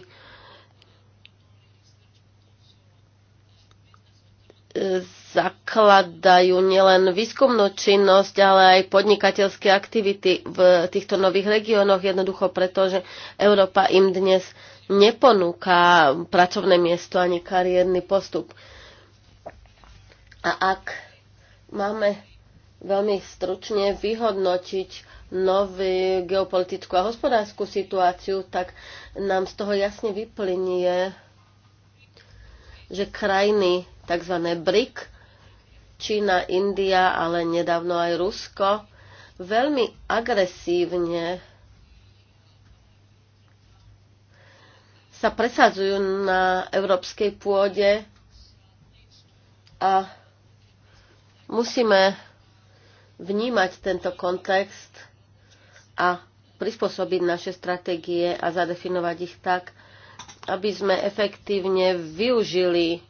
z e, zakladajú nielen výskumnú činnosť, ale aj podnikateľské aktivity v týchto nových regiónoch, jednoducho preto, že Európa im dnes neponúka pracovné miesto ani kariérny postup. A ak máme veľmi stručne vyhodnotiť novú geopolitickú a hospodárskú situáciu, tak nám z toho jasne vyplynie, že krajiny tzv. BRIC Čína, India, ale nedávno aj Rusko veľmi agresívne sa presadzujú na európskej pôde a musíme vnímať tento kontext a prispôsobiť naše stratégie a zadefinovať ich tak, aby sme efektívne využili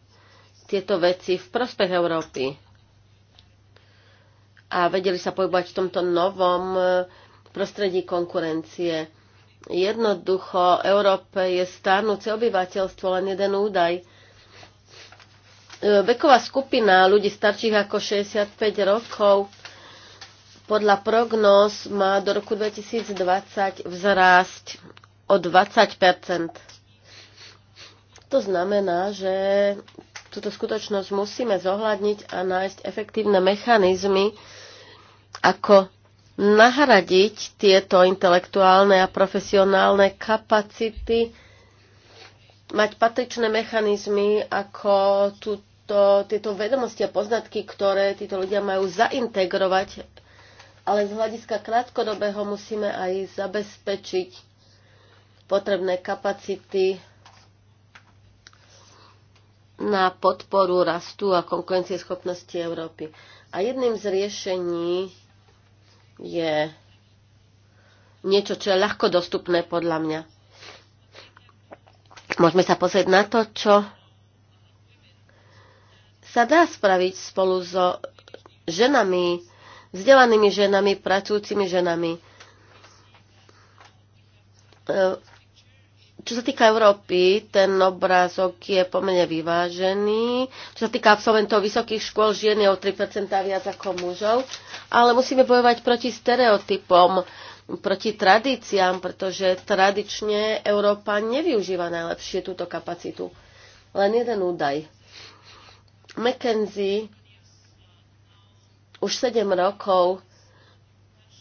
tieto veci v prospech Európy a vedeli sa pohybovať v tomto novom e, prostredí konkurencie. Jednoducho, Európe je starnúce obyvateľstvo, len jeden údaj. E, veková skupina ľudí starších ako 65 rokov podľa prognóz má do roku 2020 vzrásť o 20 To znamená, že túto skutočnosť musíme zohľadniť a nájsť efektívne mechanizmy, ako nahradiť tieto intelektuálne a profesionálne kapacity, mať patričné mechanizmy, ako túto, tieto vedomosti a poznatky, ktoré títo ľudia majú zaintegrovať, ale z hľadiska krátkodobého musíme aj zabezpečiť potrebné kapacity na podporu rastu a konkurencieschopnosti Európy. A jedným z riešení je niečo, čo je ľahko dostupné podľa mňa. Môžeme sa pozrieť na to, čo sa dá spraviť spolu so ženami, vzdelanými ženami, pracujúcimi ženami. E, čo sa týka Európy, ten obrázok je pomerne vyvážený. Čo sa týka absolventov vysokých škôl, žien je o 3% viac ako mužov. Ale musíme bojovať proti stereotypom, proti tradíciám, pretože tradične Európa nevyužíva najlepšie túto kapacitu. Len jeden údaj. McKenzie už 7 rokov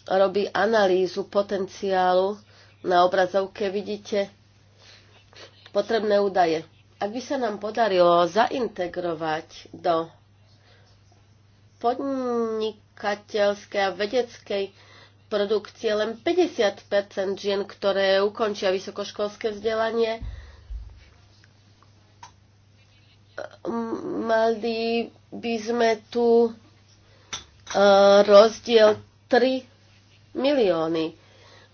robí analýzu potenciálu. Na obrazovke vidíte potrebné údaje. Ak by sa nám podarilo zaintegrovať do podnikateľskej a vedeckej produkcie len 50 žien, ktoré ukončia vysokoškolské vzdelanie, mali by sme tu e, rozdiel 3 milióny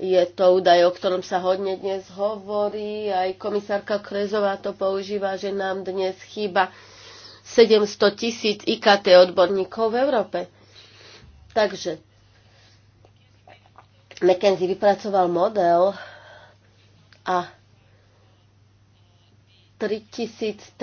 je to údaj, o ktorom sa hodne dnes hovorí. Aj komisárka Krezová to používa, že nám dnes chýba 700 tisíc IKT odborníkov v Európe. Takže McKenzie vypracoval model a 3035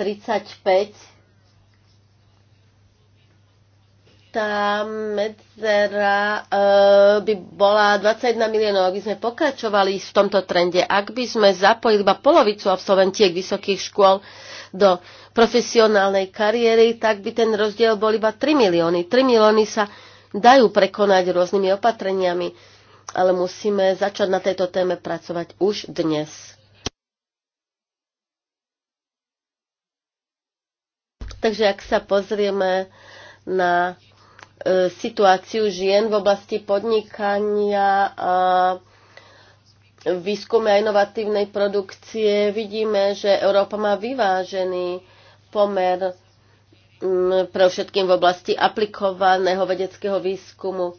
tá medzera eh, by bola 21 miliónov, aby sme pokračovali v tomto trende. Ak by sme zapojili iba polovicu absolventiek vysokých škôl do profesionálnej kariéry, tak by ten rozdiel bol iba 3 milióny. 3 milióny sa dajú prekonať rôznymi opatreniami, ale musíme začať na tejto téme pracovať už dnes. Takže ak sa pozrieme na E, situáciu žien v oblasti podnikania a výskume a inovatívnej produkcie. Vidíme, že Európa má vyvážený pomer mm, pre všetkým v oblasti aplikovaného vedeckého výskumu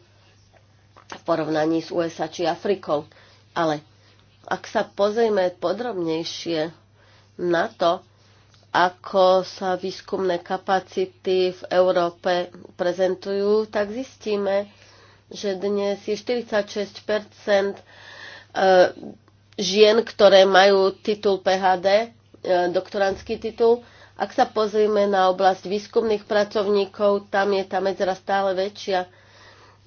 v porovnaní s USA či Afrikou. Ale ak sa pozrieme podrobnejšie na to, ako sa výskumné kapacity v Európe prezentujú, tak zistíme, že dnes je 46 e, žien, ktoré majú titul PHD, e, doktorantský titul. Ak sa pozrieme na oblasť výskumných pracovníkov, tam je tá medzera stále väčšia.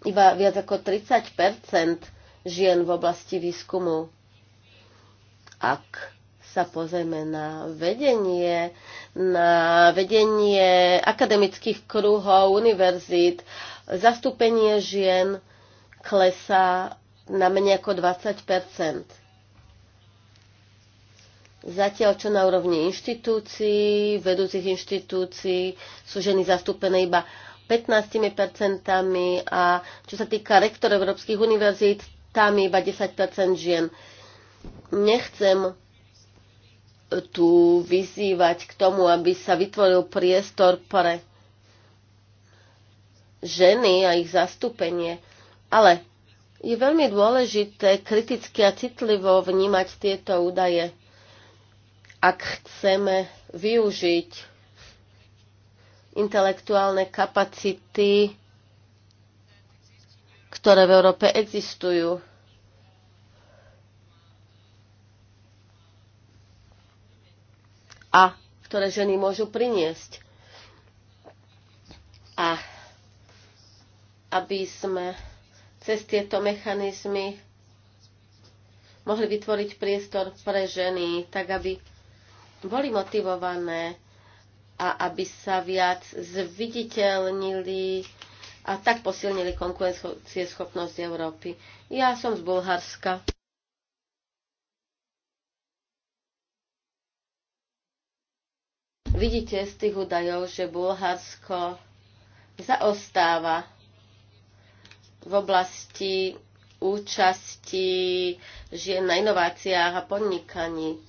Iba viac ako 30 žien v oblasti výskumu. Ak sa pozrieme na vedenie, na vedenie akademických kruhov, univerzít, zastúpenie žien klesá na menej ako 20 Zatiaľ, čo na úrovni inštitúcií, vedúcich inštitúcií, sú ženy zastúpené iba 15 percentami a čo sa týka rektor európskych univerzít, tam iba 10 žien. Nechcem tu vyzývať k tomu, aby sa vytvoril priestor pre ženy a ich zastúpenie. Ale je veľmi dôležité kriticky a citlivo vnímať tieto údaje, ak chceme využiť intelektuálne kapacity, ktoré v Európe existujú a ktoré ženy môžu priniesť. A aby sme cez tieto mechanizmy mohli vytvoriť priestor pre ženy, tak aby boli motivované a aby sa viac zviditeľnili a tak posilnili konkurencieschopnosť Európy. Ja som z Bulharska. Vidíte z tých údajov, že Bulharsko zaostáva v oblasti účasti žien na inováciách a podnikaní.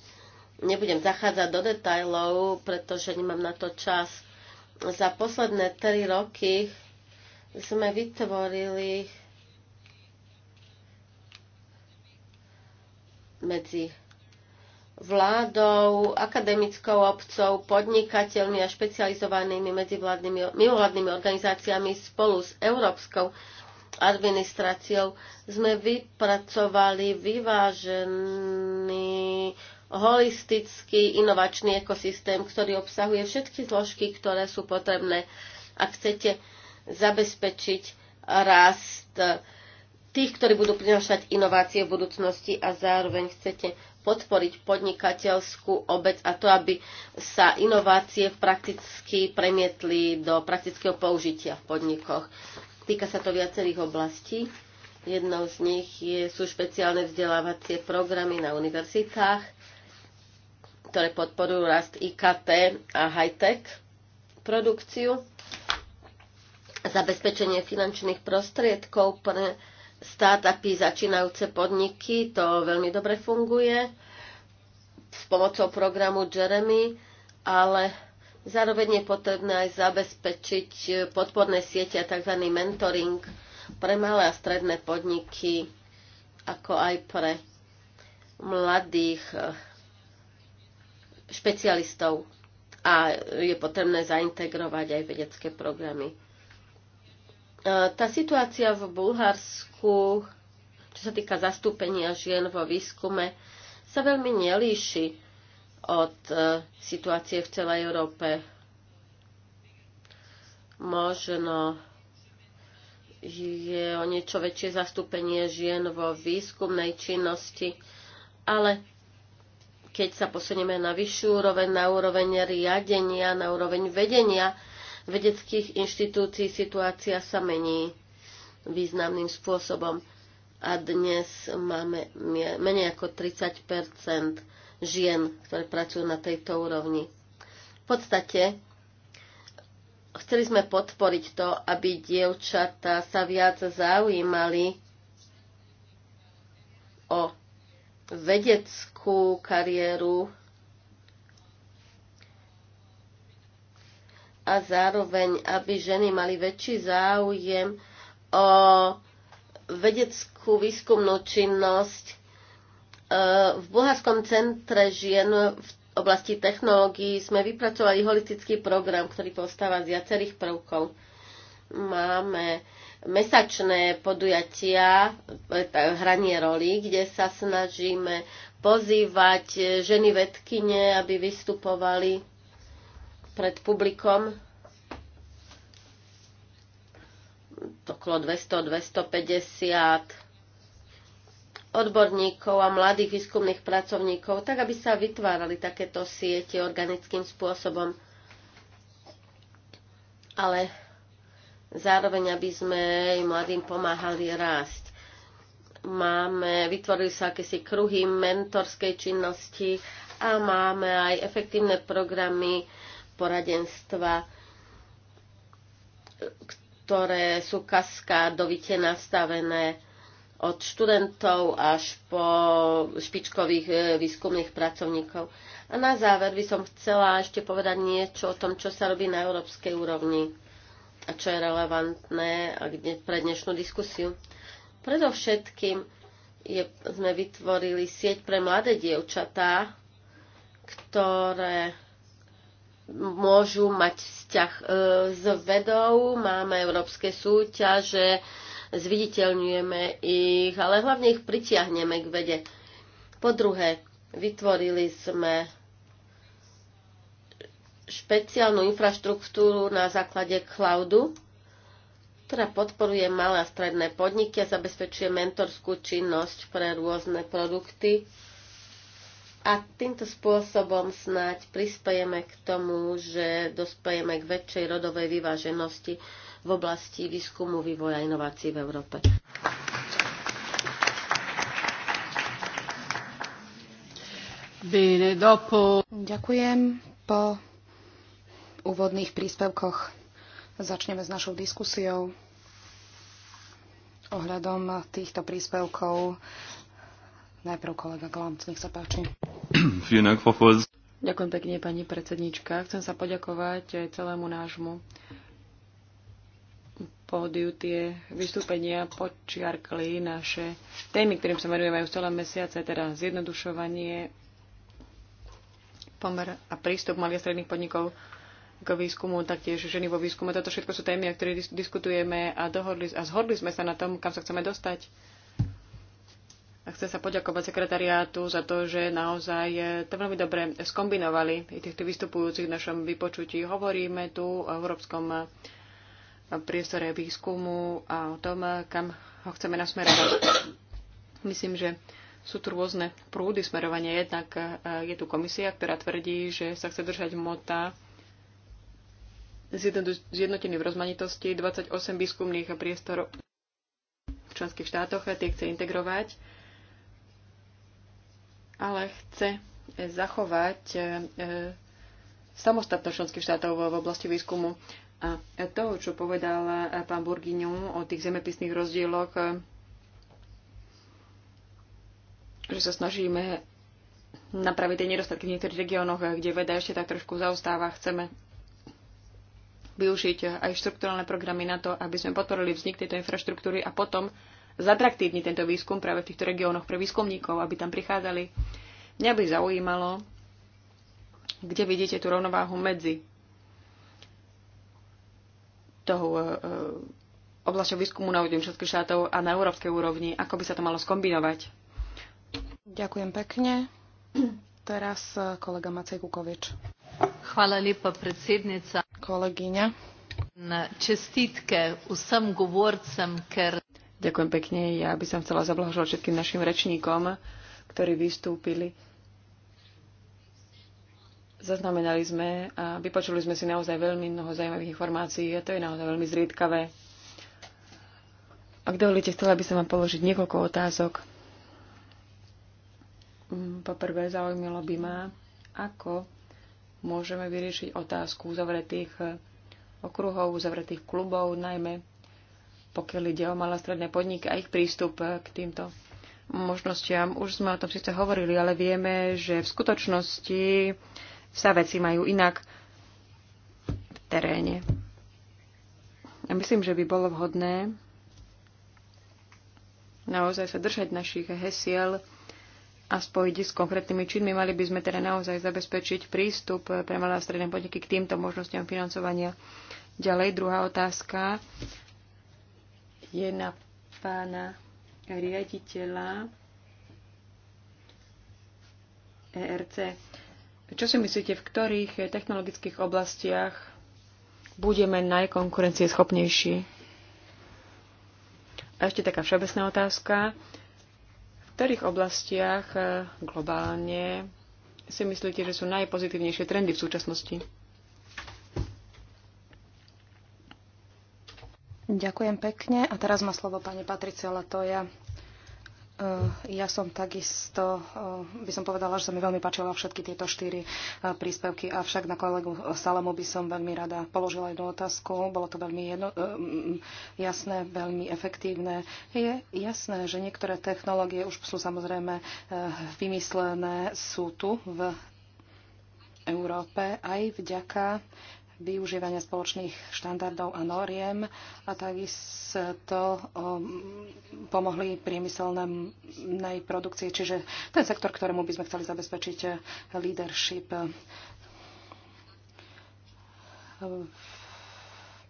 Nebudem zachádzať do detajlov, pretože nemám na to čas. Za posledné tri roky sme vytvorili medzi vládou, akademickou obcou, podnikateľmi a špecializovanými medzivládnymi, mimovládnymi organizáciami spolu s Európskou administráciou sme vypracovali vyvážený holistický inovačný ekosystém, ktorý obsahuje všetky zložky, ktoré sú potrebné, ak chcete zabezpečiť rast tých, ktorí budú prinašať inovácie v budúcnosti a zároveň chcete podporiť podnikateľskú obec a to, aby sa inovácie prakticky premietli do praktického použitia v podnikoch. Týka sa to viacerých oblastí. Jednou z nich je, sú špeciálne vzdelávacie programy na univerzitách, ktoré podporujú rast IKT a high-tech produkciu, zabezpečenie finančných prostriedkov pre startupy, začínajúce podniky, to veľmi dobre funguje s pomocou programu Jeremy, ale zároveň je potrebné aj zabezpečiť podporné siete a tzv. mentoring pre malé a stredné podniky, ako aj pre mladých eh, špecialistov a je potrebné zaintegrovať aj vedecké programy. E, tá situácia v Bulharsku, čo sa týka zastúpenia žien vo výskume, sa veľmi nelíši od e, situácie v celej Európe. Možno je o niečo väčšie zastúpenie žien vo výskumnej činnosti, ale keď sa posunieme na vyššiu úroveň, na úroveň riadenia, na úroveň vedenia, vedeckých inštitúcií situácia sa mení významným spôsobom a dnes máme menej ako 30 žien, ktoré pracujú na tejto úrovni. V podstate chceli sme podporiť to, aby dievčatá sa viac zaujímali o vedeckú kariéru a zároveň, aby ženy mali väčší záujem o vedeckú výskumnú činnosť. E, v Bulharskom centre žien v oblasti technológií sme vypracovali holistický program, ktorý postáva z viacerých prvkov. Máme mesačné podujatia, e, hranie roli, kde sa snažíme pozývať ženy vedkine, aby vystupovali pred publikom okolo 200-250 odborníkov a mladých výskumných pracovníkov, tak aby sa vytvárali takéto siete organickým spôsobom. Ale zároveň, aby sme mladým pomáhali rásť. Máme, vytvorili sa akési kruhy mentorskej činnosti a máme aj efektívne programy poradenstva, ktoré sú kaskádovite nastavené od študentov až po špičkových e, výskumných pracovníkov. A na záver by som chcela ešte povedať niečo o tom, čo sa robí na európskej úrovni a čo je relevantné pre dnešnú diskusiu. Predovšetkým je, sme vytvorili sieť pre mladé dievčatá, ktoré môžu mať vzťah e, s vedou, máme európske súťaže, zviditeľňujeme ich, ale hlavne ich pritiahneme k vede. Po druhé, vytvorili sme špeciálnu infraštruktúru na základe cloudu, ktorá podporuje malé a stredné podniky a zabezpečuje mentorskú činnosť pre rôzne produkty a týmto spôsobom snáď prispejeme k tomu, že dospejeme k väčšej rodovej vyváženosti v oblasti výskumu, vývoja a inovácií v Európe. Bene, dopo... Ďakujem. Po úvodných príspevkoch začneme s našou diskusiou ohľadom týchto príspevkov. Najprv kolega Glant, nech sa páči. Ďakujem pekne, pani predsednička. Chcem sa poďakovať celému nášmu pódiu. Tie vystúpenia počiarkli naše témy, ktorým sa venujeme už celé mesiace, teda zjednodušovanie, pomer a prístup malých a stredných podnikov k výskumu, taktiež ženy vo výskume. Toto všetko sú témy, o ktorých diskutujeme a, dohodli, a zhodli sme sa na tom, kam sa chceme dostať a chcem sa poďakovať sekretariátu za to, že naozaj eh, to veľmi dobre skombinovali i týchto vystupujúcich v našom vypočutí. Hovoríme tu o európskom eh, priestore výskumu a o tom, eh, kam ho chceme nasmerovať. Myslím, že sú tu rôzne prúdy smerovania. Jednak je tu komisia, ktorá tvrdí, že sa chce držať mota zjednotený v rozmanitosti 28 výskumných priestorov v členských štátoch a tie chce integrovať ale chce eh, zachovať eh, eh, samostatnosť členských štátov v oblasti výskumu. A to, čo povedal pán Burgiňu o tých zemepisných rozdieloch, že sa snažíme napraviť tie nedostatky v niektorých regiónoch, kde veda ešte tak trošku zaostáva, chceme využiť aj štrukturálne programy na to, aby sme podporili vznik tejto infraštruktúry a potom Zatraktívni tento výskum práve v týchto regiónoch pre výskumníkov, aby tam prichádzali. Mňa by zaujímalo, kde vidíte tú rovnováhu medzi tou e, e, oblasťou výskumu na úrovni všetkých štátov a na európskej úrovni, ako by sa to malo skombinovať. Ďakujem pekne. Teraz e, kolega Macej Kukovič. Hvala lepa, predsednica. Kolegyňa. Čestitke vsem govorcem, ker... Ďakujem pekne. Ja by som chcela zablahožovať všetkým našim rečníkom, ktorí vystúpili. Zaznamenali sme a vypočuli sme si naozaj veľmi mnoho zaujímavých informácií a to je naozaj veľmi zriedkavé. Ak dovolíte, chcela by som vám položiť niekoľko otázok. Poprvé zaujímalo by ma, ako môžeme vyriešiť otázku uzavretých okruhov, uzavretých klubov, najmä pokiaľ ide o malé stredné podniky a ich prístup e, k týmto možnostiam. Už sme o tom síce hovorili, ale vieme, že v skutočnosti sa veci majú inak v teréne. Ja myslím, že by bolo vhodné naozaj sa držať našich hesiel a spojiť s konkrétnymi činmi. Mali by sme teda naozaj zabezpečiť prístup e, pre malé a stredné podniky k týmto možnostiam financovania. Ďalej, druhá otázka je na pána riaditeľa ERC. Čo si myslíte, v ktorých technologických oblastiach budeme najkonkurencieschopnejší? A ešte taká všeobecná otázka. V ktorých oblastiach eh, globálne si myslíte, že sú najpozitívnejšie trendy v súčasnosti? Ďakujem pekne. A teraz má slovo pani Patricia Latoja. Eh, ja som takisto, eh, by som povedala, že sa mi veľmi páčila všetky tieto štyri eh, príspevky, avšak na kolegu Salamu by som veľmi rada položila jednu otázku. Bolo to veľmi jedno, mm, jasné, veľmi efektívne. Je jasné, že niektoré technológie už sú samozrejme vymyslené, sú tu v Európe aj vďaka využívania spoločných štandardov a noriem a takisto um, pomohli priemyselnej produkcii, čiže ten sektor, ktorému by sme chceli zabezpečiť leadership.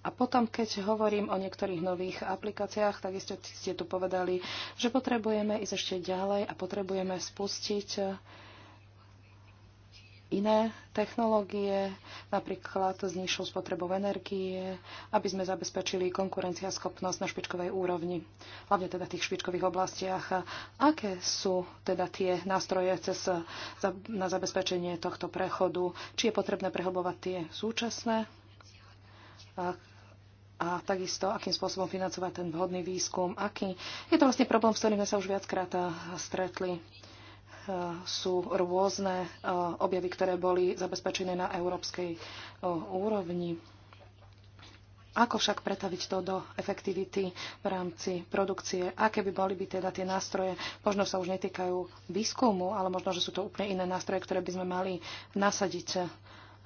A potom, keď hovorím o niektorých nových aplikáciách, tak ste tu povedali, že potrebujeme ísť ešte ďalej a potrebujeme spustiť iné technológie, napríklad s nižšou spotrebou energie, aby sme zabezpečili konkurenciaschopnosť na špičkovej úrovni, hlavne teda v tých špičkových oblastiach. Aké sú teda tie nástroje cez, na zabezpečenie tohto prechodu? Či je potrebné prehlbovať tie súčasné? A, a takisto, akým spôsobom financovať ten vhodný výskum, aký. Je to vlastne problém, s ktorým sme sa už viackrát stretli sú rôzne e, objavy, ktoré boli zabezpečené na európskej e, úrovni. Ako však pretaviť to do efektivity v rámci produkcie? Aké by boli by teda tie nástroje? Možno sa už netýkajú výskumu, ale možno, že sú to úplne iné nástroje, ktoré by sme mali nasadiť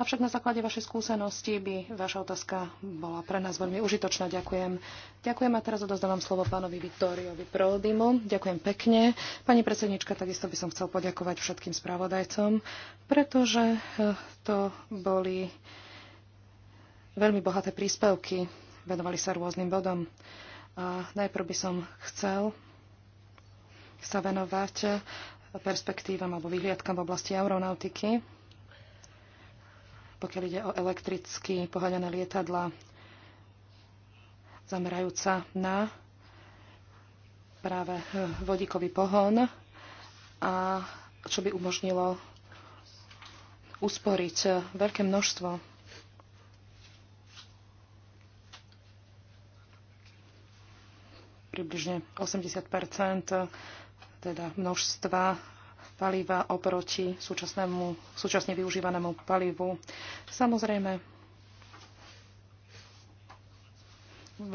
Avšak na základe vašej skúsenosti by vaša otázka bola pre nás veľmi užitočná. Ďakujem. Ďakujem a teraz odozdávam slovo pánovi Vittoriovi Prodimu. Ďakujem pekne. Pani predsednička, takisto by som chcel poďakovať všetkým spravodajcom, pretože eh, to boli veľmi bohaté príspevky. Venovali sa rôznym bodom. A najprv by som chcel sa venovať eh, perspektívam alebo vyhliadkam v oblasti aeronautiky pokiaľ ide o elektricky poháňané lietadla, zamerajúca na práve eh, vodíkový pohon a čo by umožnilo usporiť eh, veľké množstvo približne 80 eh, teda množstva paliva oproti súčasnému, súčasne využívanému palivu. Samozrejme, v,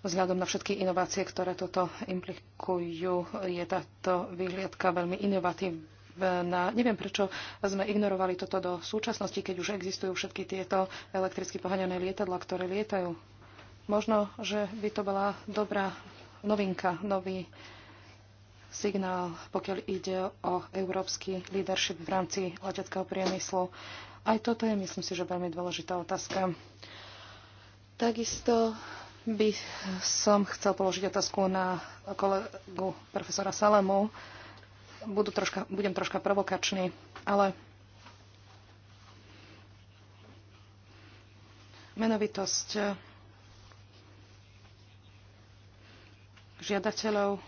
vzhľadom na všetky inovácie, ktoré toto implikujú, je táto vyhliadka veľmi inovatívna. Neviem, prečo sme ignorovali toto do súčasnosti, keď už existujú všetky tieto elektricky pohaňané lietadla, ktoré lietajú. Možno, že by to bola dobrá novinka, nový signál, pokiaľ ide o európsky leadership v rámci leteckého priemyslu. Aj toto je, myslím si, že veľmi dôležitá otázka. Takisto by som chcel položiť otázku na kolegu profesora Salemu. Budu troška, budem troška provokačný, ale menovitosť žiadateľov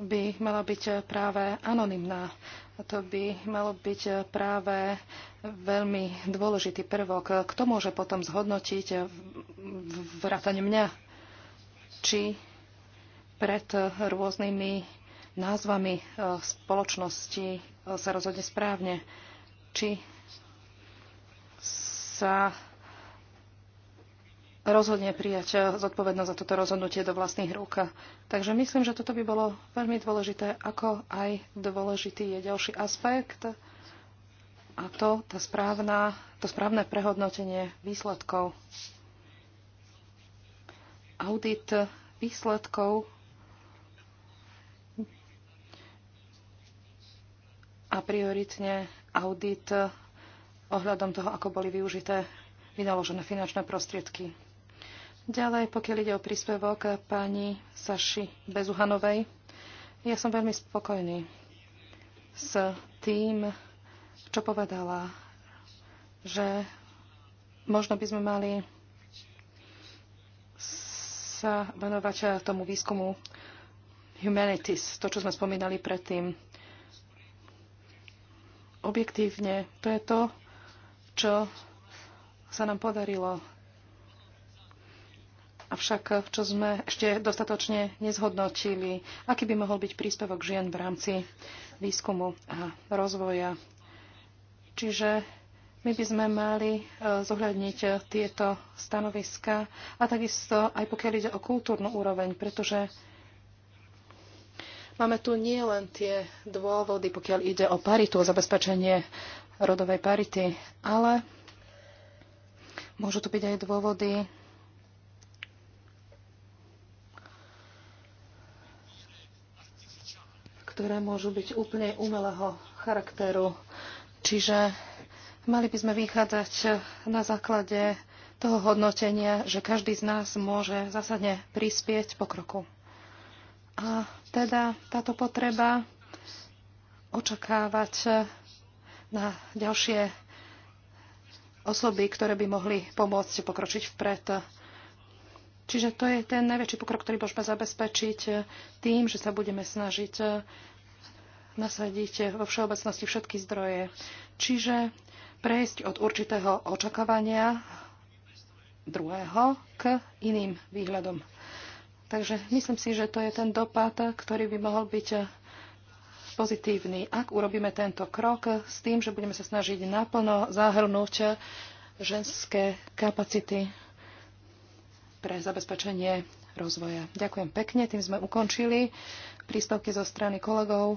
by mala byť práve anonymná. A to by malo byť práve veľmi dôležitý prvok. Kto môže potom zhodnotiť vrátane mňa, či pred rôznymi názvami e, spoločnosti e, sa rozhodne správne, či sa rozhodne prijať zodpovednosť za toto rozhodnutie do vlastných rúk. Takže myslím, že toto by bolo veľmi dôležité, ako aj dôležitý je ďalší aspekt a to, tá správna, to správne prehodnotenie výsledkov. Audit výsledkov a prioritne audit ohľadom toho, ako boli využité vynaložené finančné prostriedky. Ďalej, pokiaľ ide o príspevok pani Saši Bezuhanovej, ja som veľmi spokojný s tým, čo povedala, že možno by sme mali sa venovať tomu výskumu humanities, to, čo sme spomínali predtým. Objektívne, to je to, čo sa nám podarilo Avšak, čo sme ešte dostatočne nezhodnotili, aký by mohol byť príspevok žien v rámci výskumu a rozvoja. Čiže my by sme mali e, zohľadniť e, tieto stanoviska a takisto aj pokiaľ ide o kultúrnu úroveň, pretože máme tu nie len tie dôvody, pokiaľ ide o paritu, o zabezpečenie rodovej parity, ale môžu tu byť aj dôvody ktoré môžu byť úplne umelého charakteru. Čiže mali by sme vychádzať na základe toho hodnotenia, že každý z nás môže zásadne prispieť pokroku. A teda táto potreba očakávať na ďalšie osoby, ktoré by mohli pomôcť pokročiť vpred Čiže to je ten najväčší pokrok, ktorý môžeme zabezpečiť eh, tým, že sa budeme snažiť eh, nasadiť eh, vo všeobecnosti všetky zdroje. Čiže prejsť od určitého očakávania druhého k iným výhľadom. Takže myslím si, že to je ten dopad, ktorý by mohol byť pozitívny, ak urobíme tento krok s tým, že budeme sa snažiť naplno zahrnúť ženské kapacity pre zabezpečenie rozvoja. Ďakujem pekne, tým sme ukončili príspevky zo strany kolegov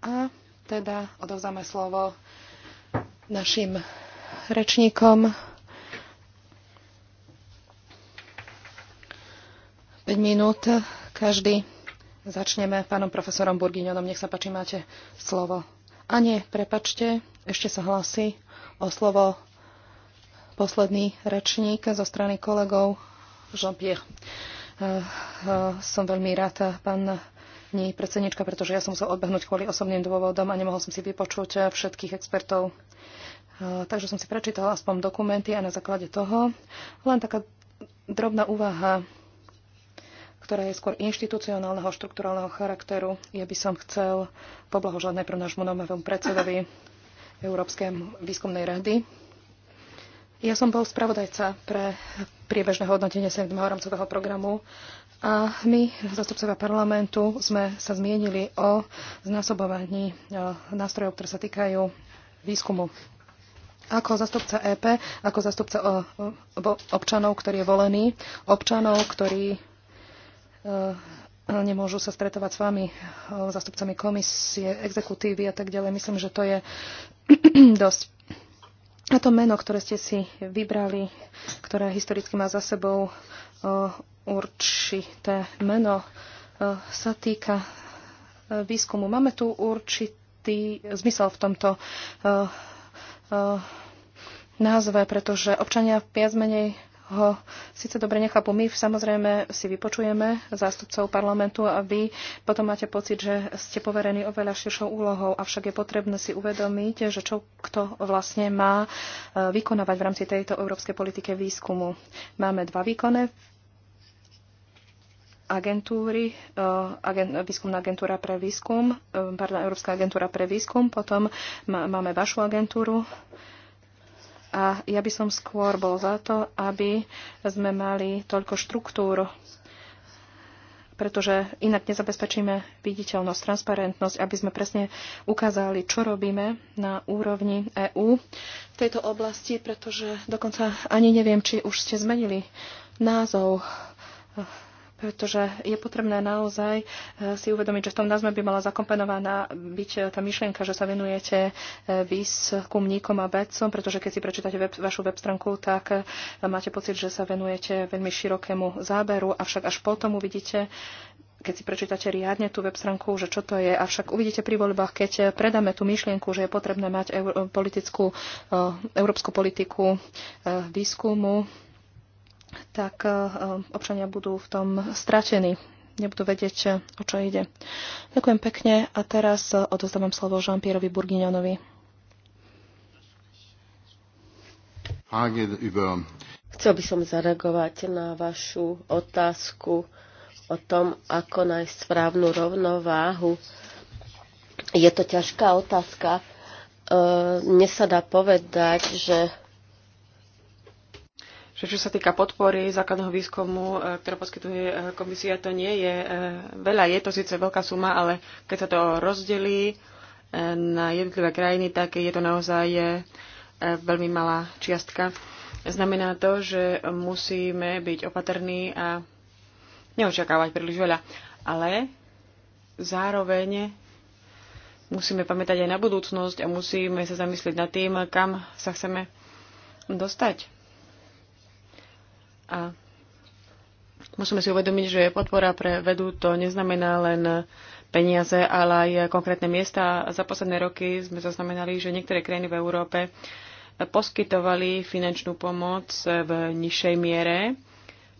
a teda odovzáme slovo našim rečníkom. 5 minút každý. Začneme pánom profesorom Burgiňonom. Nech sa páči, máte slovo. A nie, prepačte, ešte sa hlasí o slovo posledný rečník zo strany kolegov Jean-Pierre. Eh, eh, som veľmi rád, pán nie predsednička, pretože ja som musel odbehnúť kvôli osobným dôvodom a nemohol som si vypočuť všetkých expertov. Eh, takže som si prečítala aspoň dokumenty a na základe toho len taká drobná úvaha, ktorá je skôr inštitucionálneho, štruktúrálneho charakteru. Ja by som chcel poblahožať najprv nášmu novému predsedovi Európskej výskumnej rady, ja som bol spravodajca pre priebežné hodnotenie 7. rámcového programu a my, zastupcovia parlamentu, sme sa zmienili o znásobovaní e, nástrojov, ktoré sa týkajú výskumu ako zastupca EP, ako zastupca e, e, občanov, ktorí je volený, občanov, ktorí nemôžu sa stretovať s vami, zastupcami komisie, exekutívy a tak ďalej. Myslím, že to je dosť a to meno, ktoré ste si vybrali, ktoré historicky má za sebou e, určité meno, e, sa týka e, výskumu. Máme tu určitý zmysel v tomto názve, pretože občania viac menej ho síce dobre nechápu. My samozrejme si vypočujeme zástupcov parlamentu a vy potom máte pocit, že ste poverení oveľa širšou úlohou, avšak je potrebné si uvedomiť, že čo kto vlastne má e, vykonávať v rámci tejto európskej politike výskumu. Máme dva výkony agentúry, e, agent, výskumná agentúra pre výskum, e, pardon, Európska agentúra pre výskum, potom máme vašu agentúru, a ja by som skôr bol za to, aby sme mali toľko štruktúr, pretože inak nezabezpečíme viditeľnosť, transparentnosť, aby sme presne ukázali, čo robíme na úrovni EÚ v tejto oblasti, pretože dokonca ani neviem, či už ste zmenili názov pretože je potrebné naozaj eh, si uvedomiť, že v tom názme by mala zakomponovaná byť eh, tá myšlienka, že sa venujete eh, výskumníkom a vedcom, pretože keď si prečítate web, vašu web stránku, tak máte pocit, že sa venujete veľmi širokému záberu, avšak až potom uvidíte, keď si prečítate riadne tú web stránku, že čo to je. Avšak uvidíte pri voľbách, keď predáme tú myšlienku, že je potrebné mať eur, politickú, európsku politiku výskumu, tak e, občania budú v tom stratení nebudú vedieť, e, o čo ide. Ďakujem pekne a teraz e, odozdávam slovo jean pierrevi Burgiňanovi. Chcel by som zareagovať na vašu otázku o tom, ako nájsť správnu rovnováhu. Je to ťažká otázka. Dnes sa dá povedať, že že čo sa týka podpory základného výskumu, e, ktorú poskytuje e, komisia, to nie je e, veľa. Je to síce veľká suma, ale keď sa to rozdelí na jednotlivé krajiny, tak je to naozaj veľmi malá čiastka. Znamená to, že musíme byť opatrní a neočakávať príliš veľa. Ale zároveň musíme pamätať aj na budúcnosť a musíme sa zamyslieť nad tým, kam sa chceme dostať. A musíme si uvedomiť, že podpora pre vedu to neznamená len peniaze, ale aj konkrétne miesta. Za posledné roky sme zaznamenali, že niektoré krajiny v Európe poskytovali finančnú pomoc v nižšej miere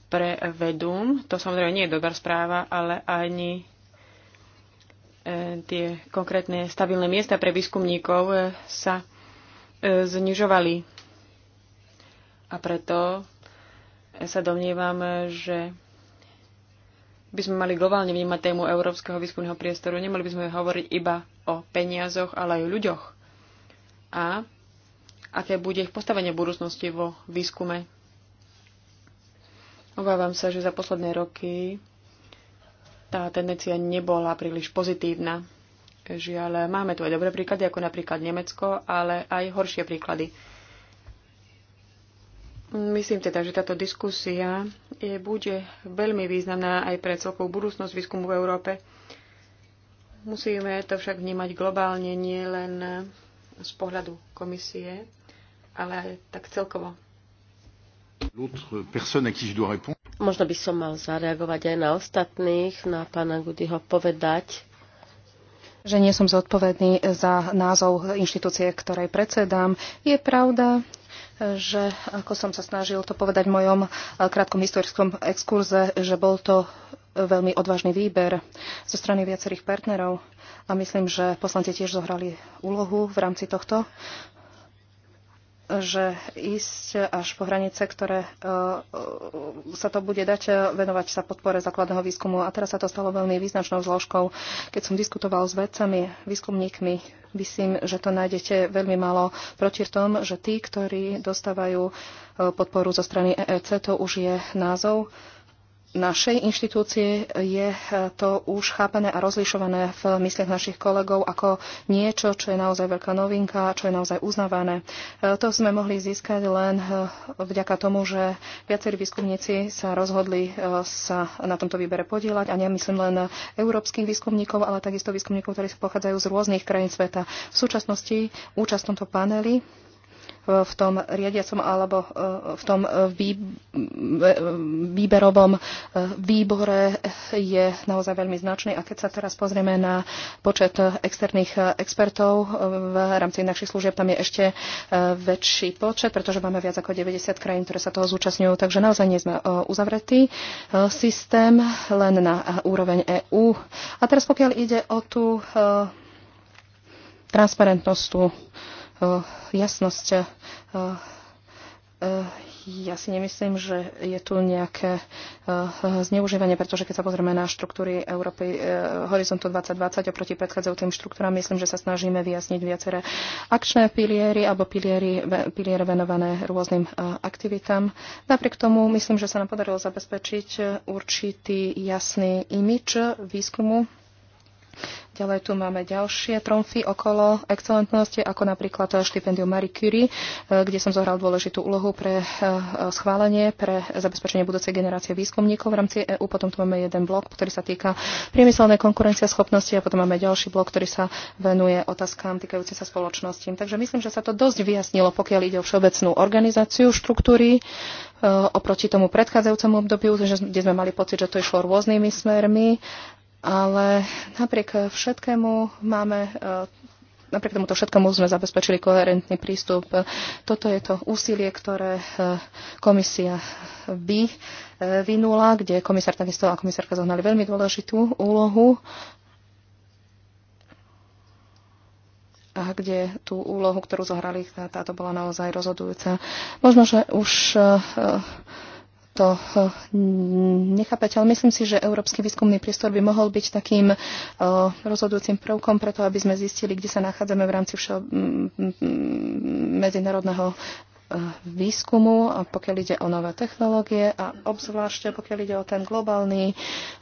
pre vedu. To samozrejme nie je dobrá správa, ale ani e, tie konkrétne stabilné miesta pre výskumníkov e, sa e, znižovali. A preto sa domnievam, že by sme mali globálne vnímať tému európskeho výskumného priestoru. Nemali by sme hovoriť iba o peniazoch, ale aj o ľuďoch. A aké bude ich postavenie v budúcnosti vo výskume. Obávam sa, že za posledné roky tá tendencia nebola príliš pozitívna. Žiaľ, máme tu aj dobré príklady, ako napríklad Nemecko, ale aj horšie príklady. Myslím teda, že táto diskusia je, bude veľmi významná aj pre celkovú budúcnosť výskumu v Európe. Musíme to však vnímať globálne, nie len z pohľadu komisie, ale aj tak celkovo. Možno by som mal zareagovať aj na ostatných, na pána Gudyho povedať, že nie som zodpovedný za názov inštitúcie, ktorej predsedám. Je pravda, že ako som sa snažil to povedať v mojom e, krátkom historickom exkurze, že bol to veľmi odvážny výber zo strany viacerých partnerov a myslím, že poslanci tiež zohrali úlohu v rámci tohto že ísť až po hranice, ktoré e, e, sa to bude dať, venovať sa podpore základného výskumu. A teraz sa to stalo veľmi význačnou zložkou. Keď som diskutoval s vedcami, výskumníkmi, myslím, že to nájdete veľmi málo proti tom, že tí, ktorí dostávajú e, podporu zo strany EEC, to už je názov, našej inštitúcie je to už chápané a rozlišované v mysliach našich kolegov ako niečo, čo je naozaj veľká novinka, čo je naozaj uznávané. To sme mohli získať len eh, vďaka tomu, že viacerí výskumníci sa rozhodli eh, sa na tomto výbere podielať a nemyslím len európskych výskumníkov, ale takisto výskumníkov, ktorí pochádzajú z rôznych krajín sveta. V súčasnosti účasť v tomto paneli v tom riadiacom alebo eh, v tom eh, eh, výberovom výbore je naozaj veľmi značný. A keď sa teraz pozrieme na počet externých expertov v rámci našich služieb, tam je ešte väčší počet, pretože máme viac ako 90 krajín, ktoré sa toho zúčastňujú. Takže naozaj nie sme uzavretý systém len na úroveň EÚ. A teraz pokiaľ ide o tú transparentnosť, tú Eh, jasnosť eh, eh, ja si nemyslím, že je tu nejaké zneužívanie, pretože keď sa pozrieme na štruktúry Európy Horizontu 2020 oproti predchádzajúcim štruktúram, myslím, že sa snažíme vyjasniť viaceré akčné piliery alebo piliery, piliere venované rôznym aktivitám. Napriek tomu myslím, že sa nám podarilo zabezpečiť určitý jasný imič výskumu Ďalej tu máme ďalšie tromfy okolo excelentnosti, ako napríklad štipendium Marie Curie, e, kde som zohral dôležitú úlohu pre e, schválenie, pre zabezpečenie budúcej generácie výskumníkov v rámci EÚ. Potom tu máme jeden blok, ktorý sa týka priemyselnej konkurencia schopnosti a potom máme ďalší blok, ktorý sa venuje otázkám týkajúcim sa spoločnosti. Takže myslím, že sa to dosť vyjasnilo, pokiaľ ide o všeobecnú organizáciu štruktúry e, oproti tomu predchádzajúcemu obdobiu, kde sme mali pocit, že to išlo rôznymi smermi ale napriek všetkému máme e, napriek tomuto všetkému sme zabezpečili koherentný prístup. Toto je to úsilie, ktoré e, komisia by e, vynula, kde komisár takisto a komisárka zohnali veľmi dôležitú úlohu a kde tú úlohu, ktorú zohrali, táto bola naozaj rozhodujúca. Možno, že už to eh, nechápať, ale myslím si, že európsky výskumný priestor by mohol byť takým eh, rozhodujúcim prvkom preto, aby sme zistili, kde sa nachádzame v rámci všeo- medzinárodného eh, výskumu, a pokiaľ ide o nové technológie a obzvlášť pokiaľ ide o ten globálny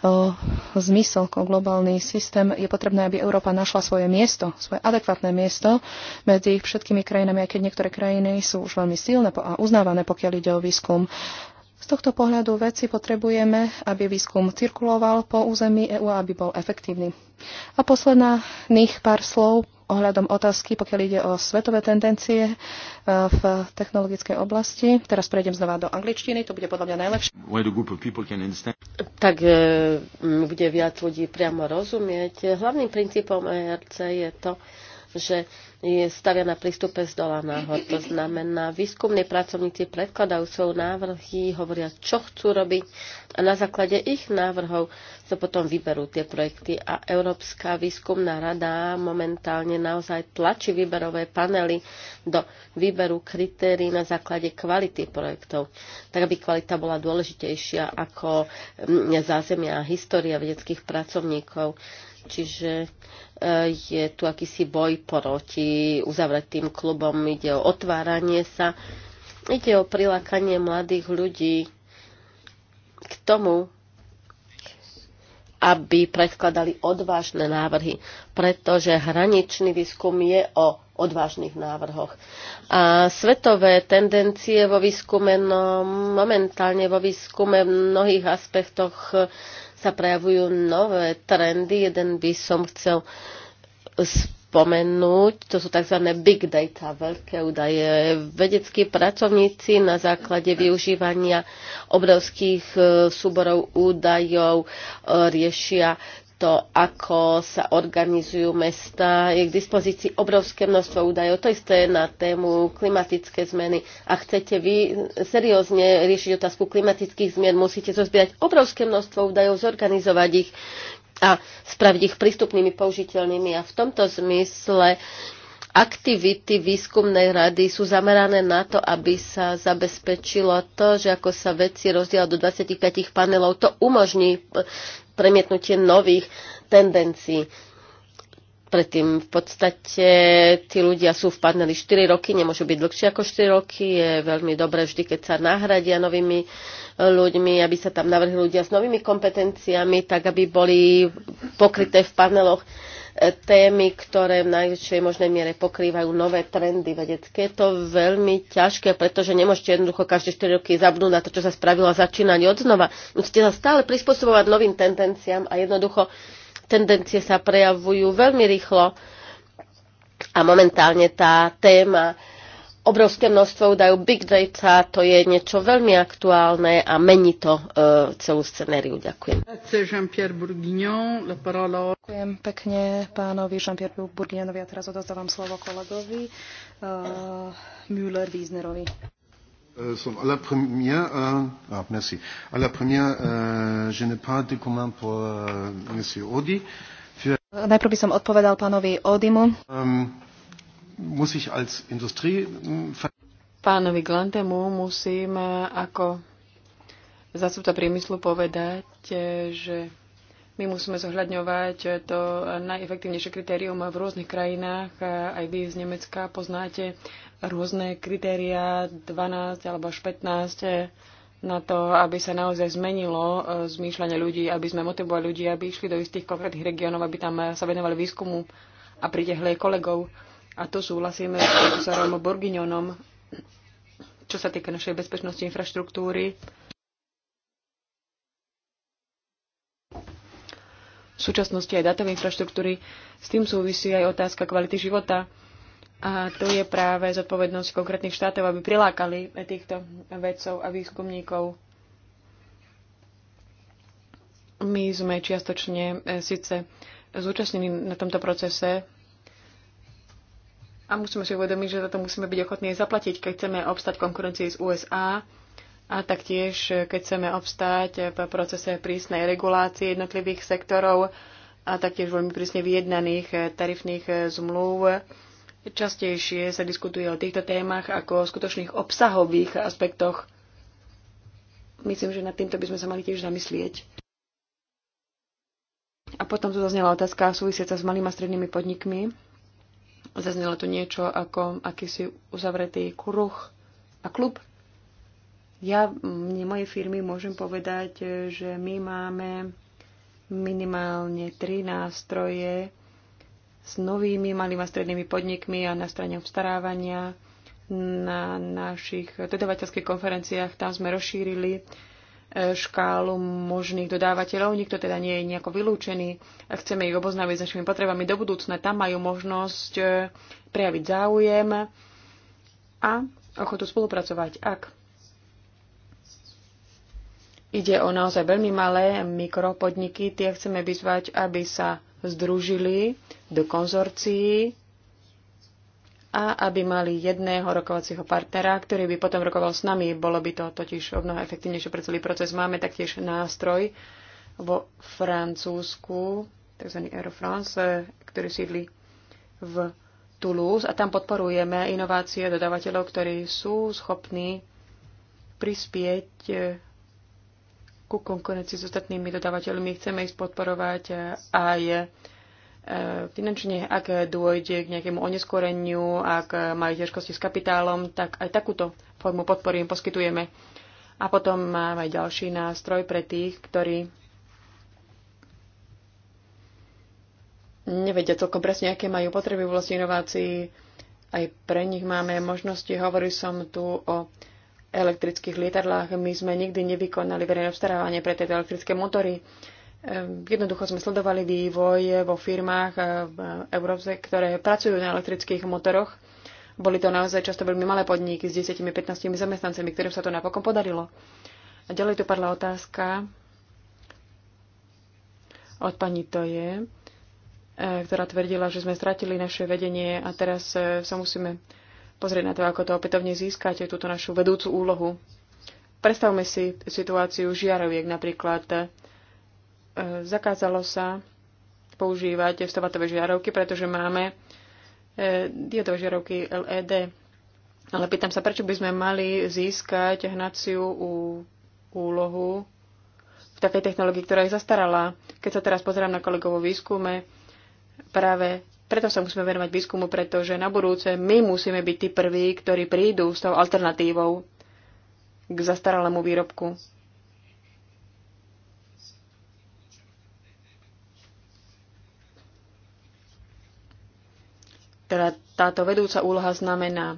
o, zmysel, o globálny systém, je potrebné, aby Európa našla svoje miesto, svoje adekvátne miesto medzi všetkými krajinami, aj keď niektoré krajiny sú už veľmi silné a uznávané, pokiaľ ide o výskum. Z tohto pohľadu veci potrebujeme, aby výskum cirkuloval po území EÚ a aby bol efektívny. A posledná nich pár slov ohľadom otázky, pokiaľ ide o svetové tendencie e, v technologickej oblasti. Teraz prejdem znova do angličtiny, to bude podľa mňa najlepšie. Tak e, bude viac ľudí priamo rozumieť. Hlavným princípom ERC je to, že je stavia na prístupe z dola nahor. To znamená, výskumní pracovníci predkladajú svoje návrhy, hovoria, čo chcú robiť a na základe ich návrhov sa potom vyberú tie projekty. A Európska výskumná rada momentálne naozaj tlačí výberové panely do výberu kritérií na základe kvality projektov, tak aby kvalita bola dôležitejšia ako mm, zázemia a história vedeckých pracovníkov. Čiže e, je tu akýsi boj proti uzavretým klubom, ide o otváranie sa, ide o prilákanie mladých ľudí k tomu, aby predkladali odvážne návrhy, pretože hraničný výskum je o odvážnych návrhoch. A svetové tendencie vo výskume, no, momentálne vo výskume v mnohých aspektoch sa prejavujú nové trendy. Jeden by som chcel spomenúť, to sú tzv. big data, veľké údaje. Vedeckí pracovníci na základe využívania obrovských e, súborov údajov e, riešia to, ako sa organizujú mesta. Je k dispozícii obrovské množstvo údajov. To isté je na tému klimatické zmeny. A chcete vy seriózne riešiť otázku klimatických zmien, musíte zozbierať obrovské množstvo údajov, zorganizovať ich a spraviť ich prístupnými, použiteľnými. A v tomto zmysle aktivity výskumnej rady sú zamerané na to, aby sa zabezpečilo to, že ako sa veci rozdiela do 25 panelov, to umožní premietnutie nových tendencií predtým v podstate tí ľudia sú v paneli 4 roky, nemôžu byť dlhšie ako 4 roky, je veľmi dobré vždy, keď sa nahradia novými ľuďmi, aby sa tam navrhli ľudia s novými kompetenciami, tak aby boli pokryté v paneloch e, témy, ktoré v najväčšej možnej miere pokrývajú nové trendy vedecké. Je to veľmi ťažké, pretože nemôžete jednoducho každé 4 roky zabnúť na to, čo sa spravilo a začínať od znova. Musíte sa stále prispôsobovať novým tendenciám a jednoducho tendencie sa prejavujú veľmi rýchlo a momentálne tá téma obrovské množstvo údajov big data, to je niečo veľmi aktuálne a mení to uh, celú scenériu. Ďakujem. Ďakujem pekne pánovi Jean-Pierre Bourguignonovi a teraz odozdávam slovo kolegovi uh, Müller-Wiesnerovi. Euh, sauf à la première, euh, ah, merci. À la première, euh, je n'ai pas de pour euh, Monsieur Audi. Für, Najprv by som odpovedal pánovi Odimu. Um, euh, muss ich als Industrie... Hm, pánovi Glantemu musím eh, ako zastupca priemyslu povedať, eh, že my musíme zohľadňovať to najefektívnejšie kritérium v rôznych krajinách. Aj vy z Nemecka poznáte rôzne kritéria 12 alebo až 15 na to, aby sa naozaj zmenilo e, zmýšľanie ľudí, aby sme motivovali ľudí, aby išli do istých konkrétnych regiónov, aby tam e, sa venovali výskumu a pritehli aj kolegov. A to súhlasíme s profesorom Borginionom, čo sa týka našej bezpečnosti infraštruktúry súčasnosti aj datovej infraštruktúry. S tým súvisí aj otázka kvality života. A tu je práve zodpovednosť konkrétnych štátov, aby prilákali týchto vedcov a výskumníkov. My sme čiastočne e, síce zúčastnení na tomto procese a musíme si uvedomiť, že za to musíme byť ochotní aj zaplatiť, keď chceme obstať konkurencii z USA a taktiež, keď chceme obstáť v procese prísnej regulácie jednotlivých sektorov a taktiež veľmi prísne vyjednaných tarifných zmluv, častejšie sa diskutuje o týchto témach ako o skutočných obsahových aspektoch. Myslím, že nad týmto by sme sa mali tiež zamyslieť. A potom tu zaznela otázka súvisiaca s malými a strednými podnikmi. Zaznelo tu niečo ako akýsi uzavretý kruh a klub ja mne mojej firmy môžem povedať, e, že my máme minimálne tri nástroje s novými malými a strednými podnikmi a na strane obstarávania na našich dodavateľských konferenciách. Tam sme rozšírili e, škálu možných dodávateľov. Nikto teda nie je nejako vylúčený. A chceme ich oboznáviť s našimi potrebami do budúcna. Tam majú možnosť e, prejaviť záujem a ochotu spolupracovať. Ak Ide o naozaj veľmi malé mikropodniky, tie chceme vyzvať, aby sa združili do konzorcií a aby mali jedného rokovacieho partnera, ktorý by potom rokoval s nami. Bolo by to totiž o mnoho efektívnejšie pre celý proces. Máme taktiež nástroj vo Francúzsku, tzv. Air France, ktorý sídli v Toulouse a tam podporujeme inovácie dodávateľov, ktorí sú schopní prispieť ku konkurencii s ostatnými dodávateľmi. Chceme ich podporovať aj e, finančne, ak dôjde k nejakému oneskoreniu, ak majú ťažkosti s kapitálom, tak aj takúto formu podpory im poskytujeme. A potom máme aj ďalší nástroj pre tých, ktorí nevedia celkom presne, aké majú potreby v vlastnej inovácii. Aj pre nich máme možnosti. Hovorí som tu o elektrických lietadlách. My sme nikdy nevykonali verejné obstarávanie pre tieto elektrické motory. Ehm, jednoducho sme sledovali vývoj vo firmách eh, v Európe, ktoré pracujú na elektrických motoroch. Boli to naozaj často veľmi malé podniky s 10-15 zamestnancami, ktorým sa to napokon podarilo. A ďalej tu padla otázka od pani Toje, eh, ktorá tvrdila, že sme stratili naše vedenie a teraz eh, sa musíme pozrieť na to, ako to opätovne získate, túto našu vedúcu úlohu. Predstavme si situáciu žiaroviek napríklad. E, zakázalo sa používať vstovatové žiarovky, pretože máme e, diodové žiarovky LED. Ale pýtam sa, prečo by sme mali získať hnaciu úlohu v takej technológii, ktorá je zastarala. Keď sa teraz pozerám na kolegovo výskume, práve preto sa musíme venovať výskumu, pretože na budúce my musíme byť tí prví, ktorí prídu s tou alternatívou k zastaralému výrobku. Teda táto vedúca úloha znamená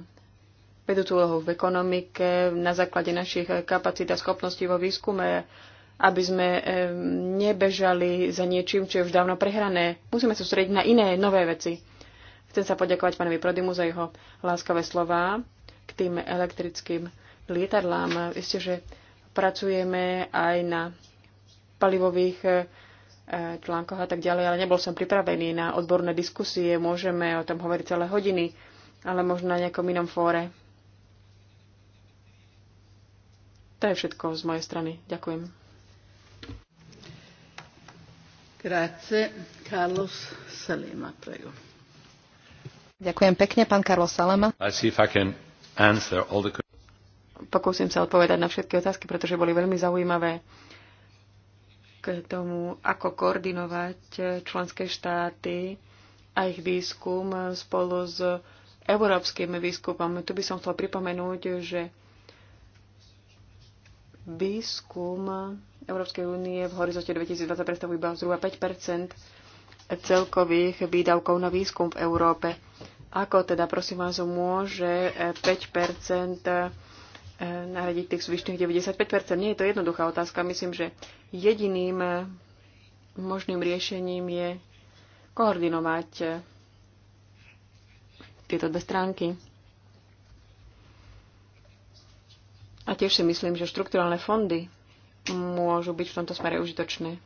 vedúcu úlohu v ekonomike na základe našich kapacít a schopností vo výskume aby sme nebežali za niečím, čo je už dávno prehrané. Musíme sa sústrediť na iné, nové veci. Chcem sa poďakovať pánovi Prodimu za jeho láskavé slová k tým elektrickým lietadlám. Isté, že pracujeme aj na palivových eh, článkoch a tak ďalej, ale nebol som pripravený na odborné diskusie, môžeme o tom hovoriť celé hodiny, ale možno na nejakom inom fóre. To je všetko z mojej strany. Ďakujem. Grazie. Carlos Salema, prego. Ďakujem pekne, pán Carlos Salema. Pokúsim sa odpovedať na všetky otázky, pretože boli veľmi zaujímavé k tomu, ako koordinovať členské štáty a ich výskum spolu s európskym výskumom. Tu by som chcela pripomenúť, že výskum Európskej únie v horizonte 2020 predstavujú iba zhruba 5 celkových výdavkov na výskum v Európe. Ako teda, prosím vás, môže 5 eh, nahradiť tých zvyšných 95 Nie je to jednoduchá otázka. Myslím, že jediným eh, možným riešením je koordinovať eh, tieto dve stránky. A tiež si myslím, že štrukturálne fondy môžu byť v tomto smere užitočné.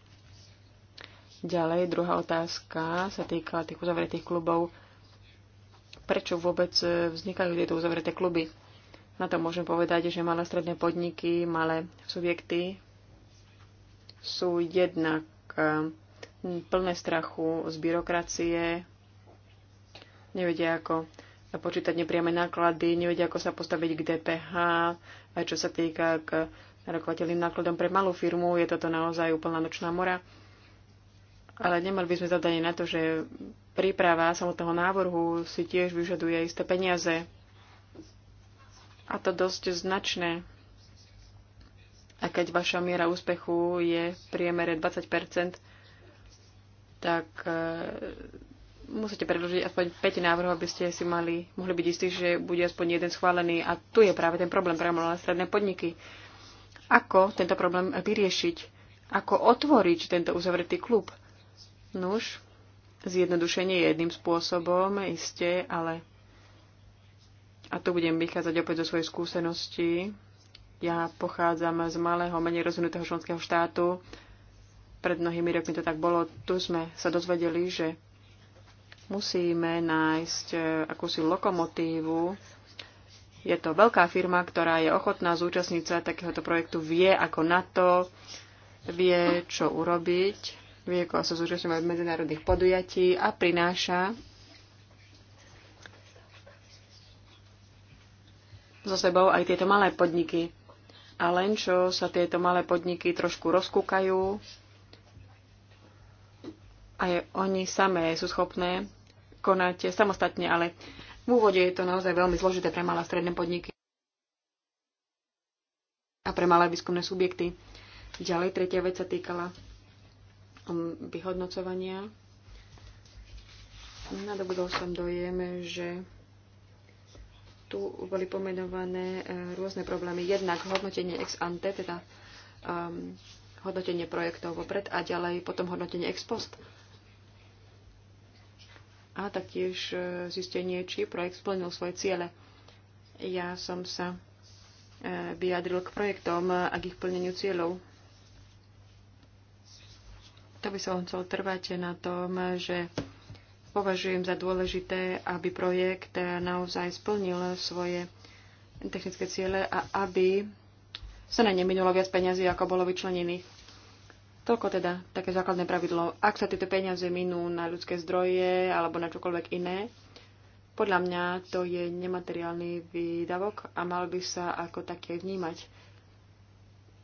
Ďalej, druhá otázka sa týka tých uzavretých klubov. Prečo vôbec e, vznikajú tieto uzavreté kluby? Na to môžem povedať, že malé stredné podniky, malé subjekty sú jednak e, plné strachu z byrokracie, nevedia ako počítať nepriame náklady, nevedia ako sa postaviť k DPH, aj čo sa týka k rokovateľným nákladom pre malú firmu. Je toto naozaj úplná nočná mora. Ale nemali by sme zadanie na to, že príprava samotného návrhu si tiež vyžaduje isté peniaze. A to dosť značné. A keď vaša miera úspechu je v priemere 20 tak e, musíte predložiť aspoň 5 návrhov, aby ste si mali, mohli byť istí, že bude aspoň jeden schválený. A tu je práve ten problém pre malé stredné podniky. Ako tento problém vyriešiť? Ako otvoriť tento uzavretý klub? Nuž, zjednodušenie je jedným spôsobom, iste, ale... A tu budem vychádzať opäť zo svojej skúsenosti. Ja pochádzam z malého, menej rozvinutého členského štátu. Pred mnohými rokmi to tak bolo. Tu sme sa dozvedeli, že musíme nájsť eh, akúsi lokomotívu, je to veľká firma, ktorá je ochotná zúčastniť sa takéhoto projektu, vie ako na to, vie čo urobiť, vie ako sa zúčastňovať medzinárodných podujatí a prináša so sebou aj tieto malé podniky. A len čo sa tieto malé podniky trošku rozkúkajú, aj oni samé sú schopné konať samostatne, ale v úvode je to naozaj veľmi zložité pre malé a stredné podniky a pre malé výskumné subjekty. Ďalej tretia vec sa týkala um, vyhodnocovania. Nadobudol som dojem, že tu boli pomenované e, rôzne problémy. Jednak hodnotenie ex ante, teda um, hodnotenie projektov vopred a ďalej potom hodnotenie ex post a taktiež e, zistenie, či projekt splnil svoje ciele. Ja som sa e, vyjadril k projektom a k ich plneniu cieľov. To by som chcel trvať na tom, že považujem za dôležité, aby projekt naozaj splnil svoje technické ciele a aby sa na ne minulo viac peniazy, ako bolo vyčlenených. Toľko teda také základné pravidlo. Ak sa tieto peniaze minú na ľudské zdroje alebo na čokoľvek iné, podľa mňa to je nemateriálny výdavok a mal by sa ako také vnímať.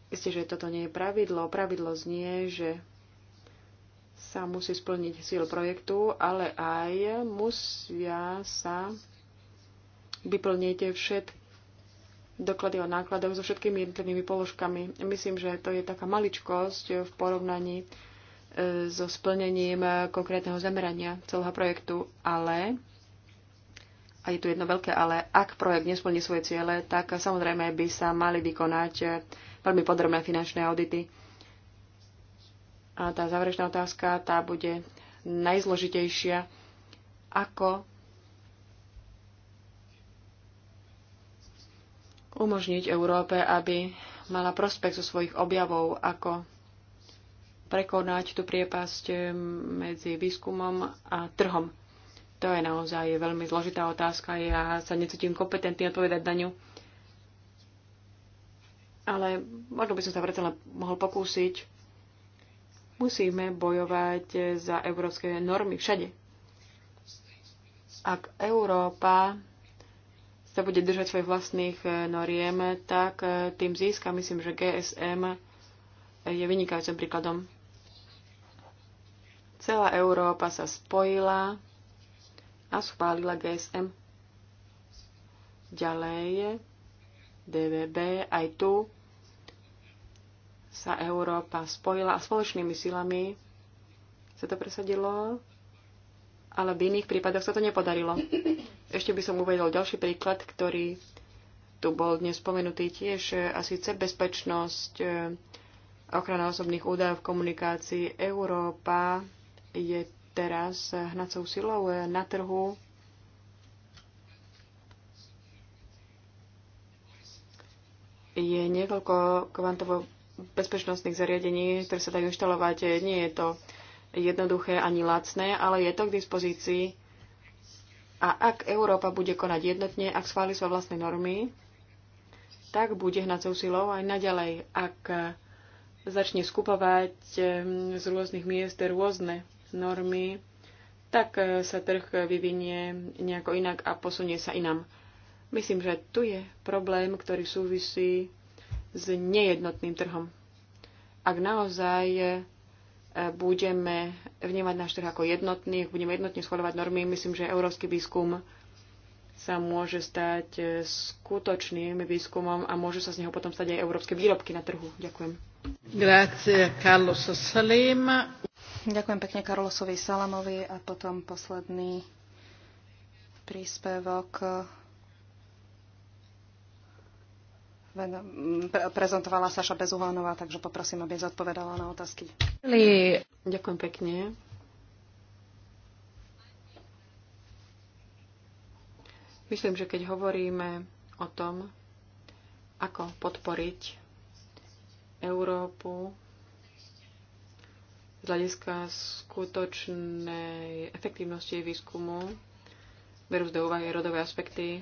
Isté, že toto nie je pravidlo. Pravidlo znie, že sa musí splniť síl projektu, ale aj musia sa vyplniť všetky doklady o nákladoch so všetkými jednotlivými položkami. Myslím, že to je taká maličkosť v porovnaní e, so splnením e, konkrétneho zamerania celého projektu, ale a je tu jedno veľké ale, ak projekt nesplní svoje ciele, tak samozrejme by sa mali vykonať e, veľmi podrobné finančné audity. A tá záverečná otázka, tá bude najzložitejšia, ako umožniť Európe, aby mala prospekt zo svojich objavov, ako prekonať tú priepasť medzi výskumom a trhom. To je naozaj veľmi zložitá otázka. Ja sa necítim kompetentný odpovedať na ňu. Ale možno by som sa predsa len mohol pokúsiť. Musíme bojovať za európske normy všade. Ak Európa sa bude držať svojich vlastných e, noriem, tak e, tým získa, myslím, že GSM je vynikajúcim príkladom. Celá Európa sa spojila a schválila GSM. Ďalej DVB, aj tu sa Európa spojila a spoločnými silami sa to presadilo, ale v iných prípadoch sa to nepodarilo. Ešte by som uvedol ďalší príklad, ktorý tu bol dnes spomenutý tiež, e, a síce bezpečnosť, e, ochrana osobných údajov v komunikácii. Európa je teraz hnacou silou e, na trhu. Je niekoľko kvantovo bezpečnostných zariadení, ktoré sa dajú inštalovať. Nie je to jednoduché ani lacné, ale je to k dispozícii a ak Európa bude konať jednotne, ak schváli svoje vlastné normy, tak bude hnacou silou aj naďalej, ak začne skupovať z rôznych miest rôzne normy, tak e, sa trh vyvinie nejako inak a posunie sa inám. Myslím, že tu je problém, ktorý súvisí s nejednotným trhom. Ak naozaj e, budeme vnímať náš trh ako jednotný, ak budeme jednotne schvaľovať normy, myslím, že európsky výskum sa môže stať e, skutočným výskumom a môžu sa z neho potom stať aj európske výrobky na trhu. Ďakujem. Grazie, Carlos Salim. Ďakujem pekne Karlosovi Salamovi a potom posledný príspevok prezentovala Saša Bezuhánová, takže poprosím, aby zodpovedala na otázky. Ďakujem pekne. Myslím, že keď hovoríme o tom, ako podporiť Európu z hľadiska skutočnej efektívnosti výskumu, berú do úvahy rodové aspekty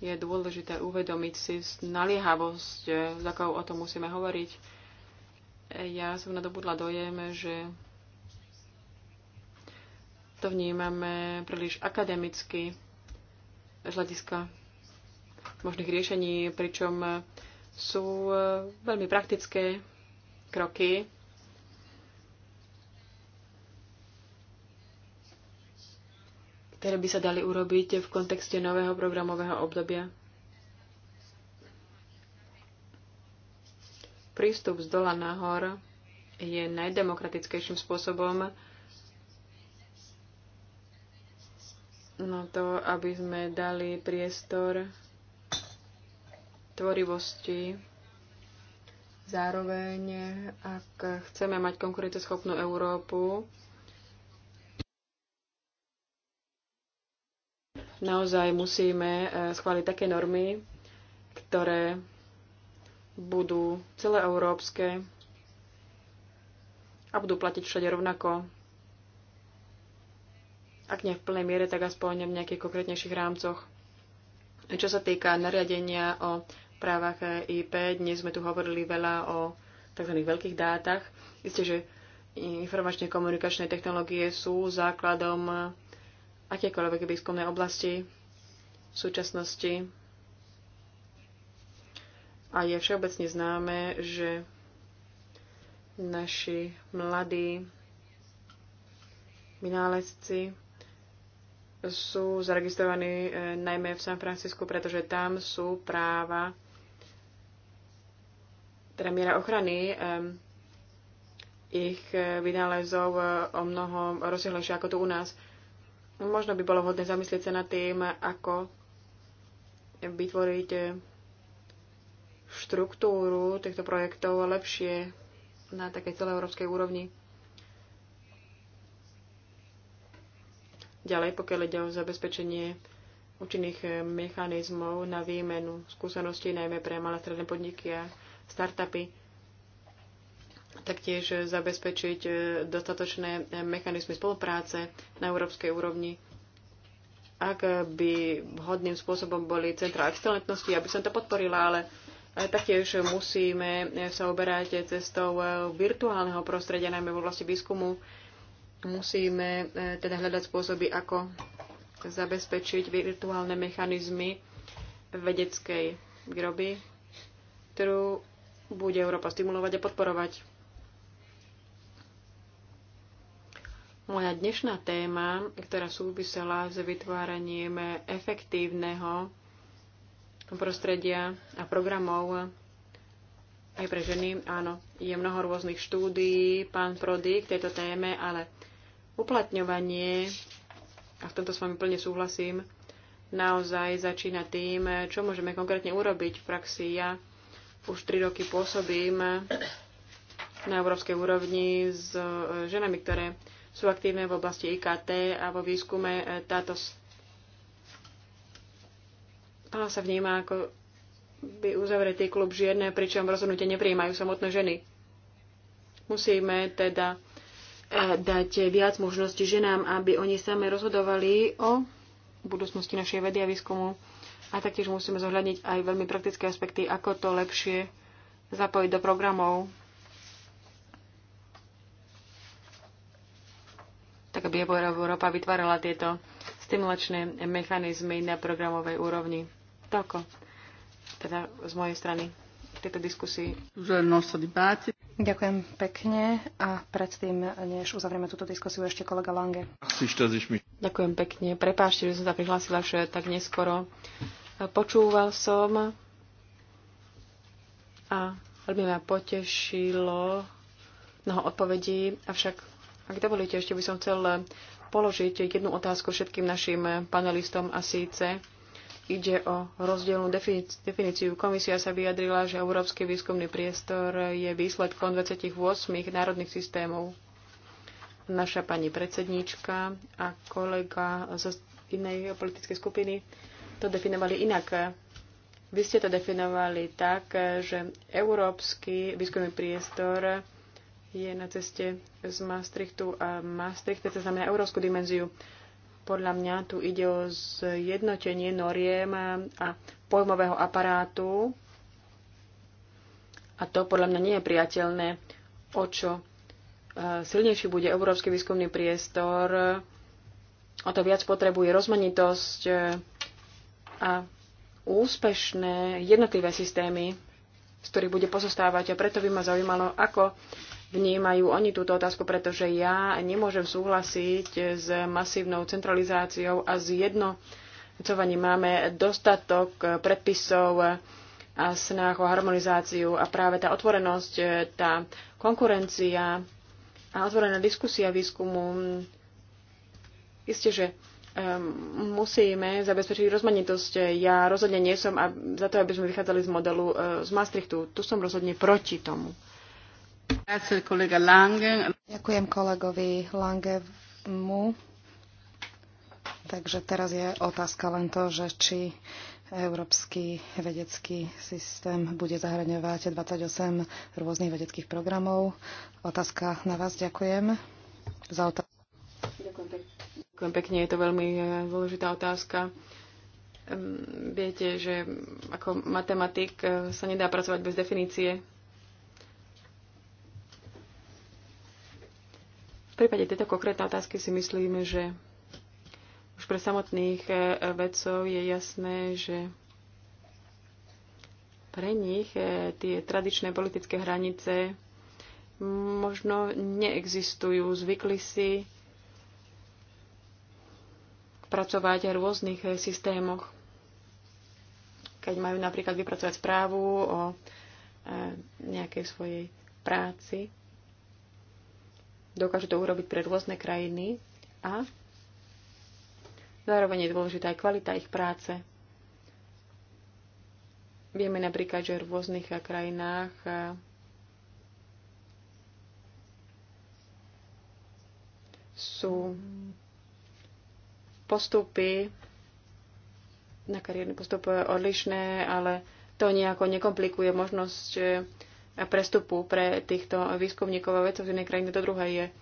je dôležité uvedomiť si naliehavosť, s e, akou o tom musíme hovoriť. E, ja som nadobudla dojem, že to vnímame príliš akademicky z hľadiska možných riešení, pričom sú e, veľmi praktické kroky, ktoré by sa dali urobiť v kontexte nového programového obdobia. Prístup z dola nahor je najdemokratickejším spôsobom na to, aby sme dali priestor tvorivosti. Zároveň, ak chceme mať konkurenceschopnú Európu, naozaj musíme e, schváliť také normy, ktoré budú celoeurópske a budú platiť všade rovnako. Ak nie v plnej miere, tak aspoň v nejakých konkrétnejších rámcoch. Čo sa týka nariadenia o právach IP, dnes sme tu hovorili veľa o tzv. veľkých dátach. Isté, že informačne komunikačné technológie sú základom akékoľvek výskumnej oblasti v súčasnosti. A je všeobecne známe, že naši mladí vynálezci sú zaregistrovaní e, najmä v San Francisku, pretože tam sú práva, teda miera ochrany e, ich e, vynálezov o mnoho rozsiahlejšia ako tu u nás. Možno by bolo vhodné zamyslieť sa nad tým, ako vytvoriť štruktúru týchto projektov lepšie na takej celoeurópskej úrovni. Ďalej, pokiaľ ide o zabezpečenie účinných mechanizmov na výmenu skúseností, najmä pre malé stredné podniky a startupy, taktiež zabezpečiť e, dostatočné e, mechanizmy spolupráce na európskej úrovni ak by vhodným spôsobom boli centra excelentnosti, aby som to podporila, ale e, taktiež musíme sa oberať cestou virtuálneho prostredia, najmä v oblasti výskumu. Musíme teda hľadať spôsoby, ako zabezpečiť virtuálne mechanizmy vedeckej výroby, ktorú bude Európa stimulovať a podporovať. Moja dnešná téma, ktorá súvisela s vytváraním efektívneho prostredia a programov aj pre ženy, áno, je mnoho rôznych štúdií, pán Prody k tejto téme, ale uplatňovanie, a v tomto s vami plne súhlasím, naozaj začína tým, čo môžeme konkrétne urobiť v praxi. Ja už tri roky pôsobím na európskej úrovni s ženami, ktoré sú aktívne v oblasti IKT a vo výskume. E, táto stále sa vníma ako by uzavretý klub žien, pričom rozhodnutie neprijímajú samotné ženy. Musíme teda e, dať viac možností ženám, aby oni same rozhodovali o budúcnosti našej vedy a výskumu. A taktiež musíme zohľadniť aj veľmi praktické aspekty, ako to lepšie zapojiť do programov aby Európa vytvárala tieto stimulačné mechanizmy na programovej úrovni. Toľko. Teda z mojej strany tejto diskusii. Ďakujem pekne a predtým, než uzavrieme túto diskusiu, ešte kolega Lange. Ďakujem pekne. Prepášte, že som sa prihlásila všetko tak neskoro. Počúval som a veľmi ma potešilo mnoho odpovedí, avšak ak dovolíte, ešte by som chcel položiť jednu otázku všetkým našim panelistom a síce ide o rozdielnú definíciu. Komisia sa vyjadrila, že Európsky výskumný priestor je výsledkom 28 národných systémov. Naša pani predsedníčka a kolega zo inej politickej skupiny to definovali inak. Vy ste to definovali tak, že Európsky výskumný priestor je na ceste z Maastrichtu a Maastricht, to znamená európsku dimenziu. Podľa mňa tu ide o zjednotenie noriem a pojmového aparátu a to podľa mňa nie je priateľné. O čo e, silnejší bude európsky výskumný priestor, o to viac potrebuje rozmanitosť e, a úspešné jednotlivé systémy, z ktorých bude pozostávať. A preto by ma zaujímalo, ako vnímajú oni túto otázku, pretože ja nemôžem súhlasiť s masívnou centralizáciou a s jednocovaním. Máme dostatok predpisov a snah o harmonizáciu a práve tá otvorenosť, tá konkurencia a otvorená diskusia výskumu. Isté, že ehm, musíme zabezpečiť rozmanitosť. Ja rozhodne nie som za to, aby sme vychádzali z modelu ehm, z Maastrichtu. Tu som rozhodne proti tomu. Ďakujem kolegovi Langemu. Takže teraz je otázka len to, že či Európsky vedecký systém bude zahraňovať 28 rôznych vedeckých programov. Otázka na vás. Ďakujem za otázku. Ďakujem pekne. Ďakujem pekne. Je to veľmi eh, dôležitá otázka. Viete, že ako matematik eh, sa nedá pracovať bez definície V prípade tejto konkrétnej otázky si myslíme, že už pre samotných e, vedcov je jasné, že pre nich e, tie tradičné politické hranice možno neexistujú. Zvykli si pracovať v rôznych e, systémoch. Keď majú napríklad vypracovať správu o nejakej svojej práci, Dokážu to urobiť pre rôzne krajiny a zároveň je dôležitá aj kvalita ich práce. Vieme napríklad, že v rôznych krajinách sú postupy na kariérny postup odlišné, ale to nejako nekomplikuje možnosť prestupu pre týchto výskumníkov a vedcov z jednej krajiny do druhej je. E,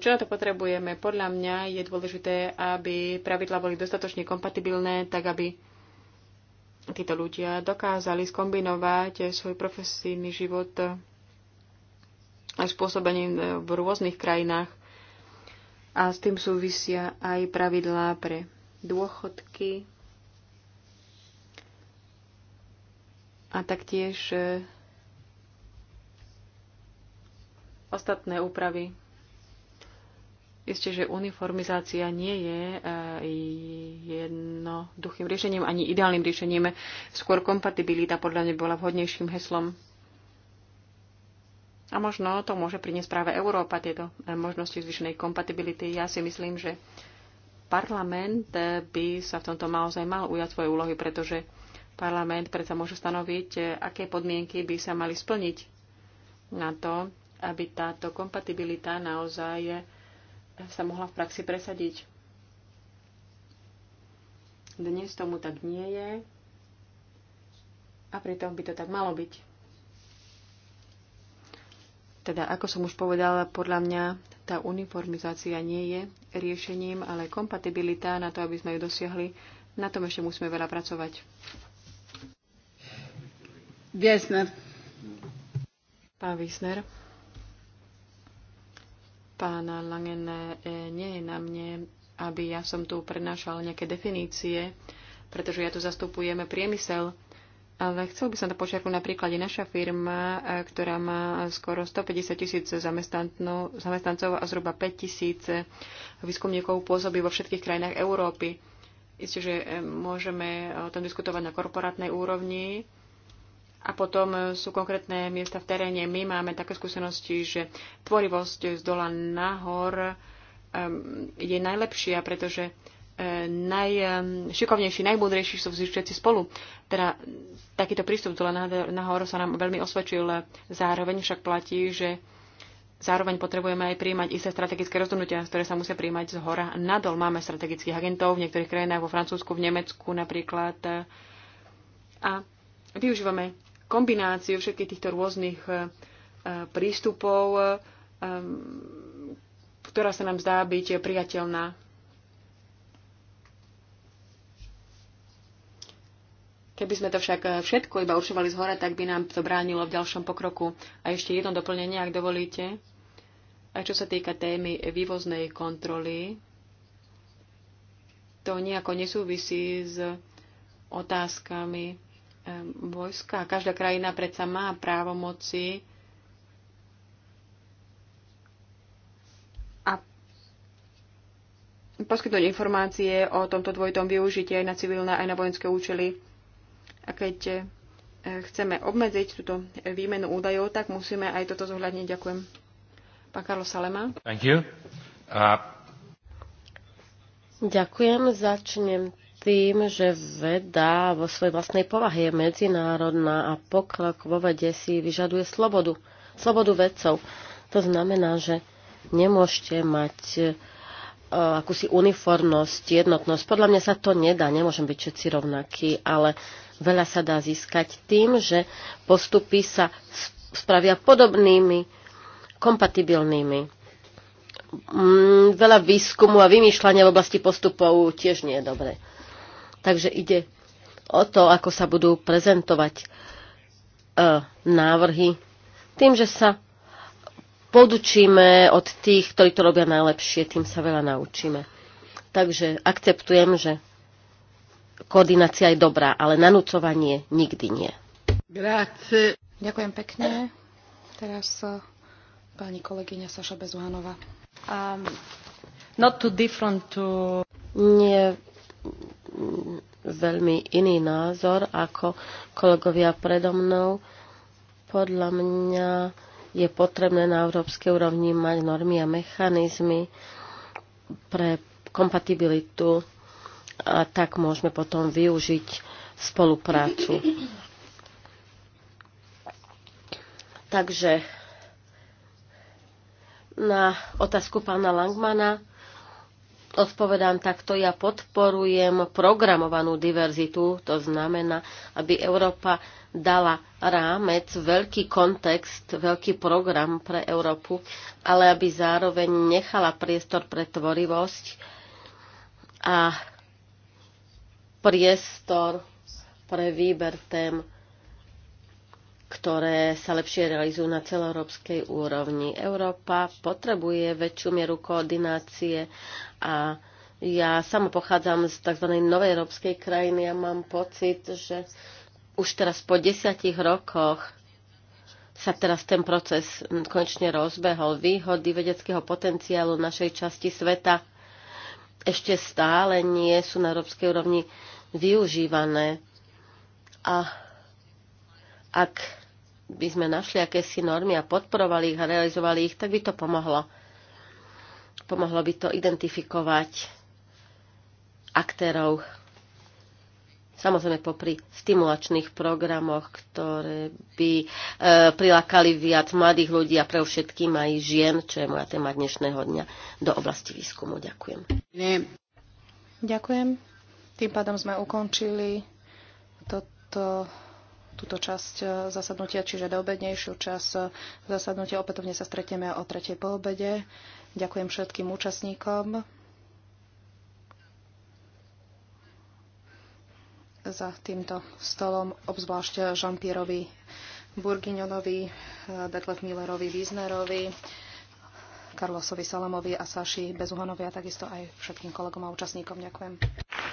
čo na to potrebujeme? Podľa mňa je dôležité, aby pravidla boli dostatočne kompatibilné, tak aby títo ľudia dokázali skombinovať svoj profesijný život aj spôsobením e, v rôznych krajinách. A s tým súvisia aj pravidlá pre dôchodky a taktiež e, Ostatné úpravy. Isté, že uniformizácia nie je eh, jednoduchým riešením ani ideálnym riešením. Skôr kompatibilita podľa mňa bola vhodnejším heslom. A možno to môže priniesť práve Európa, tieto eh, možnosti zvyšenej kompatibility. Ja si myslím, že parlament eh, by sa v tomto naozaj mal ujať svoje úlohy, pretože parlament predsa môže stanoviť, aké podmienky by sa mali splniť na to, aby táto kompatibilita naozaj sa mohla v praxi presadiť. Dnes tomu tak nie je a pritom by to tak malo byť. Teda, ako som už povedala, podľa mňa tá uniformizácia nie je riešením, ale kompatibilita na to, aby sme ju dosiahli, na tom ešte musíme veľa pracovať. Wiesner. Pán Wiesner pána Langen e, nie je na mne, aby ja som tu prednášal nejaké definície, pretože ja tu zastupujeme priemysel. Ale chcel by som to počiarknúť na príklade. Naša firma, e, ktorá má skoro 150 tisíc zamestnancov a zhruba 5 tisíc e, výskumníkov pôsobí vo všetkých krajinách Európy. Isté, že môžeme o tom diskutovať na korporátnej úrovni, a potom e, sú konkrétne miesta v teréne. My máme také skúsenosti, že tvorivosť z dola nahor e, je najlepšia, pretože e, najšikovnejší, najmúdrejší sú všetci spolu. Teda takýto prístup dole nahor sa nám veľmi osvedčil. Zároveň však platí, že zároveň potrebujeme aj príjmať isté strategické rozhodnutia, ktoré sa musia príjmať z hora nadol. Máme strategických agentov v niektorých krajinách, vo Francúzsku, v Nemecku napríklad. A využívame kombináciu všetkých týchto rôznych e, e, prístupov, e, ktorá sa nám zdá byť priateľná. Keby sme to však všetko iba určovali z hora, tak by nám to bránilo v ďalšom pokroku. A ešte jedno doplnenie, ak dovolíte. A čo sa týka témy vývoznej kontroly, to nejako nesúvisí s otázkami vojska. Každá krajina predsa má moci. a poskytnúť informácie o tomto dvojitom využití aj na civilné, aj na vojenské účely. A keď e, chceme obmedziť túto výmenu údajov, tak musíme aj toto zohľadniť. Ďakujem. Pán Karlo Salema. Thank you. Uh... Ďakujem. Začnem tým, že veda vo svojej vlastnej povahe je medzinárodná a pokrok vo vede si vyžaduje slobodu. Slobodu vedcov. To znamená, že nemôžete mať uh, akúsi uniformnosť, jednotnosť. Podľa mňa sa to nedá, nemôžem byť všetci rovnakí, ale veľa sa dá získať tým, že postupy sa spravia podobnými, kompatibilnými mm, veľa výskumu a vymýšľania v oblasti postupov tiež nie je dobré. Takže ide o to, ako sa budú prezentovať e, návrhy tým, že sa podučíme od tých, ktorí to robia najlepšie, tým sa veľa naučíme. Takže akceptujem, že koordinácia je dobrá, ale nanúcovanie nikdy nie. Grazie. Ďakujem pekne. Teraz e, pani kolegyňa Saša Bezuhanová. Um, not too different to... Nie veľmi iný názor ako kolegovia predo mnou. Podľa mňa je potrebné na európskej úrovni mať normy a mechanizmy pre kompatibilitu a tak môžeme potom využiť spoluprácu. Takže na otázku pána Langmana odpovedám takto, ja podporujem programovanú diverzitu, to znamená, aby Európa dala rámec, veľký kontext, veľký program pre Európu, ale aby zároveň nechala priestor pre tvorivosť a priestor pre výber tém ktoré sa lepšie realizujú na celoeurópskej úrovni. Európa potrebuje väčšiu mieru koordinácie a ja sama pochádzam z tzv. novej európskej krajiny a mám pocit, že už teraz po desiatich rokoch sa teraz ten proces konečne rozbehol. Výhody vedeckého potenciálu našej časti sveta ešte stále nie sú na európskej úrovni využívané. A ak by sme našli akési normy a podporovali ich a realizovali ich, tak by to pomohlo. Pomohlo by to identifikovať aktérov. Samozrejme popri stimulačných programoch, ktoré by e, prilákali viac mladých ľudí a pre všetkým aj žien, čo je moja téma dnešného dňa, do oblasti výskumu. Ďakujem. Ďakujem. Tým pádom sme ukončili toto túto časť e, zasadnutia, čiže do obednejšiu časť e, zasadnutia. Opätovne sa stretneme o tretej po obede. Ďakujem všetkým účastníkom za týmto stolom, obzvlášť Jean-Pierrovi Burgiňonovi, e, Detlef Millerovi, Wiesnerovi, Karlosovi Salamovi a Saši Bezuhanovi a takisto aj všetkým kolegom a účastníkom. Ďakujem.